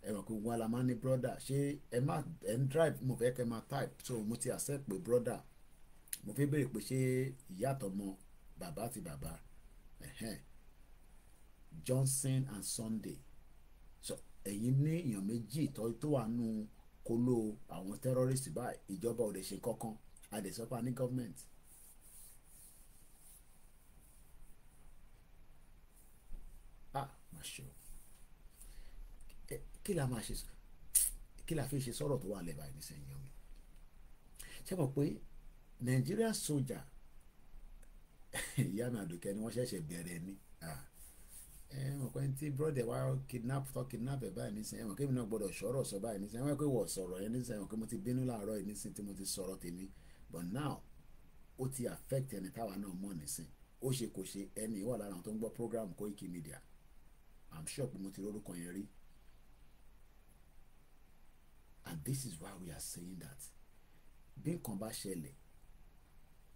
ẹ̀wọ̀n kò wọn la máa ní brother ṣé ẹ má ẹ ń drive mo fẹ́ kẹ́ máa type so mo ti accept pé brother mo fi béèrè pé ṣé ìyá àtọmọ bàbá àti bàbá Johnson and Sunday so ẹ̀yin ní èèyàn méjì tó wà nù kóló àwọn terrorist báyìí ìjọba ò lè ṣe kankan a lè sọ pa government. máa ṣe o kí la máa ṣe kí la fi ṣe sọ̀rọ̀ tó wà lẹ́bàá yìí nísìnyí omi ṣe mọ̀ pé Nàìjíríà sójà <laughs> ìyá náà dùkẹ́ ni wọ́n ṣẹ̀ṣẹ̀ bẹ̀rẹ̀ ni ẹ mọ̀ pé tí brọ́dẹ̀ wa kidnap tọ́ kidnap ẹ̀ báyìí nísìnyí ẹ̀wọ̀n kébì náà gbọ́dọ̀ sọ̀rọ̀ sọ báyìí nísìnyí ẹ̀wọ̀n pé wọ̀ sọ̀rọ̀ yẹn nísìnyí ẹ̀wọ̀n pé mo ti bínú láàárọ̀ yìí nísìnyí tí mo ti sọ̀rọ̀ tèmi but now ó ti affect ẹni táwa náà mọ̀ nísìnyí ó ṣe kò ṣe ẹni wà lára àwọn tó ń gbọ́ program Koiki Media i'm sure pé mo ti rórúkọ yẹn rí and this is why we are saying that bí nǹkan bá ṣẹlẹ̀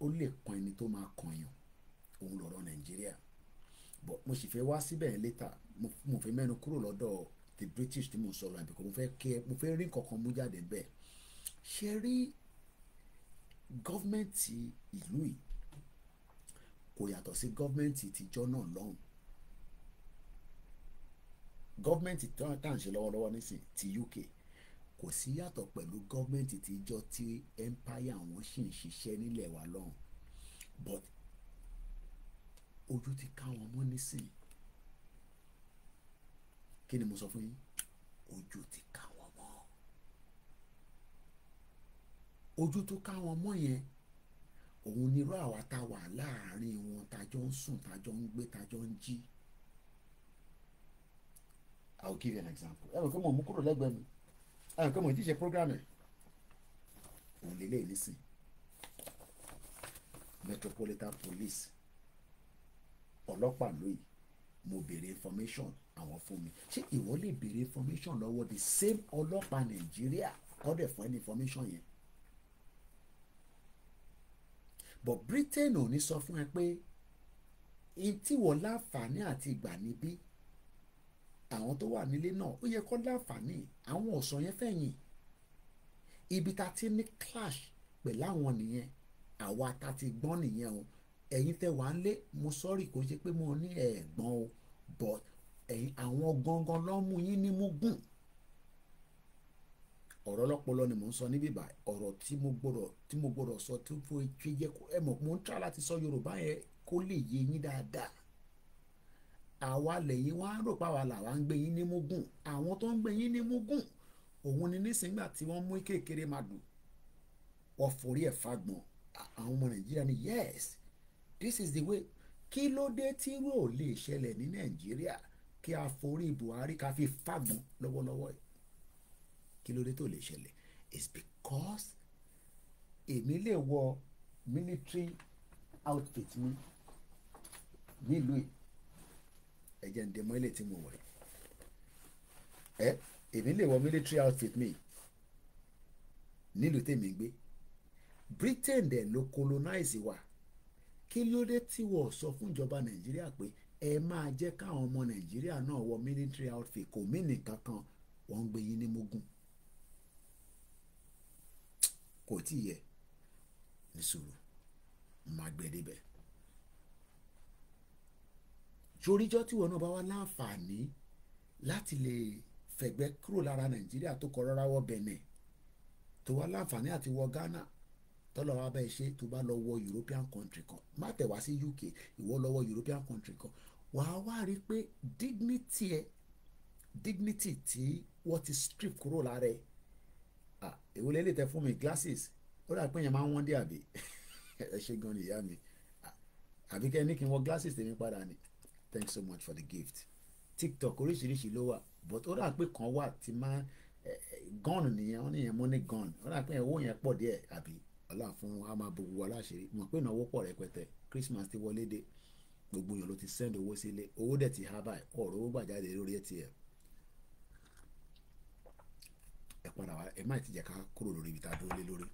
ó lè kan ẹni tó máa kan yàn òun lọ̀rọ̀ nàìjíríà but mo sì fẹ́ wá síbẹ̀ létà mo fẹ́ mẹ́nu kúrò lọ́dọ̀ the british tí mo sọ̀rọ̀ àbíkó mo fẹ́ kí ẹ mo fẹ́ rí nǹkan kan mú jáde bẹ́ẹ̀ ṣe rí gọ́fmẹ̀ntì ìlú yìí kò yàtọ̀ sí gọ́fmẹ̀ntì tìjọ́ náà lọ́hùn gọ́ọ̀mẹ̀ntì tí wọ́n tàn ṣe lọ́wọ́lọ́wọ́ nísìn ti UK kò sí yàtọ̀ pẹ̀lú gọ́ọ̀mẹ̀ntì tí ìjọ tí empire wọn sì ń ṣiṣẹ́ nílẹ̀ wa lọ́hùn but ojú ti ká wọn mọ́ nísìn kí ni mo sọ fún yín ojú ti ká wọn mọ́ ojú tó ká wọn mọ́ yẹn òun nírú àwa tá wà láàárín wọn tá ń sùn tá ń gbé tá ń jí i will give you an example ẹ rò pé mo mú kúrò lẹ́gbẹ̀ẹ́ mi ẹ rò pé mo jíṣe program òun lè léyìí nísìn metropolitan police ọlọ́pàá lóyè mo béèrè information àwọn fún mi ṣé ìwọ lè béèrè information lọ́wọ́ the same ọlọ́pàá nàìjíríà kọ́dẹ̀ fún ẹni information yẹn but britain ò ní sọ fún ẹ pé ntí wọ́n láǹfààní àti ìgbà níbí àwọn tó wà nílé náà ó yẹ kó láǹfààní àwọn ọ̀sán yẹn fẹ̀yìn ibi ta ti ní clash pẹ̀lú àwọn nìyẹn àwa ta ti gbọ́n nìyẹn o ẹ̀yin tẹ wá ń lé mo sọ́ọ̀rì kò ṣe pé mo ní ẹ̀gbọ́n o but ẹ̀yin àwọn gangan ló mú yín ní mú gùn ọ̀rọ̀ ọlọ́pọlọ ni mò ń sọ níbí bá ọ̀rọ̀ tí mo gbọ́dọ̀ tí mo gbọ́dọ̀ sọ tó fún ẹ jẹ́ ẹ mọ̀ mo ń tra láti sọ Yorùbá yẹn kó lè yé yín dáadáa àwa lẹ́yìn wá rò pàwà làwa ń gbé yín ní mugun àwọn tó ń gbé yín ní mugun òun ni nísìngbà tí wọ́n mú kékeré máa dùn wọ́n forí ẹ̀ fagbọ̀n àwọn ọmọ nàìjíríà ni yes this is the way kí ló dé tí rò lè ṣẹlẹ̀ ní nàìjíríà kí a forí buhari ká fi fagbọ̀n lọ́wọ́lọ́wọ́ ẹ̀ kí ló dé tó lè ṣẹlẹ̀ it's because èmi lè wọ military outfit mi nílùú yìí ẹ̀jẹ̀ ń dè mọ́ ilé tí mo wọ̀ ẹ́ èmi lè wọ military outfit mi nílùú tèmi gbé Britain dẹ̀ ló colonize wa kí ló dé tí wọ́n sọ fún ìjọba Nàìjíríà pé ẹ máa jẹ́ káwọn ọmọ Nàìjíríà náà wọ military outfit kò mí nìkan kan wọ́n ń gbé yín ní mógún kò tí yẹ ní máa gbé débẹ̀ ṣoríjọ́ tí wọn náà bá wá láǹfààní láti lè fẹ̀gbẹ́ kúrò lára nàìjíríà tó kọ́ rárá wọ bẹ̀nẹ̀ tó wá láǹfààní àti wọ ghana tọ́lọ́ wa bẹ́ẹ̀ ṣe tó bá lọ wọ european country kan má tẹ̀ wá sí uk ìwọ lọ wọ european country kan wàá wá rí i pé dignity ẹ dignity tí wọ́n ti strip kúrò lára ẹ ah èwo lè tẹ fún mi glasses ó dà pé yẹn máa ń wọ́n dé àbí <laughs> ẹ ṣe gan ni ìyá mi àbí ní kí n wọ glasses tèmi padà ni thanks so much for the gift tiktok oríṣiríṣi ló wà but ó dà pé kan wà tí máa gan nìyẹn wọn nìyẹn money gan ó dà pé owó yẹn pọ̀ díẹ̀ àbí ọlá fún wa máa bo gbogbo aláṣẹrí mọ̀ pé ìnáwó pọ̀ rẹpẹtẹ christmas ti wọlé dé gbogbo èèyàn ló ti send owó sílé owó dẹ̀ ti há báyìí ọ̀rọ̀ owó gbàjáde lórí atm ẹ padà wá ẹ má ti jẹ́ ká kúrò lórí ibi tá a dúró lé lórí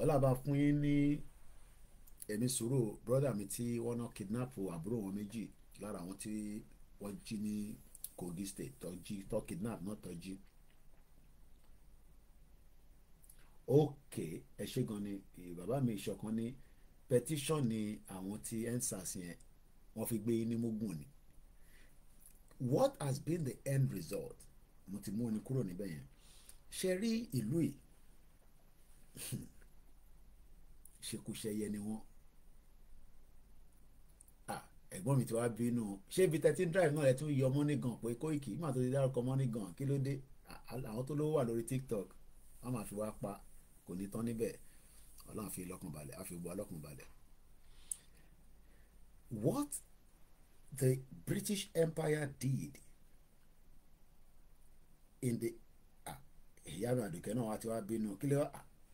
ọlá bá fún yín ní ẹni sùúrù brọ́dà mi tí wọ́n náà kidnap àbúrò wọn méjì lára àwọn tí wọ́n jí ní Kogi State tó jí kidnap náà tó jí. ok ẹ ṣe gan ni bàbá mi ìṣọ̀kan ní petition ni àwọn tí EndSARS yẹn wọ́n fi gbé ní mugun ni what has been the end result mo ti mú ni kúrò níbẹ̀ yẹn ṣe rí ìlú yìí <laughs> ṣekúṣẹyẹ ni wọ́n ẹ̀gbọ́n mi ti wá bínú ṣé ibi tẹ́tí ń drive náà ẹ̀ tún yọ money gun pé Koiki má tó ti dárúkọ money gun kí ló dé àwọn tó lówó wà lórí TikTok wọ́n máa fi wá pa kò ní tán níbẹ̀ ọlọ́run fi lọ́kàn balẹ̀ á fi gbọ́ ọlọ́kàn balẹ̀. What the British Empire did in the ìyá mi àdùkẹ́ náà wá ti wá bínú kí ló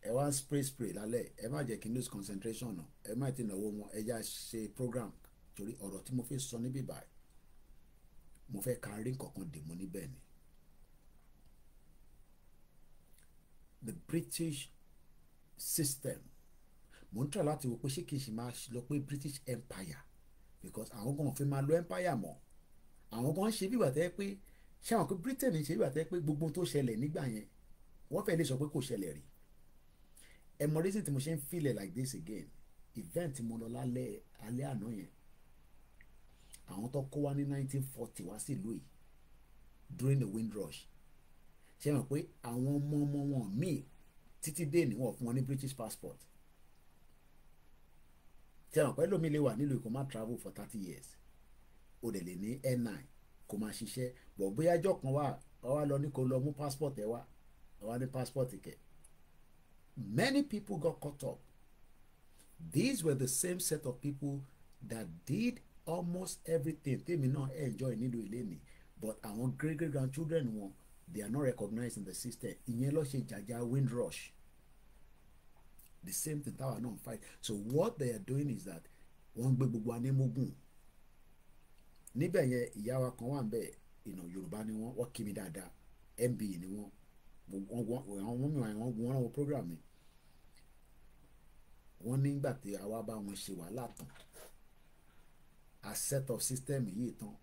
ẹ wá ń spray spray lálẹ́ ẹ má jẹ́ kí news concentration ẹ má ti náwó wọn ẹ já ṣe program torí ọ̀rọ̀ tí mo fẹ́ sọ níbí báyìí mo fẹ́ ka rí nǹkankan dì mú níbẹ̀ ni. The British system mo ń tọ́ láti wò pé ṣé kì í ṣe máa lọ pé British Empire because àwọn gan fi máa lo empire mọ́ àwọn gan ṣe bí ìgbà pé ṣé àwọn pé Britain ṣe bí ìgbà tẹ́ pé gbogbo tó ṣẹlẹ̀ nígbà yẹn wọ́n fẹ́ lè sọ pé kò ṣẹlẹ̀ rí ẹ mọ reason tí mo ṣe ń filẹ̀ like this again event mo lọ lálẹ́ àná yẹn àwọn tó kó wá ní 1940 wá sí ìlú yìí during the Windrush ṣe mọ̀ pé àwọn ọmọ ọmọ wọn míì títí dé ni wọ́n fún wọn ní British passport ṣe mọ̀ pé lómi lè wà nílùú kó má travel for thirty years o dẹ̀ lè ní n9 kó má ṣiṣẹ́ bọ̀ bóyá ọjọ́ kan wà ọ wá lọ ní kó lọ mú passport ẹ wá ọ wá ní passport kẹ many people got caught up these were the same set of people that did almost everything tèmi náà enjoy nílùú ilé mi but àwọn great great grandchildren wọn they are not recognized in the system ìyẹn ló ṣe wind rush. the same thing táwa náà ń fight so what they are doing is that wọ́n ń gbé gbogbo anémógún níbẹ̀ yẹn ìyá wa kan wà ń bẹ̀ ìnà Yorùbá ni wọ́n wọ́n kí mi dáadáa mb ni wọ́n àwọn mọ́mí wa wọ́n gun wọn lọ́wọ́ program mi wọ́n nígbà tí àwa bá wọn ṣe wàhálà tán a set of system yìí tán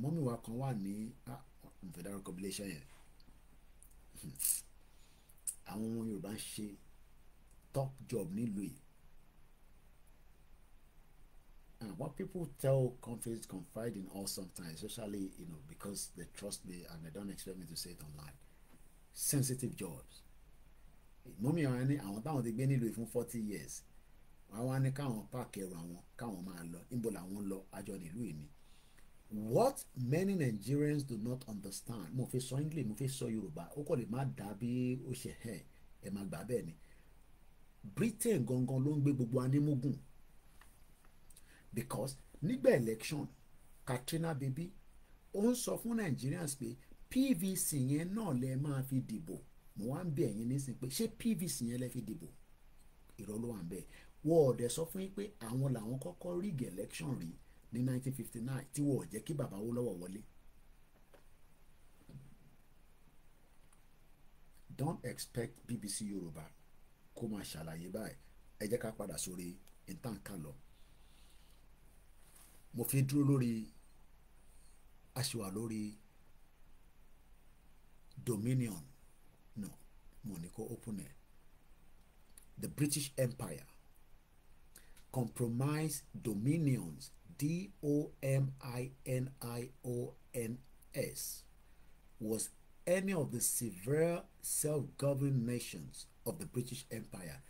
mọ́mí wa kan wà ní nfẹ̀dá recommendation yẹn àwọn ọmọ Yorùbá ń ṣe top job nílùú yìí and what people tell confide, confide in us sometimes especially you know because they trust me and they don't expect me to say it online sensitive jobs mọ́mí àwọn ẹni àwọn táwọn ti gbé nílùú yìí fún forty years àwọn á káwọn páàkì ẹrù àwọn káwọn máa lọ níbo làwọn lọ àjọ nílùú èmi what many Nigerians do not understand mo fi sọ English mo fi sọ Yorùbá ó kọ́ lè má dà bí ó ṣe ẹ̀ ẹ̀ máa gbà bẹ́ẹ̀ ni Britain gangan ló ń gbé gbogbo anímúgùn because nígbà election Katrina baby ó ń sọ fún Nigerians pé PVC yẹn náà lè máa fi dìbò mo wá ń bẹ̀ yín nísìnyí pé ṣé PVC yẹn lè fi dìbò irọ́ ló wọ́n sọ fún yín pé àwọn làwọn kọ́kọ́ rig election rí ní 1959 tí wọ́n jẹ́ kí bàbá Awólọ́wọ̀ wọlé. don't expect BBC Yorùbá kó máa ṣàlàyé báyìí ẹ jẹ́ ká padà sórí ìtànkà lọ. mo fi dúró lórí aṣèwà lórí dominion no mo ní kó open air the British Empire compromise dominions d-o-m-i-n-i-o-n-s was any of the several self-governing nations of the British Empire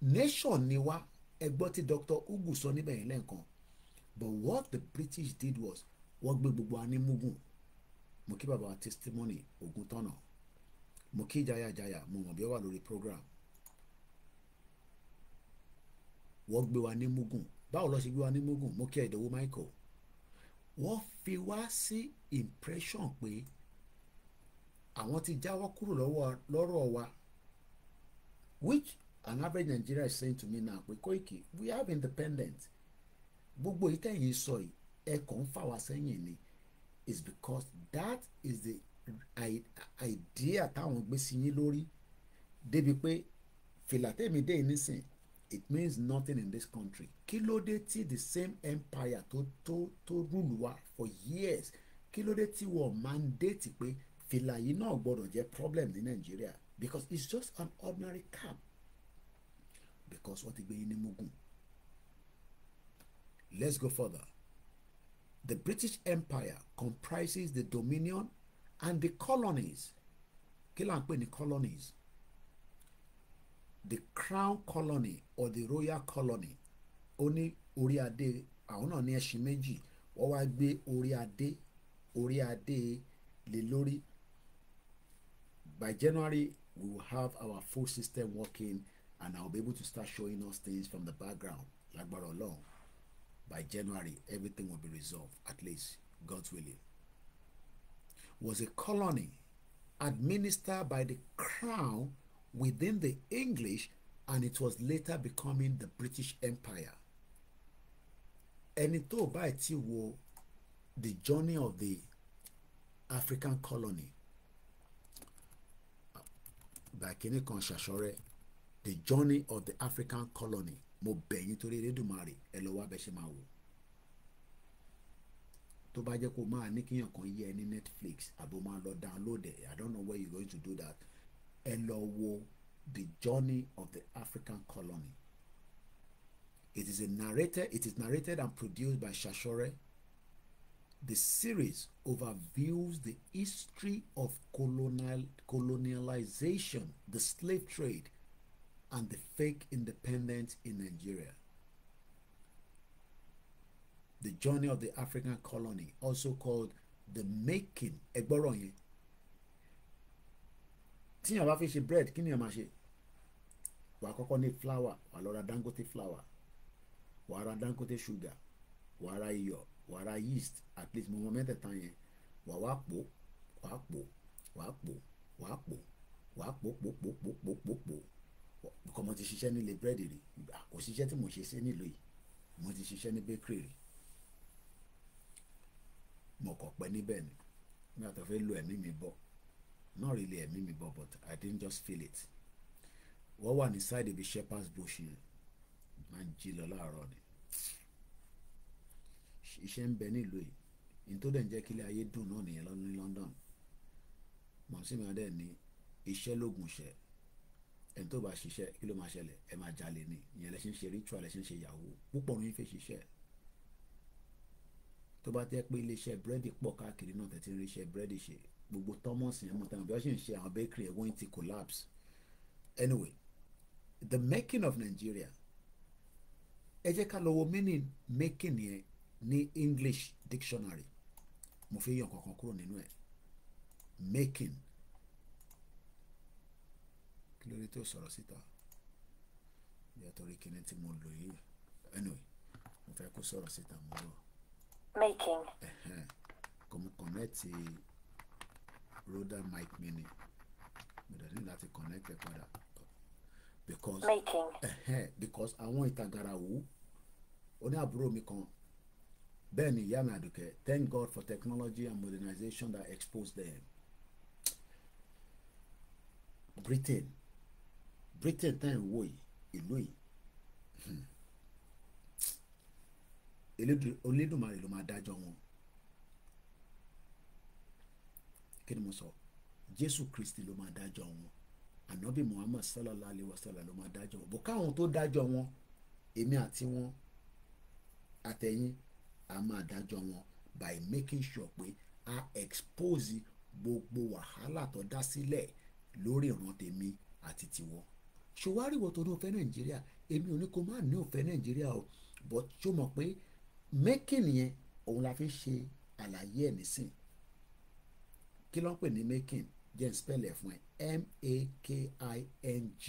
nation ni wá ẹ gbọ́ tí Dr. Ugu sọ níbẹ̀ yẹn lẹ́ẹ̀kan but what the British did was wọ́n gbé gbogbo anímúgùn mo kí bàbá testimony Ògúntọ́nà mo kí jayajaya mo mọ̀ bí ó wà lórí program wọ́n gbé wa ní mugun báwo lọ ṣe gbé wa ní mugun mo kí ẹ̀dọ̀wọ́ Michael wọ́n fi wá sí impression pé àwọn ti jáwọ́ kúrò lọ́rọ̀ wa which an average Nigerian is saying to me now pé Koiki we have independent gbogbo yìí tẹ̀yìn sọ yìí ẹ kàn ń fà wá sẹ́yìn ni is because that is the idea táwọn gbé sí yín lórí débi pé fìlà tèmi dé nísìn it means nothing in this country kí ló dé tí the same empire tó tó tó rule wa for years kí ló dé tí wọ́n mandate pé fìlà yìí náà gbọ́dọ̀ jẹ́ problem ní nàìjíríà because it's just an ordinary cab. because wọ́n ti gbé yín ní mugun let's go further the british empire comprises the dominion and the colonies kí là ń pè ní colonies the crown colony or the royal colony ó ní orí adé àwọn náà ní ẹṣin méjì wọ́n wá gbé orí adé orí adé lé lórí by January we will have our full system working and I will be able to start showing us things from the background like Ọlọ́run by January everything will be resolved at least God's willing was a colony administered by the crown within the English and it was later becoming the British Empire. Ẹni tó o báyìí ti wo the journey of the African colony bàkínní kan ṣàṣọrẹ the journey of the African colony mo bẹ̀ yín torí Elédùmarè ẹ lọ wá bẹ ṣe máa wò tó bá jẹ́ kó máa ní kíyàn kan yẹ ní Netflix àbó máa lọ download ẹ̀ I don't know where you going to do that ẹ lọ wo the journey of the African colony it is a narrated it is narrated and produced by Shashore the series overviews the history of colonial colonialization the slave trade and the fake independence in Nigeria the journey of the African colony also called the making egboro tíyàn bá fi ṣe bread kí nìyàn máa ṣe wà á kọ́kọ́ ní flour wà á lọ ra dangote flour wà á ra dangote sugar wà á ra iyọ̀ wà á ra yeast at least mọ̀mọ́ mẹ́tẹ̀ẹ̀ta yẹn wà wá pò wà á pò wà á pò wà á pò wà á pò pò pò pò pò pò pò kọ́ mo ti ṣiṣẹ́ nílé búrẹ́dì rí kò ṣiṣẹ́ tí mo ṣe ṣe nílò yìí mo ti ṣiṣẹ́ ní bakery rí mo kọ̀ pẹ́ níbẹ̀ ni nígbà tó fẹ́ lo ẹ̀mí mi bọ̀ not really ẹ̀mí mi bọ̀ but I didn't just feel it What one inside? side ibi shepherd's bush yẹn máa ń jí lọ láàárọ̀ ni iṣẹ́ ń bẹ nílùú yìí ní tó dẹ̀ ń jẹ́ kílé ayé dùn náà nìyẹn lọ́dún ní London mọ̀síìmọ̀ adé ní iṣẹ́ lóògùn ṣẹ́ ẹni tó bá ṣiṣẹ́ kí ló máa ṣẹlẹ̀ ẹ máa jalè ni ìyẹn lẹ́sìn ṣe ritual lẹ́sìn ṣe yahoo púpọ̀ ní fẹ́ ṣiṣẹ́ tó bá tẹ́ kiri na búrẹ́dì pọ̀ káàkiri náà tẹ́tí ń gbogbo thomas yẹn mo tẹ̀lé bí wọ́n ṣe ń ṣe àwọn bakery ẹ̀ ti collapse anyway the making of Nigeria ẹ jẹ́ ká lọ meaning making yẹn ní English dictionary mo fi yàn kankan kúrò nínú ẹ̀ making kí ló dé tó sọ̀rọ̀ síta yẹ torí kíní tí mo lò yìí anyway mo fẹ́ kó sọ̀rọ̀ síta mo lọ. making. kò mú kọ̀nẹ́ẹ̀tì. Roda mic mi ni mo dẹ̀ ní láti connect ẹ̀ padà because uh-huh, because àwọn ìtàgàrà wò ó ní only a bro me ni Benny mi àdùkẹ́ thank God for technology and modernization that exposed them Britain Britain tẹ́ ẹ̀ ń wò only ìlú yìí hmm, Elédùmarè ló máa dájọ́ kí ni mo sọ jésù kristi ló máa dájọ́ wọn ànábì muhammad sallallahu alayhi wa sallam ló máa dájọ́ wọn bó káwọn tó dájọ́ wọn èmi àti wọn àtẹ̀yìn a máa dájọ́ wọn by making sure pé a expose gbogbo wàhálà tó dá sílẹ̀ lórí ìran tèmi àti tiwọn ṣòwárí wọ́n tó ní òfẹ́ nàìjíríà èmi ò ní kó má ní òfẹ́ nàìjíríà o but ṣó mọ̀ pé making yẹn òun la fi ṣe àlàyé ẹ̀ nísìnyí kí ló ń pè ní making jẹ́ ń spẹ́lẹ̀ fún ẹ m-a-k-i-n-g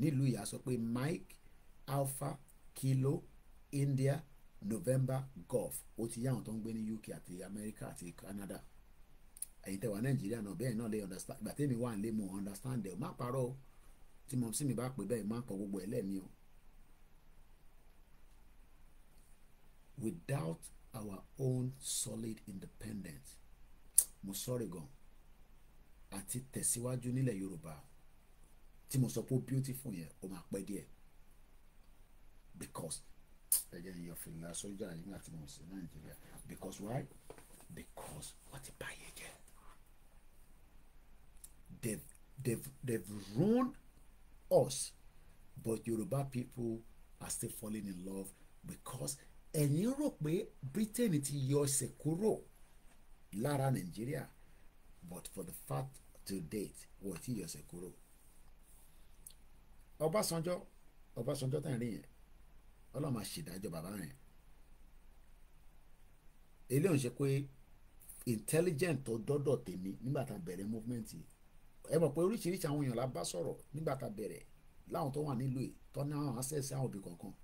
nílùú ìyá sọ pé mike alpha kilo india november Gulf. ó ti yá àwọn tó ń gbé ní uk àti america àti canada ẹ̀yin tẹ́ wà nàìjíríà náà bẹ́ẹ̀ náà lè understand ìgbà tẹ́mi wà lé mo understand ẹ̀ má parọ́ tí mo sì mi bá pè bẹ́ẹ̀ má kọ gbogbo ẹ̀ lẹ́ẹ̀ni o. without our own solid independence mo sọ̀rọ̀ gan àti tẹ̀síwájú nílẹ̀ Yorùbá tí mo sọ pé ó beautiful yẹn ó máa pẹ́ díẹ̀ because ẹ jẹ́ ìyọ̀ fìlà sójà nígbà tí mo sì Nàìjíríà because why because wọ́n ti bá jẹ́ they've they've they've ruined us but Yorùbá people are still falling in love because ẹ̀yin rò pé Britain ti yọ ẹsẹ̀ kúrò lára nàìjíríà but for the fact to date wọ́n ti yọ̀sẹ̀ kúrò. ọbásanjọ́ ọbásanjọ́ tẹ̀ ń rí yẹn ọlọ́run máa ṣèdájọ́ bàbá yẹn eléyìí ń ṣe pé intelligent tó dọ́dọ̀ tèmi nígbà tá a bẹ̀rẹ̀ movement ẹ mọ̀ pé oríṣiríṣi àwọn èèyàn la bá sọ̀rọ̀ nígbà tá a bẹ̀rẹ̀ láwọn tó wà nílùú yìí tó ní àwọn àṣẹ̀ṣẹ̀ àwọn òbí kankan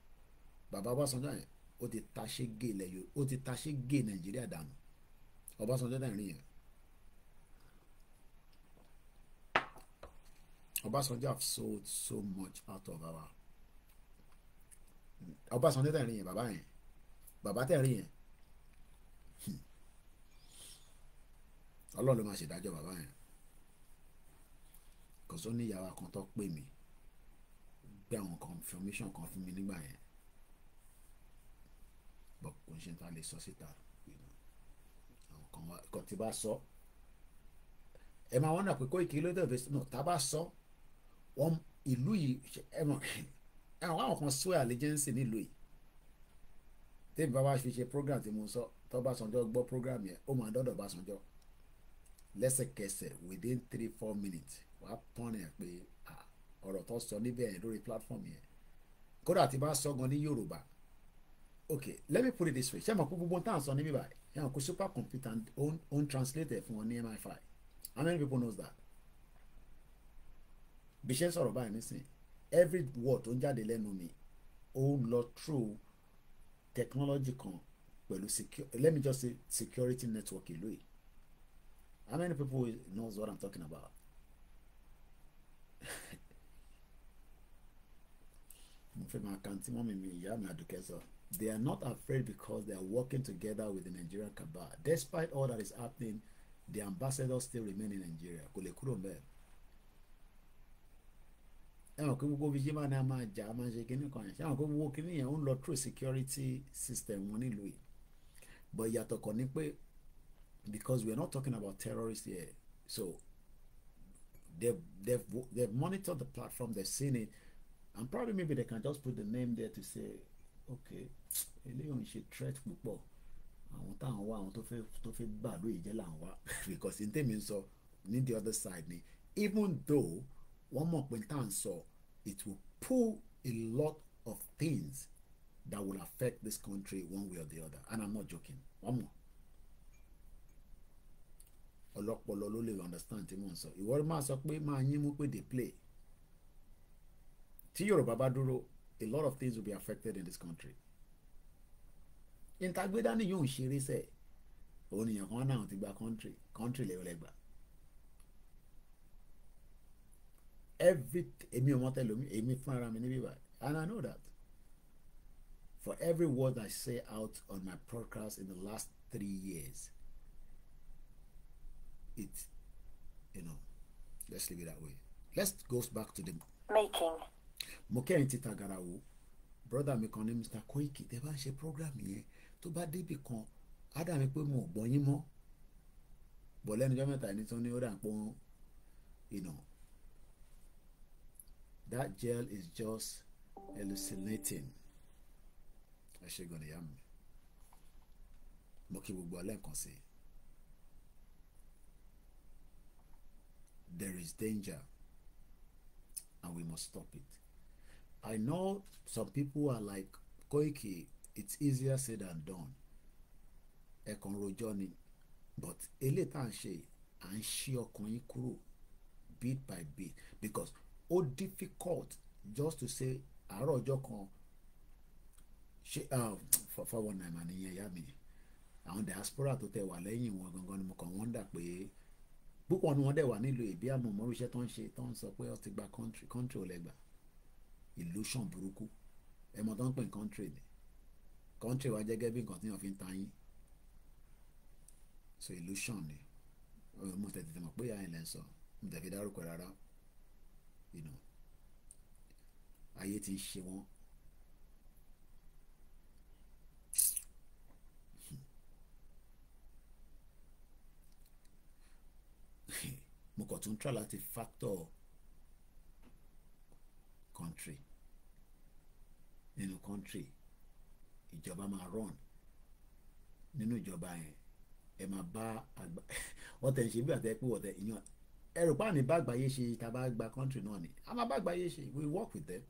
bàbá ọbásanjọ́ yẹn ó ti taṣé gé nàìjíríà dànù Ọbásanjọ́ náà rìn yẹn Ọbásanjọ́ have sold so much out of our Ọbásanjọ́ náà rìn yẹn bàbá yẹn bàbá tẹ̀ rìn yẹn Ọlọ́run ló máa ṣèdájọ́ bàbá yẹn kò só ní ìyàwó kan tó pè mí gbé àwọn confirmation kan fún mi nígbà yẹn bọ̀ kò ń ṣe ta lè sọ síta. So kàn tí bá sọ ẹ máa wọ́n náà pé Koiki ló dẹ̀ fẹ́ no tá a bá sọ wọ́n ìlú yìí ẹ mọ̀ ẹ <laughs> mọ̀ àwọn kan swear allegiance nílùú yìí tẹ́mi bá wá fi ṣe program tí mo sọ tó Básanjọ́ gbọ́ program yẹn ó máa dọ́dọ̀ Básanjọ́ lẹ́sẹ̀kẹsẹ̀ within three four minutes wàá pọ́n yẹn pé ọ̀rọ̀ tó sọ níbẹ̀ yẹn lórí platform yẹn kódà tí bá sọ gan ní Yorùbá okay let me put it this way ṣé mo kú gbogbo tá à ń sọ níbí báyìí ẹ hàn kó super own own translator fún wọn ní MI5 how many people knows that bí ṣe sọ̀rọ̀ báyìí nísìnyí every word tó the jáde lẹ́nu mi ó lọ through technological, well, secure let me just say security network how many people knows what I'm talking about <laughs> fẹ́ máa kan tí They are not afraid because they are working together with the Nigerian cabal. Despite all that is happening, the ambassadors still remain in Nigeria. Kò lè kúrò mbẹ́. Ẹ mọ̀ pé gbogbo fíjì máa ní a máa jà a máa ṣe kíní kan Ṣé àwọn pé gbogbo kíní yẹn ń lọ through security system wọn nílùú yìí? But ìyàtọ̀ kan ni pé because we are not talking about terrorists here. So they've, they've, they've monitored the platform, they've seen it and probably maybe they can just put the name there to say okay eléyìí ò ṣe threat púpọ̀ àwọn táwọn wá àwọn tó fẹ́ tó fẹ́ gbà lóye jẹ́ làwọn wá <laughs> because n tèmi ń sọ ní the other side ni even though one more pé down so, it will pull a lot of things that will affect this country one way or the other and i'm not joking wọ́n mọ̀ ọlọ́pọlọ ló lè understand tí mò ń sọ ìwọ́n máa sọ pé máa yín mú pé dey play tí Yorùbá bá dúró a lot of things will be affected in this country ìtagbédá ni yóò ń ṣeré sẹ òun nìyẹn kan náà ti gba country country lẹ́yọ̀lẹ́gbà every èmi ò mọ tẹ́lẹ̀ omi èmi fúnra mi níbí báyìí and I know that for every word I say out on my podcast in the last three years, it, you know, let's leave it that way. Let's go back to the making mo kẹ́yìn ti tàgàrà wò brọ́dà mi kan ní Mr Koiki tẹ́ bá ń ṣe program yẹn tó bá débì kan á pé mo gbọ́ yín mọ́ bọ̀ lẹ́nu ọjọ́ mẹ́ta ẹni tó ní ó dà ń pọ́n ìnà that gel is just hallucinating ẹ ṣe gan ìyá mi mo kí gbogbo ọlẹ́ nǹkan sí there is danger and we must stop it. I know some people are like Koiki, it's easier said than done. Ẹ̀kan rojọ́ ni but eléyìí tá à ń ṣe à ń ṣí ọkàn yín kúrò bit by bit because o difficult just to say àárọ̀ ọjọ́ kan ṣe ah, four one nine man ìyẹn ìyá mi àwọn diaspora tó tẹ wà lẹ́yìn wọn gangan ni mo kàn wọ́n dà pé púpọ̀ ni wọ́n dẹ̀ wà nílùú ìbí àmọ́ mọ́rúṣẹ́ tó ń ṣe tó ń sọ pé ó ti gba country control ẹgbàá illusion burúkú ẹ mọ̀ tó ń pè ní country ni country wa jẹ́gẹ́ bí nǹkan tí wọ́n fi ń ta yín so illusion ni mo tètè mọ̀ pé àyìn lẹ́ ń sọ mo tẹ̀ fi dárúkọ rárá inú ayé ti ń ṣe wọ́n. <laughs> mo kàn tún try láti factor country nínú country ìjọba máa run nínú ìjọba yẹn ẹ máa bá àgbà <laughs> ọ̀tẹ̀ ń ṣe bí àtẹ pé ọ̀tẹ̀ ìyàn ẹrù pa bá àgbáyé ṣe tá a bá gba country náà ni a máa bá àgbáyé ṣe we work with them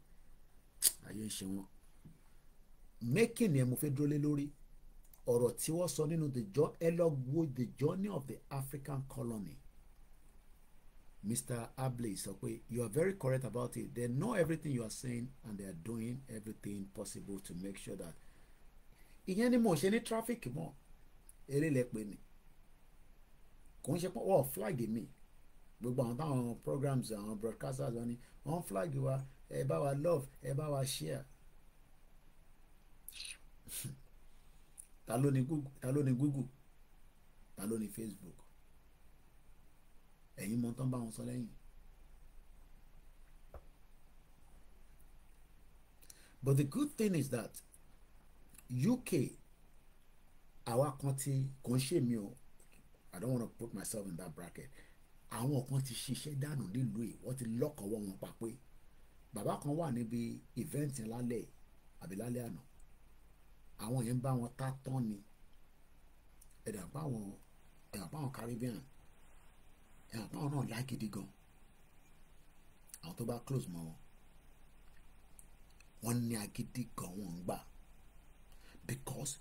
ayé ń ṣe wọn making yẹn mo fẹ́ dúró lé lórí ọ̀rọ̀ tí wọ́n sọ nínú the journey ẹ lọ the journey of the African colony Mr. Abley sọ pé you are very correct about it they know everything you are saying and they are doing everything possible to make sure that ìyẹn ni mo ṣe ní traffic mọ́ eré lẹ́pẹ́ ni kò ń ṣe pọ́ wọ́n flag mi gbogbo àwọn táwọn programs àwọn broadcasters wọn ni wọ́n flag wa ẹ bá wa love ẹ bá wa share <laughs> ta ló ni google ta ló ni google ta ló ni facebook ẹ̀yin mọ̀ tán bá wọn sọ lẹ́yìn. But the good thing is that UK àwa kan ti kò ń ṣe mí o I don't want to put myself in that bracket àwọn kan ti ṣiṣẹ́ dànù nílùú yìí wọ́n ti lọ́kọ̀ọ́wọ́ wọn pa pé bàbá kan wà níbi ìvẹ́ǹtì lálẹ́ àbí lálẹ́ àná àwọn yẹn ń bá wọn tá tán ni ẹ̀dà pa àwọn ẹ̀dà pa àwọn Caribbean ẹ̀rọ báwọn náà yá gidi gan àwọn tó bá close mọ́ wọn wọ́n ní agídí gan wọ́n ń gbà because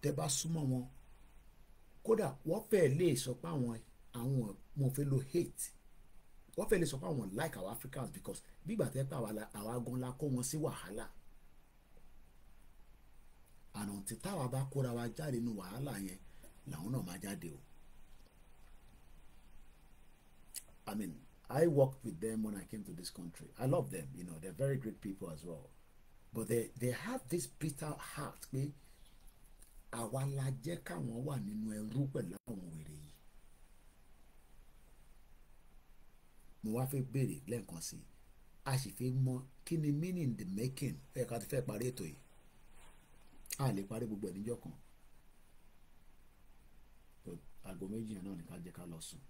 tẹ bá súnmọ́ wọn kódà wọ́n fẹ́ lè sọ pé àwọn àwọn wọn fẹ́ lo hate wọ́n fẹ́ lè sọ pé àwọn like our Africans because bígbà tẹ́ pé àwa gan la kó wọn sí wàhálà àná tí táwa bá kóra wa jáde nínú wàhálà yẹn làwọn náà máa jáde o. I mean, I worked with them when I came to this country. I love them, you know, they're very great people as well. But they, they have this bitter heart pé Mo wá fẹ́ béèrè lẹ́ẹ̀kan sí i, a sì fẹ́ mọ kí ni meaning the making fẹ́ ká ti fẹ́ parí ètò yìí. A lè parí gbogbo ẹ̀ níjọ́ kan. Àgọ́ méjì yẹn náà ni ká jẹ́ ká lọ sùn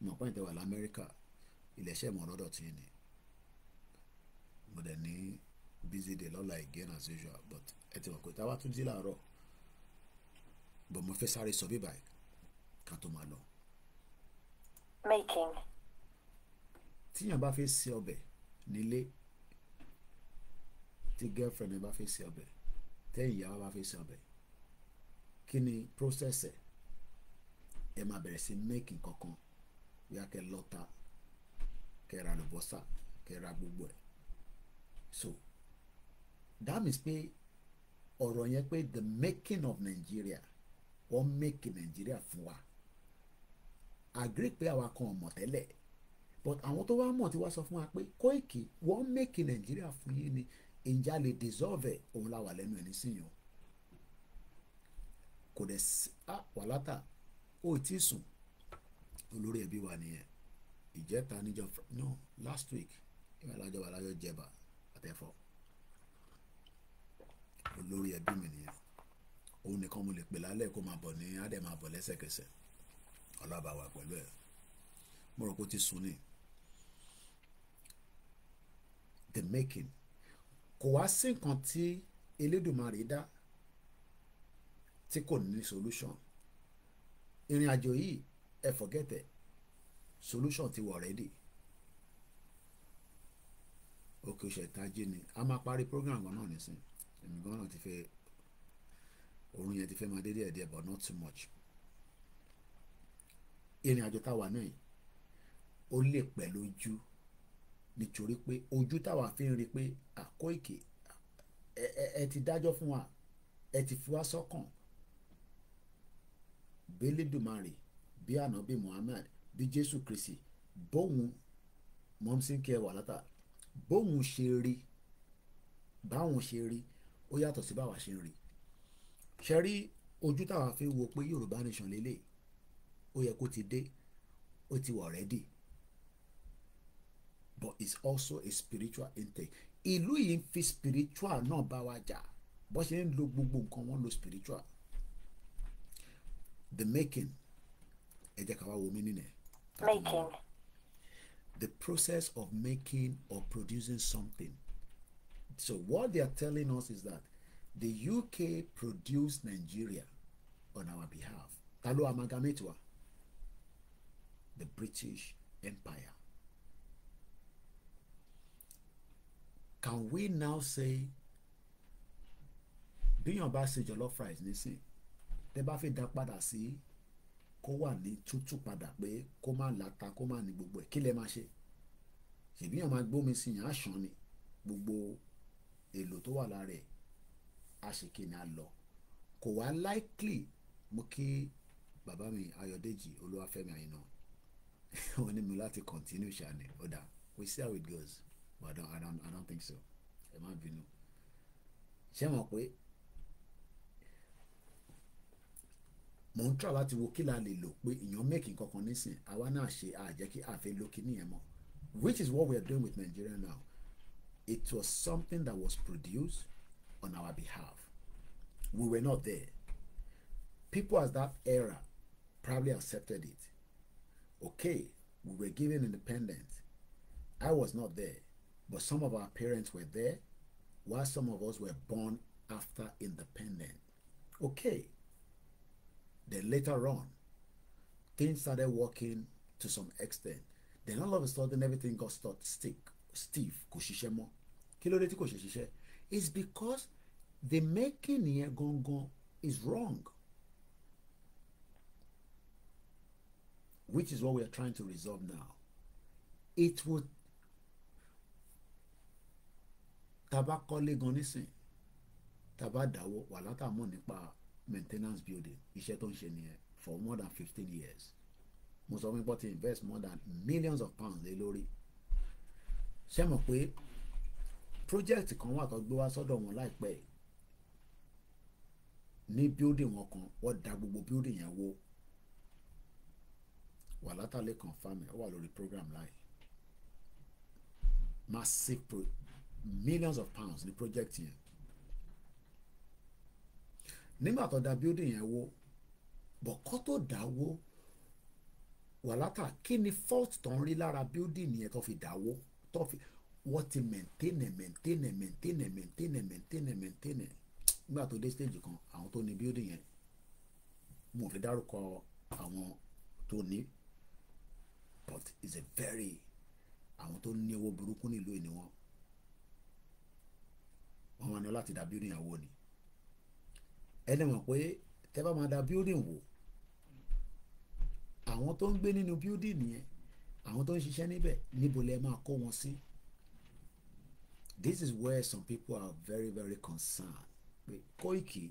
mo pẹ́ ìtẹ̀wà lamẹ́ríkà iléeṣẹ́ mọ̀ lọ́dọ̀ tí ni mo dẹ̀ ní busy day lọ́la again as usual but ẹ ti mọ̀ pé táwa tún jí làárọ̀ but mo fẹ́ sáré sọ bí báyìí ká tó máa lọ. making. tíyàn bá fẹ́ ṣe ọbẹ̀ nílé tí girlfriend bá fẹ́ ṣe ọbẹ̀ tẹ́yìn ìyàwó bá fẹ́ ṣe ọbẹ̀ kí ni process ẹ̀ ẹ máa bẹ̀rẹ̀ sí make nǹkan bóyá kẹ lọ́ta kẹ ra àlùbọ́sà kẹ ra gbogbo ẹ̀ so that means pé ọ̀rọ̀ yẹn pé the making of Nigeria wọ́n make Nigeria fún wa agree pé àwa kan ọ̀mọ̀ tẹ́lẹ̀ but àwọn tó wá mọ̀ tí wá sọ fún wa pé Koiki wọ́n make Nigeria fún yín ni ìjà lè dissolve ẹ̀ òun la wà lẹ́nu ẹ̀ nísìnyí o kò dẹ̀ sí ah, wàhálà tà ó ti sùn olórí ẹbí wa nìyẹn ìjẹta níjọ no last week ìwà alájọ wà láyọ jẹba àtẹfọ olórí ẹbí mi nìyẹn òun nìkan mo lè pè lálẹ́ kó máa bọ̀ ní adẹ máa bọ̀ lẹ́sẹ̀kẹsẹ̀ ọlọ́bàwà pẹ̀lú ẹ̀ mo rò kó ti sùn ní the making kò wá sí nǹkan tí Elédùmarè dá tí kò ní solution ìrìn àjò yìí ẹ forget ẹ solution ti wà ready òkè ṣètàjì ni a máa parí program gan náà nísìn èmi gan náà ti fẹ́ oorun yẹn ti fẹ́ máa dé díẹ̀ but not too much ìrìn àjò táwa náà yìí ó lè pẹ́ lójú nítorí pé ojú táwa fi ń rí pé Koiki ẹ ti dájọ́ fún wa ẹ ti fi wá sọ́kàn bẹ́lẹ́dùmarè. So bí ànábì Muhammad bí Jésù Kristi bóun mọ́mísínkì ẹwà látà bóun ṣe rí báwọn ṣe rí ó yàtọ̀ sí báwa ṣe ń rí ṣe rí ojú táwa fi wo pé Yorùbá nation lélẹ̀ ó yẹ kó ti dé ó ti wà rẹ́dì but it's also a spiritual intake ìlú yìí ń fi spiritual náà bá wa jà bó ṣe ń lo gbogbo nǹkan wọn lo spiritual the making ẹ jẹ́ ká wá wo meaning ẹ̀. making. the process of making or producing something. So what they are telling us is that the UK produced Nigeria on our behalf. Ta ló The British Empire. Can we now say bí yàn bá ṣe fries rice nísìn tẹ bá fi dá padà sí kó wà ní tútù padà pé kó má lata kó má ní gbogbo ẹ̀ kí lẹ máa ṣe ṣèbí máa gbómi sí yàn á ni gbogbo èlò tó wà lára ẹ̀ á ṣe kí ni a lọ kò wá likely mo kí bàbá mi Ayọ̀dèjì Olúwafẹ́mi Àyìnà wọ́n <laughs> ní mi láti continue ṣàní ọ̀dà we see how it goes but I don't, I don't, I don't think so ẹ má bínú ṣé mo pé mò ń try láti wo kí la lè lò pé èèyàn mẹ́kì kankan nísìn àwa náà ṣe àjẹ́ kí àfẹ́ lókè nìyẹn mọ́ which is what we are doing with Nigeria now it was something that was produced on our behalf we were not there people at that era probably accepted it okay we were given independence I was not there but some of our parents were there while some of us were born after independence okay Then later on, things started working to some extent. Then all of a sudden, everything got stuck, stick, stiff, kò ṣiṣẹ́ mọ́. Kí It's because the making yẹn gangan is wrong. Which is what we are trying to resolve now. It would tabakọ́lé gan taba tabadàwọ̀ walata money nípa maintenance building iṣẹ́ tó ń ṣe nìyẹn for more than fifteen years mo sọ wípé ti invest more than millions of pounds lé lórí ṣé mọ̀ pé project kan wà tó gbé wá sọ́dọ̀ wọn láìpẹ́ ní building wọn kan wọ́n da gbogbo building yẹn wó wà látàlẹ́ confam ẹ̀ wà lórí program láì massive pro millions of pounds ní project yẹn nígbà tó da building yẹn wó bọ̀kọ́ tó dà wó wàhálà kí ni fault tó ń rí lára building yẹn tó fi dà wó tó fi wọ́n ti maintain maintain maintain maintain maintain maintain nígbà tó dé stage kan àwọn tó ní building yẹn mo fi dárúkọ àwọn tó ní but it's a very àwọn tó ní owó burúkú nílùú ìníwọ̀n wọn wá ní láti dà building yẹn wó ni ẹni mọ̀ pé tẹ́ bá máa da building wò àwọn tó ń gbé nínú building yẹn àwọn tó ń ṣiṣẹ́ níbẹ̀ níbo lẹ máa kó wọn sí this is where some people are very very concerned pé Koiki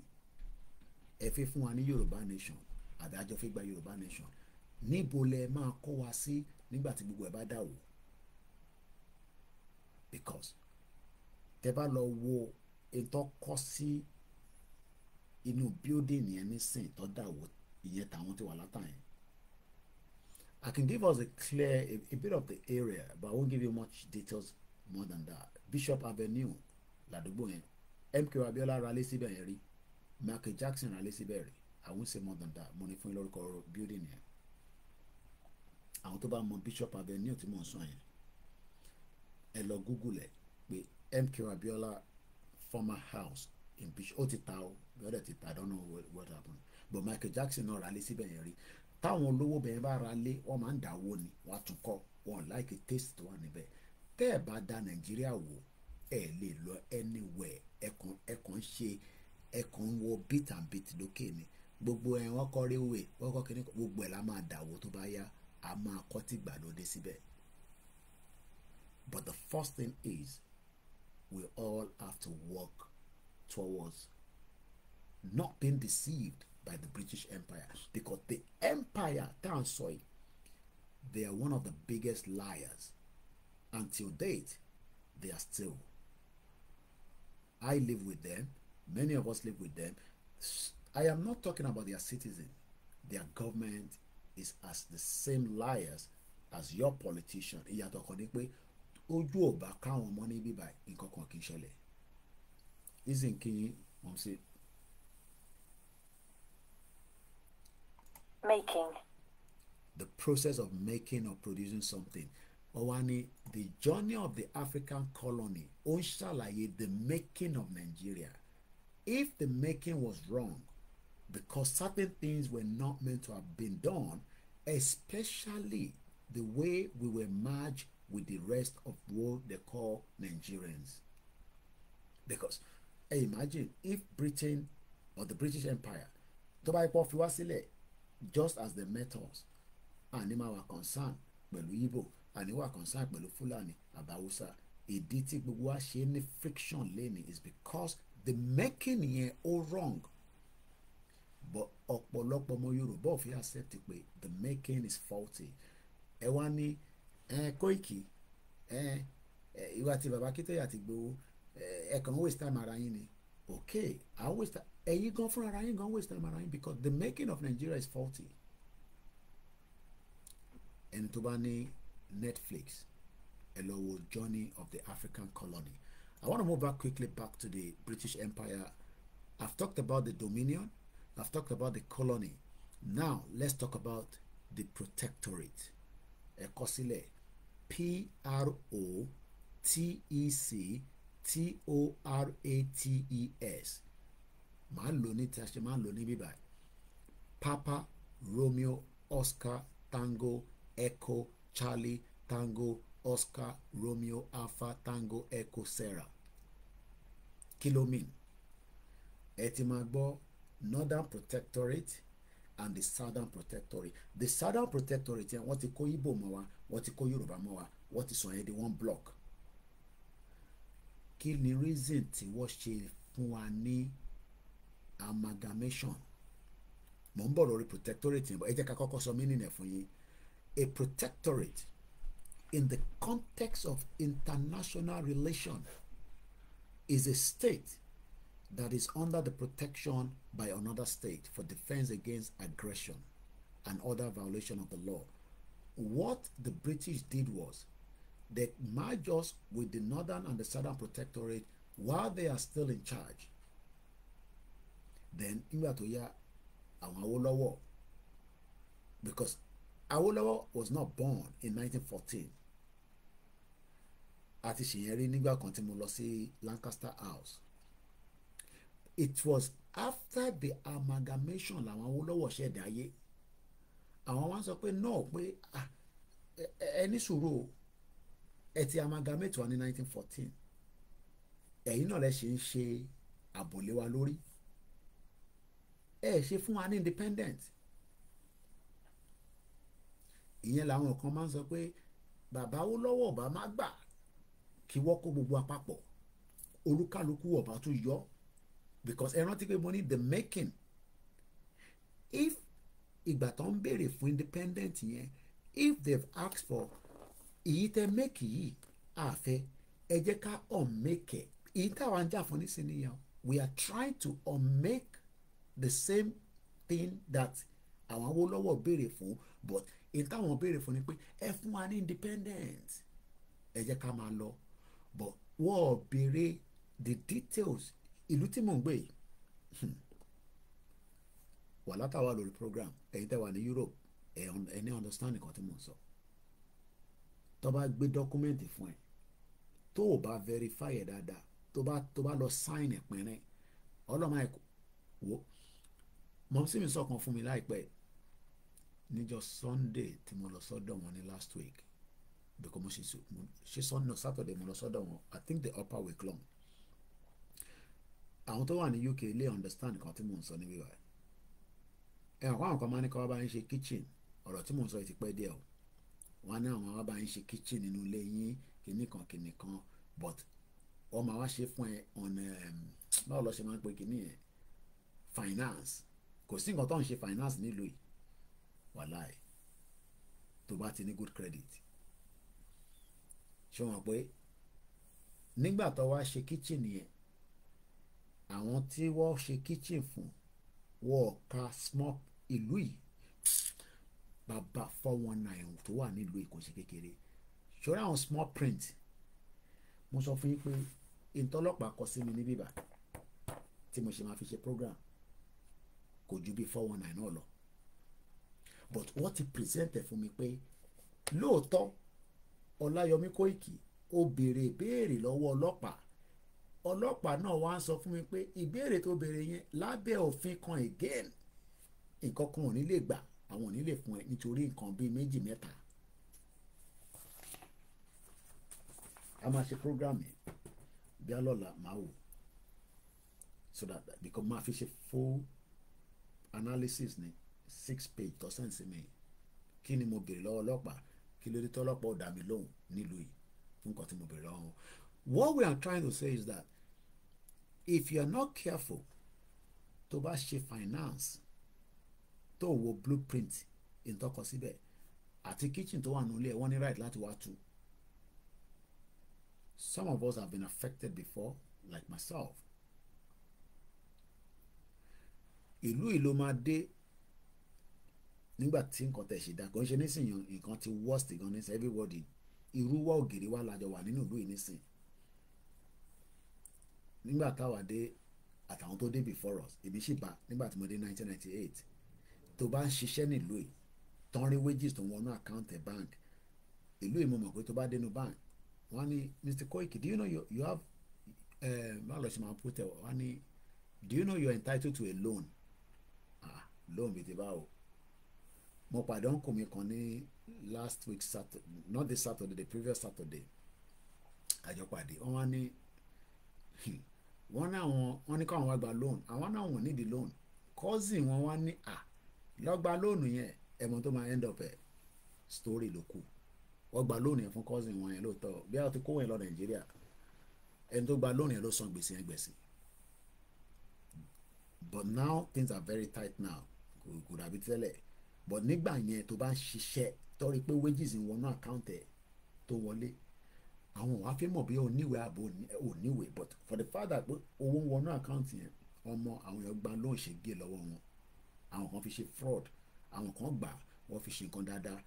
ẹ fi fún wa ní Yorùbá nation àdájọ́ fi gba Yorùbá nation níbo lẹ máa kó wa sí nígbà tí gbogbo ẹ bá dà wò because tẹ́ bá lọ wo ètò kọ sí. Si, inú building yẹn nísìn tó ìyẹn tàwọn ti wà látàn yẹn. I can give us a clear a, a bit of the area but I won't give you much details more than that. Bishop Avenue ládùúgbò yẹn MK Abiola ralé síbẹ̀ yẹn rí Michael Jackson ralé síbẹ̀ rí I won't say more than that mo ní fún yín lórúkọ building yẹn àwọn tó bá mọ Bishop Avenue tí mò ń sọ yẹn ẹ lọ Google ẹ pé MK Abiola former house in Bishop ó ti ta o the ti I don't know what, what happened but Michael Jackson náà ra lé síbẹ̀ yẹn rí táwọn olówó bẹ̀rẹ̀ bá ra lé wọ́n máa ń dáwó ni wọ́n tún kọ́ wọn like a taste tó wà níbẹ̀ tẹ́ ẹ̀ bá da Nàìjíríà wò ẹ̀ lè lọ anywhere ẹ̀kan ẹ̀kan ṣe ẹ̀kan wọ beat and beat lókè ni gbogbo ẹ̀ wọ́n kọ́ railway wọ́n kọ́ kíní gbogbo ẹ̀ la máa dàwó tó bá yá a máa kọ́ tí gbàlódé síbẹ̀ but the first thing is we all have to work towards not being deceived by the British Empire because the empire tá à they are one of the biggest liars until date they are still I live with them many of us live with them I am not talking about their citizen their government is as the same liars as your politician ìyàtọ̀ kan ni pé ojú ò bá káwọn ọmọ níbí báyìí nǹkan Making. The process of making or producing something. Ọwá the journey of the African colony ó the making of Nigeria. If the making was wrong because certain things were not meant to have been done especially the way we were merged with the rest of what they call Nigerians. Because hey, imagine if Britain or the British Empire tó bá yẹ just as the metals, us àní máa concern pẹ̀lú Igbo àní wà concern pẹ̀lú Fúlàní àbáwúsá ìdí tí gbogbo wa ṣe ní friction lẹ́ni is because the making yẹn ó wrong but ọ̀pọ̀lọpọ̀ ọmọ Yorùbá ò fi accept pé the making is faulty ẹ wá ní Kóìkì ìwà tí bàbá Akíntóyè àti Ìgbòho ẹ kàn waste time ara yín ni okay i waste time ẹ̀yin gan fúnra ara yín gan waste time ara yín because the making of Nigeria is faulty ẹni tó Netflix a lọ Journey of the African Colony I want to move back quickly back to the British Empire I've talked about the Dominion I've talked about the colony now let's talk about the Protectorate ẹ kọ P-R-O-T-E-C-T-O-R-A-T-E-S màá lò ní tí a ṣe máa lò ní bíbá papa romeo oscar tango echo charlie tango oscar romeo alpha tango echo sarah Kilomin. ló ẹ ti máa gbọ́ northern protectorate and the southern protectorate the southern protectorate yẹn wọ́n ti kó Ìgbò mọ́ wa wọ́n ti kó Yorùbá mọ́ wa wọ́n ti sọ yẹn di one block kí ni reason tí wọ́n ṣe fún wa ní. amalgamation mo ń protectorate but ẹ jẹ́ ká kọ́kọ́ sọ meaning ẹ̀ fún yín a protectorate in the context of international relation is a state that is under the protection by another state for defense against aggression and other violation of the law. What the British did was they merged us with the Northern and the Southern Protectorate while they are still in charge then nígbà tó yá àwọn Awólọ́wọ̀ because Awólọ́wọ̀ was not born in 1914 àti ṣèyẹn rí nígbà kan tí mo lọ sí Lancaster House it was after the amalgamation làwọn Awólọ́wọ̀ ṣẹ̀dá ayé àwọn wa ń sọ pé náà pé ẹni sùúrù ẹ ti amalgamate wa ní 1914 ẹ̀yin náà lẹ ṣe ń ṣe àbòlé wa lórí ẹ ṣe fún wa ní independent ìyẹn làwọn kan máa ń sọ pé bàbá ó lọ́wọ́ ọ̀bá má gbà kí wọ́n kó gbogbo àpapọ̀ olúkálukú ọ̀bá tún yọ because ẹ rántí pé mo ní the making if ìgbà tó ń béèrè fún independent yẹn if they've asked for èyí tẹ make yìí àfẹ ẹ jẹ́ ká unmake ẹ̀ èyí táwa ń jà fún nísìnyí we are trying to unmake the same thing that àwọn Awólọ́wọ̀ béèrè fún but in táwọn béèrè fún ni pé ẹ fún wa ní independent ẹ jẹ́ ká máa lọ but wọ́n béèrè the details ìlú tí mò ń gbé yìí hmm, wà látàwà lórí program ẹ̀yin tẹ́ wà ní Europe ẹ̀ ní understand nǹkan tí mò ń sọ tó bá gbé dọ́kúmẹ́ǹtì fún ẹ tó o bá verify ẹ̀ dáadáa tó bá lọ sign ẹ̀ pínrín ọlọ́mọ ẹ̀ wò mọ̀sí mi sọ̀kan fún mi láìpẹ́ níjọ́ sunday tí mo lọ sọ́dọ̀ wọn ní last week because mo ṣe sunday saturday mo lọ sọ́dọ̀ wọn i think the upper week long àwọn tó wà ní uk lè understand kan tí mò ń sọ níbí wa ẹ hàn kó àwọn kan máa ní ká wá bá ń ṣe kitchen ọ̀rọ̀ tí mò ń sọ yìí ti pẹ́ díẹ̀ o wọn ní àwọn wá bá ń ṣe kitchen nínú ilé yín kinní kan kinní kan but wọ́n máa wá ṣe fún ẹ on um, báwo lọ ṣe máa ń pè kinní yẹn finance kò sí nǹkan tó ń ṣe finance nílùú yìí wàláì tó bá ti ní good credit ṣé wọn pé nígbà tó wá ṣe kitchen yẹn àwọn tí wọ́n ṣe kitchen fún wọ́n ka small ìlú yìí bàbá four one nine tó wà nílùú yìí kò ṣe kékeré ṣọ́ra àwọn small print mo sọ fún yín pé ìtọ́lọ́pàá kọ sí mi ní bíbà tí mo ṣe máa fi ṣe program kò ju bí four one nine náà lọ but wọ́n ti present ẹ̀ fún mi pé lóòótọ́ Ọláyọmí Kóìkì ó béèrè ìbéèrè lọ́wọ́ ọlọ́pàá ọlọ́pàá náà wá ń sọ fún mi pé ìbéèrè tó béèrè yẹn lábẹ́ òfin kan again nǹkan kan ò ní lè gbà àwọn ò ní lè fún ẹ nítorí nǹkan bíi méjì mẹ́ta a máa ṣe program yẹn bí a máa wò so that because máa fi ṣe full analysis ni six page tó sẹ́ǹsì mi kí ni mo béèrè lọ́wọ́ ọlọ́pàá kí ló dé tó ọlọ́pàá ò dá mi lóhùn nílùú yìí nǹkan tí mo béèrè lọ́wọ́ What we are trying to say is that if you are not careful tó bá ṣe finance tó wo blueprint ìtọ́kọ síbẹ̀ àti kitchen tó wà nílé ẹ̀ wọ́n ní right láti wá tú. Some of us have been affected before like myself ìlú yìí ló máa dé nígbà tí nǹkan tẹ̀ ṣe dá kò ń ṣe nísìnyí nǹkan ti worst gan nísìnyí everybody irú wa ògiri wa lájọ wà nínú ìlú yìí nísìnyí nígbà táwa dé àtàwọn tó dé before us èmi sì bá nígbà tí mo dé 1998 tó bá ń ṣiṣẹ́ nílùú yìí tán rí wages tó wọnú account ẹ̀ bank ìlú yìí mo mọ̀ pé tó bá dénú bank wọ́n á ní Mr. Koiki do you know you, you have má lọ sí máa put ẹ̀ wọ́n ní do you know you are entitled to a loan lóhùn bíi ti báwo mo pàdé ọ̀nkù mi kan ní last week saturday not this saturday the previous saturday àjọpàdé wọn wá ní wọn náà hmm, wọn ní káwọn wá gba loan àwọn náà wọn nídìí loan cousin wọn wá ní à ah, lọ́gba loan yẹn ẹ̀mọ tó máa end up ẹ̀ story ló kù wọ́n gba loan yẹn fún cousin wọn yẹn lóòótọ́ bí a ti kó wọn lọ nàìjíríà ẹni tó gba loan yẹn ló san gbèsè yẹn gbèsè but now things are very tight now kò dàbí tẹ́lẹ̀ but nígbà yẹn tó bá ń ṣiṣẹ́ torí pé wages ń wọnú àkáǹtì ẹ̀ tó wọlé àwọn ò wá fi mọ̀ bí oníwèé àbò oníwèé but for the fact that owó ń wọnú àkáǹtì yẹn ọmọ àwọn èèyàn gba lóun ṣe gé lọ́wọ́ wọn àwọn kan fi ṣe fraud àwọn kan gbà wọ́n fi ṣe nǹkan dáadáa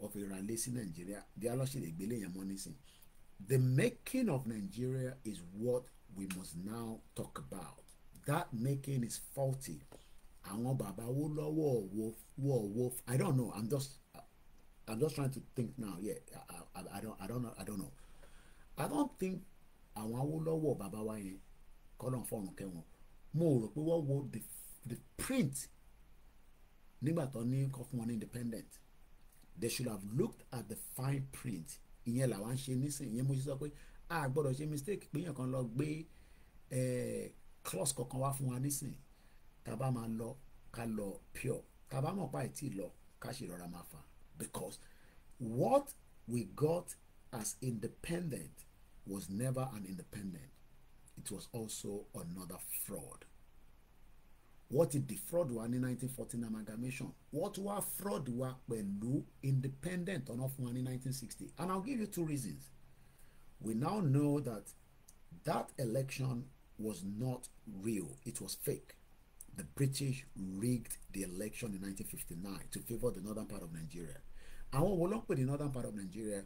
wọ́n fi ra ilé sí nàìjíríà bí aláṣẹ̀lẹ̀ gbélé yẹn mọ́ nísìn the making of Nigeria is what we must now talk about that making is faulty àwọn bàbá wo lọ́wọ́ wọ̀ wọ̀ i don't know i'm just i'm just trying to think now yeah i, I, I don't i don't know i don't know i don't think àwọn Awólọ́wọ̀ bàbá wa yẹn kọ́lọ̀ fọ̀rùn kẹwọn mo rò pé wọ́n wo the the print nígbà tó ní kọ́ fún wọn ní independent they should have looked at the fine print ìyẹn làwọn ṣe nísìnyí ìyẹn mo ṣe sọ pé a gbọ́dọ̀ ṣe mistake pé èèyàn kan lọ gbé eh, clause kankan wá fún wa nísìnyí tá a bá máa lọ ká lọ pure tá mọ̀ pa ìtì lọ ká ṣe rọra máa fà because what we got as independent was never an independent it was also another fraud What ti defraud wa ní 1914 amalgamation What tún wá fraud wa pẹ̀lú independent ọ̀nà fún wa nineteen sixty? and I'll give you two reasons we now know that that election was not real it was fake the British rigged the election in 1959 to favor the northern part of Nigeria. And wo we look pè the northern part of Nigeria?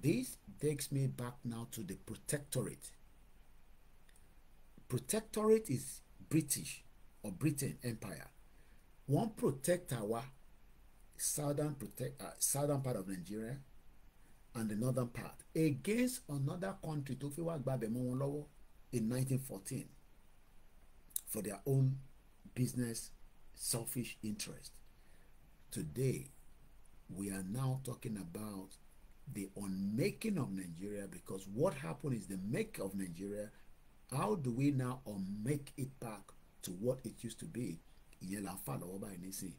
This takes me back now to the protectorate. Protectorate is British or Britain Empire. One protect our southern protect uh, southern part of Nigeria and the northern part against another country to fi wá gbàbẹ̀ mọ́ wọn lọ́wọ́ in 1914 for their own business selfish interest. Today, we are now talking about the unmaking of Nigeria because what happened is the make of Nigeria. How do we now unmake it back to what it used to be? Ìyẹn là ń fà báyìí nísìnyí.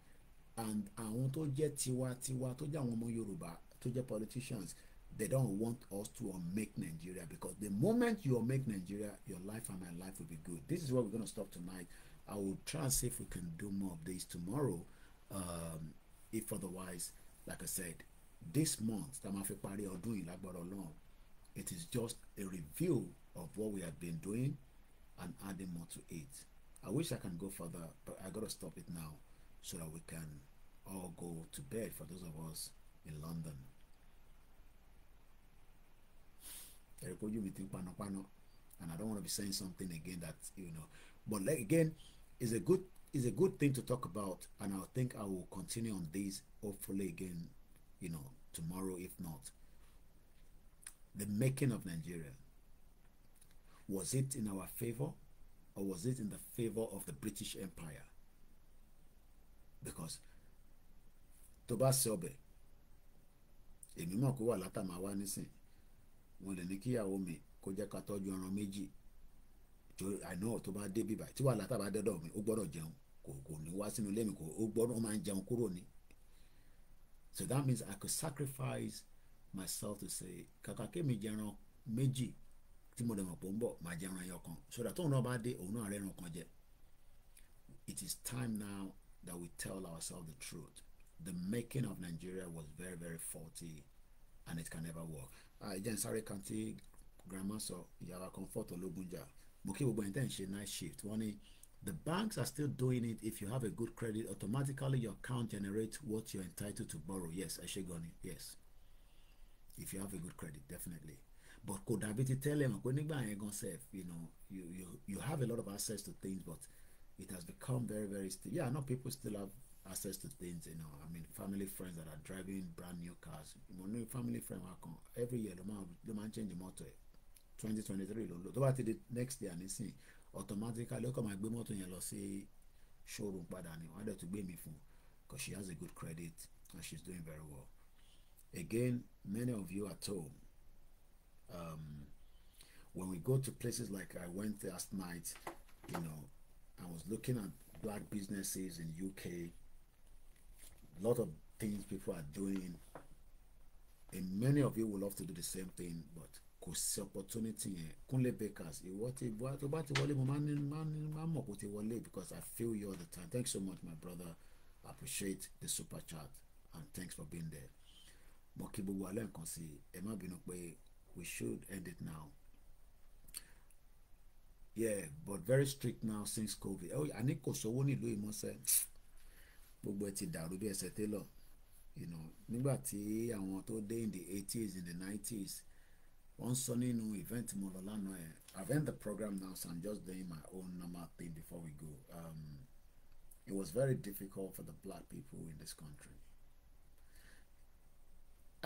And àwọn tó jẹ́ tiwa-tiwa tó jẹ́ àwọn ọmọ Yorùbá tó jẹ́ politicians they don't want us to unmake Nigeria because the moment you unmake Nigeria your life and my life will be good. This is where we're gonna stop tonight. I will try and see if we can do more of these tomorrow. Um, if otherwise, like I said, this month, tá a máa fi it is just a review of what we have been doing and adding more to it. I wish I can go further, but I gotta stop it now so that we can all go to bed for those of us in London. Erikoju mi ti ń panápaná and I don't want to be saying something again that you know But like again, is a good is a good thing to talk about, and I think I will continue on this hopefully again, you know, tomorrow if not. The making of Nigeria. Was it in our favor or was it in the favor of the British Empire? Because Toba bá ṣe ọbẹ̀ èmi mọ̀ kó wà látàmáwá nísìn wọn lè ní kíyàwó mi kó jẹ́ ká tọ́jú ọ̀ràn méjì torí àná tó bá dé bíbá tí wàhálà tá a bá dẹ́dọ̀ mi ó gbọ́dọ̀ jẹun kò kò ní wá sínú ilé mi kò ó gbọ́dọ̀ ó máa ń jẹun kúrò ní. so that means I could sacrifice myself to say kàkà kémi jẹran méjì tí mo dẹ̀ mọ̀ pé ó ń bọ̀ máa jẹran ẹyọ kan so that tóun náà bá dé òun náà rẹ́ran kan jẹ. It is time now that we tell ourselves the truth. The making of Nigeria was very very faulty and it can never work. Àìjẹ́ ń sáré kan tí grandma sọ ìyàwó kan fọ́tò lógún jà mo kí gbogbo ẹni tẹ́ ń ṣe night shift wọ́n the banks are still doing it if you have a good credit automatically your account generates what you're entitled to borrow yes I ṣe gan yes if you have a good credit definitely but could I be to tell him? nígbà yẹn gan sef you know you, you you have a lot of access to things but it has become very very still yeah I know people still have access to things you know I mean family friends that are driving brand new cars mo ní family friend every year the man the man change the motor twenty twenty three ló ń lò tó bá ti di next year nísìn automatically ó kàn máa gbé mọ́tò yẹn lọ sí showroom padà ni wọ́n á dẹ̀ tún gbé mi fún because she has a good credit and she's doing very well again many of you at home um, when we go to places like I went last night you know I was looking at black businesses in UK a lot of things people are doing and many of you would love to do the same thing but kò sí opportunity yẹn kúnlẹ̀ bakers ìwọ ti bọ́ tó bá ti wọlé mo máa ń máa ń mọ̀ kó ti wọlé because I feel you all the time thanks so much my brother I appreciate the super chat and thanks for being there mo kí gbogbo alẹ́ nǹkan sí ẹ má bínú pé we should end it now yeah but very strict now since COVID ẹ oh, àní kò sówó nílùú ìmọ̀ọ́sẹ́ gbogbo ẹ ti dàrú bí ẹsẹ̀ tẹ́lọ̀ you know nígbà tí àwọn tó dé in the eighties in the nineties wọ́n sọ nínú event mo lọ lánàá ẹ̀ I've end the program now so I'm just doing my own normal thing before we go um, it was very difficult for the black people in this country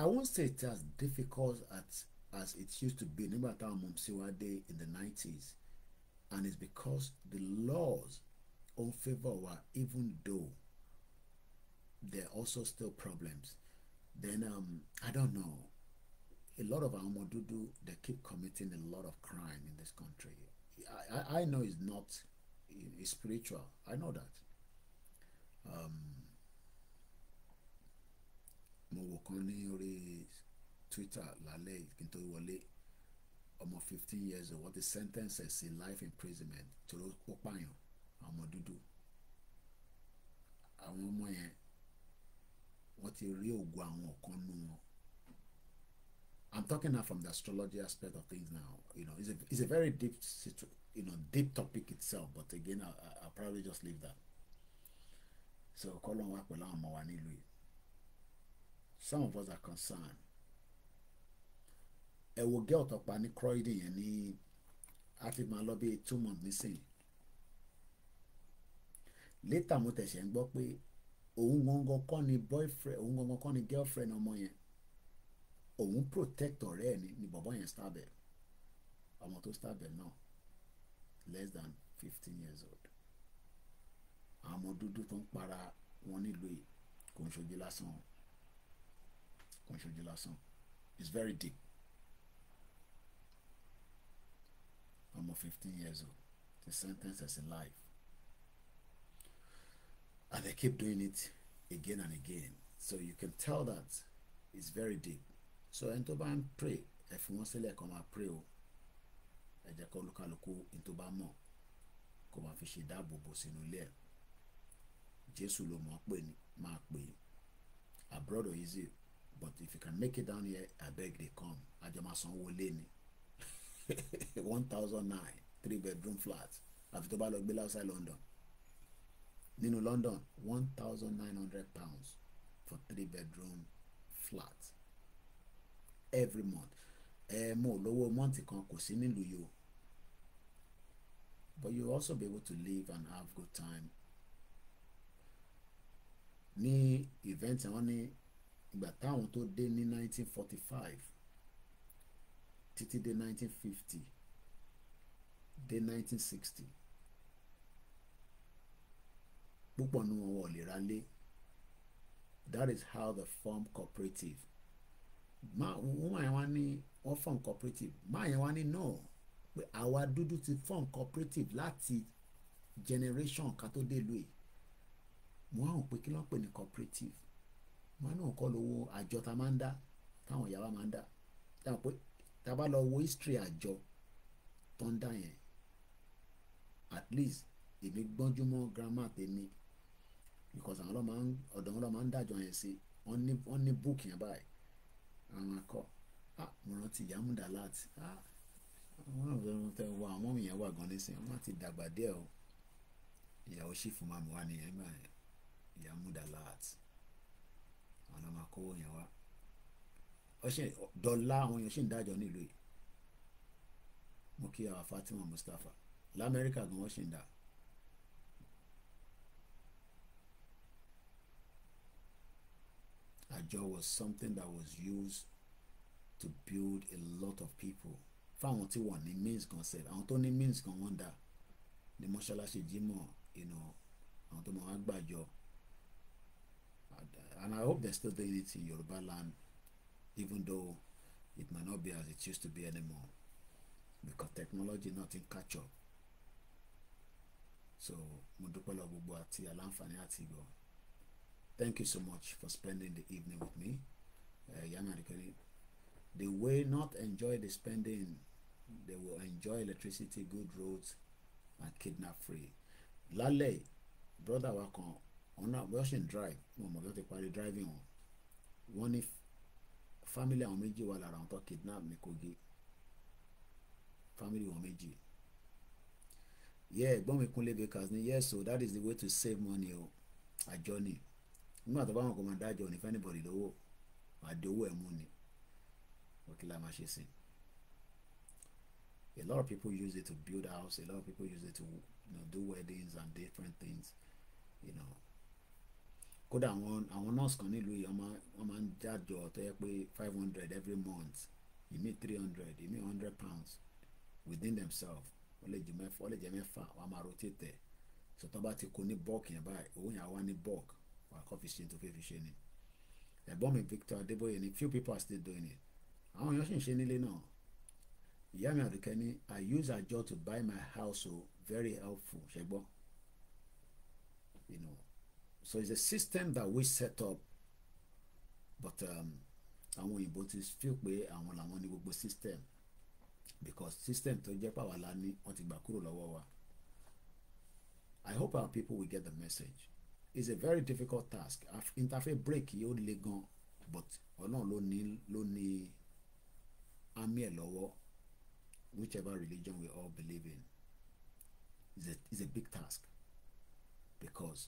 I won't say it's as difficult as as it used to be nígbà táwọn mọ̀ sí wa dé in the 90s and it's because the laws on favour wa even though there also still problems then um, I don't know a lot of àwọn ọmọ they keep committing a lot of crime in this country I, I know it's not it's spiritual I know that um, mo wò kan Twitter lale kí n tó fifteen years old wọ́n ti sentence is? In life imprisonment torí ó pààyàn àwọn ọmọ dúdú àwọn ọmọ yẹn wọ́n ti rí ògùn àwọn ọ̀kan nú wọn I'm talking now from the astrology aspect of things now. You know, it's a, it's a very deep, you know, deep topic itself. But again, I, I'll probably just leave that. So, kọ́lọ́n wá pẹ̀lú àwọn Some of us are concerned. Ẹ wo gẹ́ ọ̀tọ̀pá ní Croydon yẹn ní a máa lọ bí two months nísìnyí. Later mo tẹ̀sẹ̀ ń gbọ́ pé òun gangan kọ́ ni boyfriend òun gangan kọ́ ni girlfriend ọmọ yẹn òun protect ọ̀rẹ́ ẹ̀ ni ni bọ̀bọ̀ yẹn stab ẹ̀ tó stab náà less than fifteen years old àwọn ọmọ dúdú tó ń para wọn nílùú yìí kò ń ṣojú lásán kò ń ṣojú lásán it's very deep ọmọ fifteen years old the sentence is life and they keep doing it again and again so you can tell that it's very deep so ẹni tó bá ń pray ẹ fi wọ́n sílẹ̀ kó máa pray o ẹ jẹ́ kó olúkálukú ní tó bá mọ̀ kó máa fi ṣe dáàbòbò sínú ilé ẹ̀ jésù ló mọ̀ ọ́ máa pè é abroad or easy but if you can make it down here abeg dey come àjọmọ̀sán wọlé ni <laughs> one thousand nine three bedroom flat àfi tó bá lọ gbé outside London nínú London one thousand nine hundred pounds for three bedroom flat every month ẹ mo lówó mọ́ǹtì kan kò sí nílùú yìí o but you also be able to live and have good time ní event wọn ní ìgbà táwọn tó dé ní 1945 títí dé 1950 dé 1960 púpọ̀ nínú wọn ò lè ra lé that is how the form cooperative woman yẹn wá ní wọ́n form cooperative Ma yẹn wá ní no pé àwa dúdú ti form cooperative láti generation ká tó dé lóye mo á hàn pé kí ló ń pè ní cooperative mo á náà kọ́ lówó àjọ tá a máa ń dá táwọn ìyá wa máa ń dá dáhùn pé tá bá lọ wo history àjọ tó ń dá yẹn at least èmi gbọ́njú mọ́ grandma tèmi because àwọn ọlọ́mọ ọ̀dọ̀ wọn lọ́mọ ń dájọ yẹn sí wọ́n ní book yẹn báyìí àwọn akọ ah mo rántí yamudalat ah àwọn náà fẹ́ràn tẹ wọ àwọn ọmọ yẹn wà gan nísìnyí wọ́n ti dàgbà díẹ̀ o ìyàwó ṣìfù máa mú wa nìyẹn gbà yẹn yamudalat àwọn ọmọ akọwọ yẹn wá ọṣẹ àwọn yẹn ṣì ń dájọ́ nílùú yìí mo kí àwọn Fatima Mustapha lamẹ́ríkà gan wọ́n ṣì ń dájọ́. àjọ was something that was used to build a lot of people fáwọn tí wọ́n ní means gan sẹ àwọn tó ní means gan wọ́n dà ní mọ́ṣáláṣí jímọ̀ ìnà àwọn tó mọ̀ wá gbàjọ and I hope they still doing it in Yoruba land even though it might not be as it used to be anymore because technology náà ti catch up so mo dúpẹ́ lọ gbogbo àti aláǹfààní àti ìgbọ̀n. Thank you so much for spending the evening with me. Uh, they will not enjoy the spending. They will enjoy electricity, good roads, and kidnap free. Lale, brother wakon kan ọ̀nà russian drive wọn mọ̀ bí driving wọn wọ́n ní family àwọn méjì wà lára àwọn kidnap ní family wọn méjì yeah ẹ̀gbọ́n mi Kúnlé Bakers yes so that is the way to save money o àjọ ni nígbà tó bá wọn kò máa dájọ́ ní fẹ́nìbọ̀dì lówó máa di owó ẹ̀ mú ni wọ́n kí la máa ṣe sí A lot of people use it to build house. A lot of people use it to you know, do weddings and different things. You know. Kódà àwọn àwọn nurse kan nílùú yìí wọ́n máa ń jájọ tó yẹ pé five hundred every month You ìmí three hundred You ìmí hundred pounds within themselves wọ́n lè jẹ mẹ́fà wọ́n máa rotate ẹ̀ sọ́tọ́ bá ti kó ní bulk yẹn báyìí owó yẹn á wá ní bulk wà kọ́ fi ṣe tó fẹ́ fi mi Victor Adébóyè ni few people are still doing it àwọn èèyàn sì ń ṣe nílé náà ìyá mi àdùkẹ́ ni I use àjọ to buy my house o oh, very helpful ṣẹgbọ́n you know so it's a system that we set up but um, àwọn òyìnbó ti feel pé àwọn làwọn ní gbogbo system because system tó jẹ́ pàwọ́ la ní wọ́n ti gbà kúrò lọ́wọ́ wa I hope our people will get the message is a very difficult task interfaith break yóò le gan but ọlọ́run ló ní ló ní àmì ẹ̀ lọ́wọ́ whichever religion we all believe in is a, is a big task because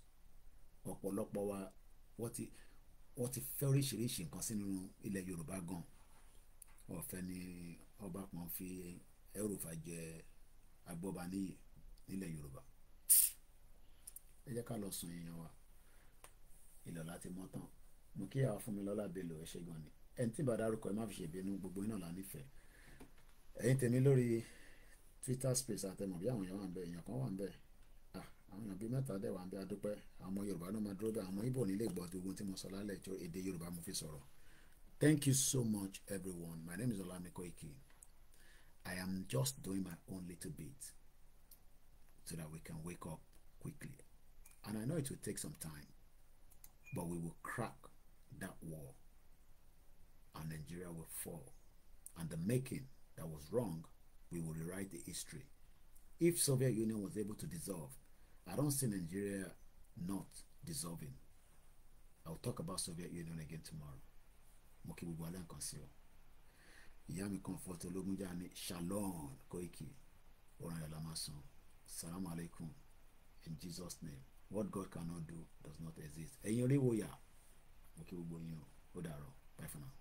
ọ̀pọ̀lọpọ̀ wa wọ́n ti wọ́n ti fẹ́ oríṣiríṣi nǹkan sínú ilẹ̀ yorùbá gan ọ̀fẹ́ ni ọba kan fi ẹrùfà jẹ agbọ́ba níyì nílẹ̀ yorùbá ẹ jẹ́ ká lọ sùn èèyàn wa ìlọ́lá ti mọ́ tán mo kí àwọn fún mi lọ́lá bello ẹ ṣe gan ni ẹni tí bàdá rúkọ ẹ má fi ṣe ìbínú gbogbo iná là nífẹ̀ẹ́ ẹ̀yin tèmi lórí Twitter space àtẹmọ̀ bí àwọn èèyàn wà ń bẹ èèyàn kan wà ń bẹ ah, àwọn èèyàn bíi mẹ́ta dẹ̀ wà ń bẹ adúpẹ́ àwọn ọmọ Yorùbá náà máa dúró bẹ́ẹ̀ àwọn Ìgbò nílé gbọ́ gbogbo tí mo sọ lálẹ́ ìjọ èdè Yorùbá mo fi sọ̀rọ̀ Thank you so much everyone my name is Olamide Koiki I am just doing my own little bit so that we can wake up quickly and I know it will take some time But we will crack that wall and Nigeria will fall. And the making that was wrong, we will rewrite the history. If Soviet Union was able to dissolve, I don't see Nigeria not dissolving. I'll talk about Soviet Union again tomorrow. Mo kí gbogbo alẹ́ nǹkan sí ọ. Comfort Ológunjà ní Shalom Koiki. Orin rẹ̀ la máa alaikum in Jesus name what God cannot do does not exist ẹ̀yin oríwòyà mo kí gbogbo yín o ó dàárọ̀ bye for now.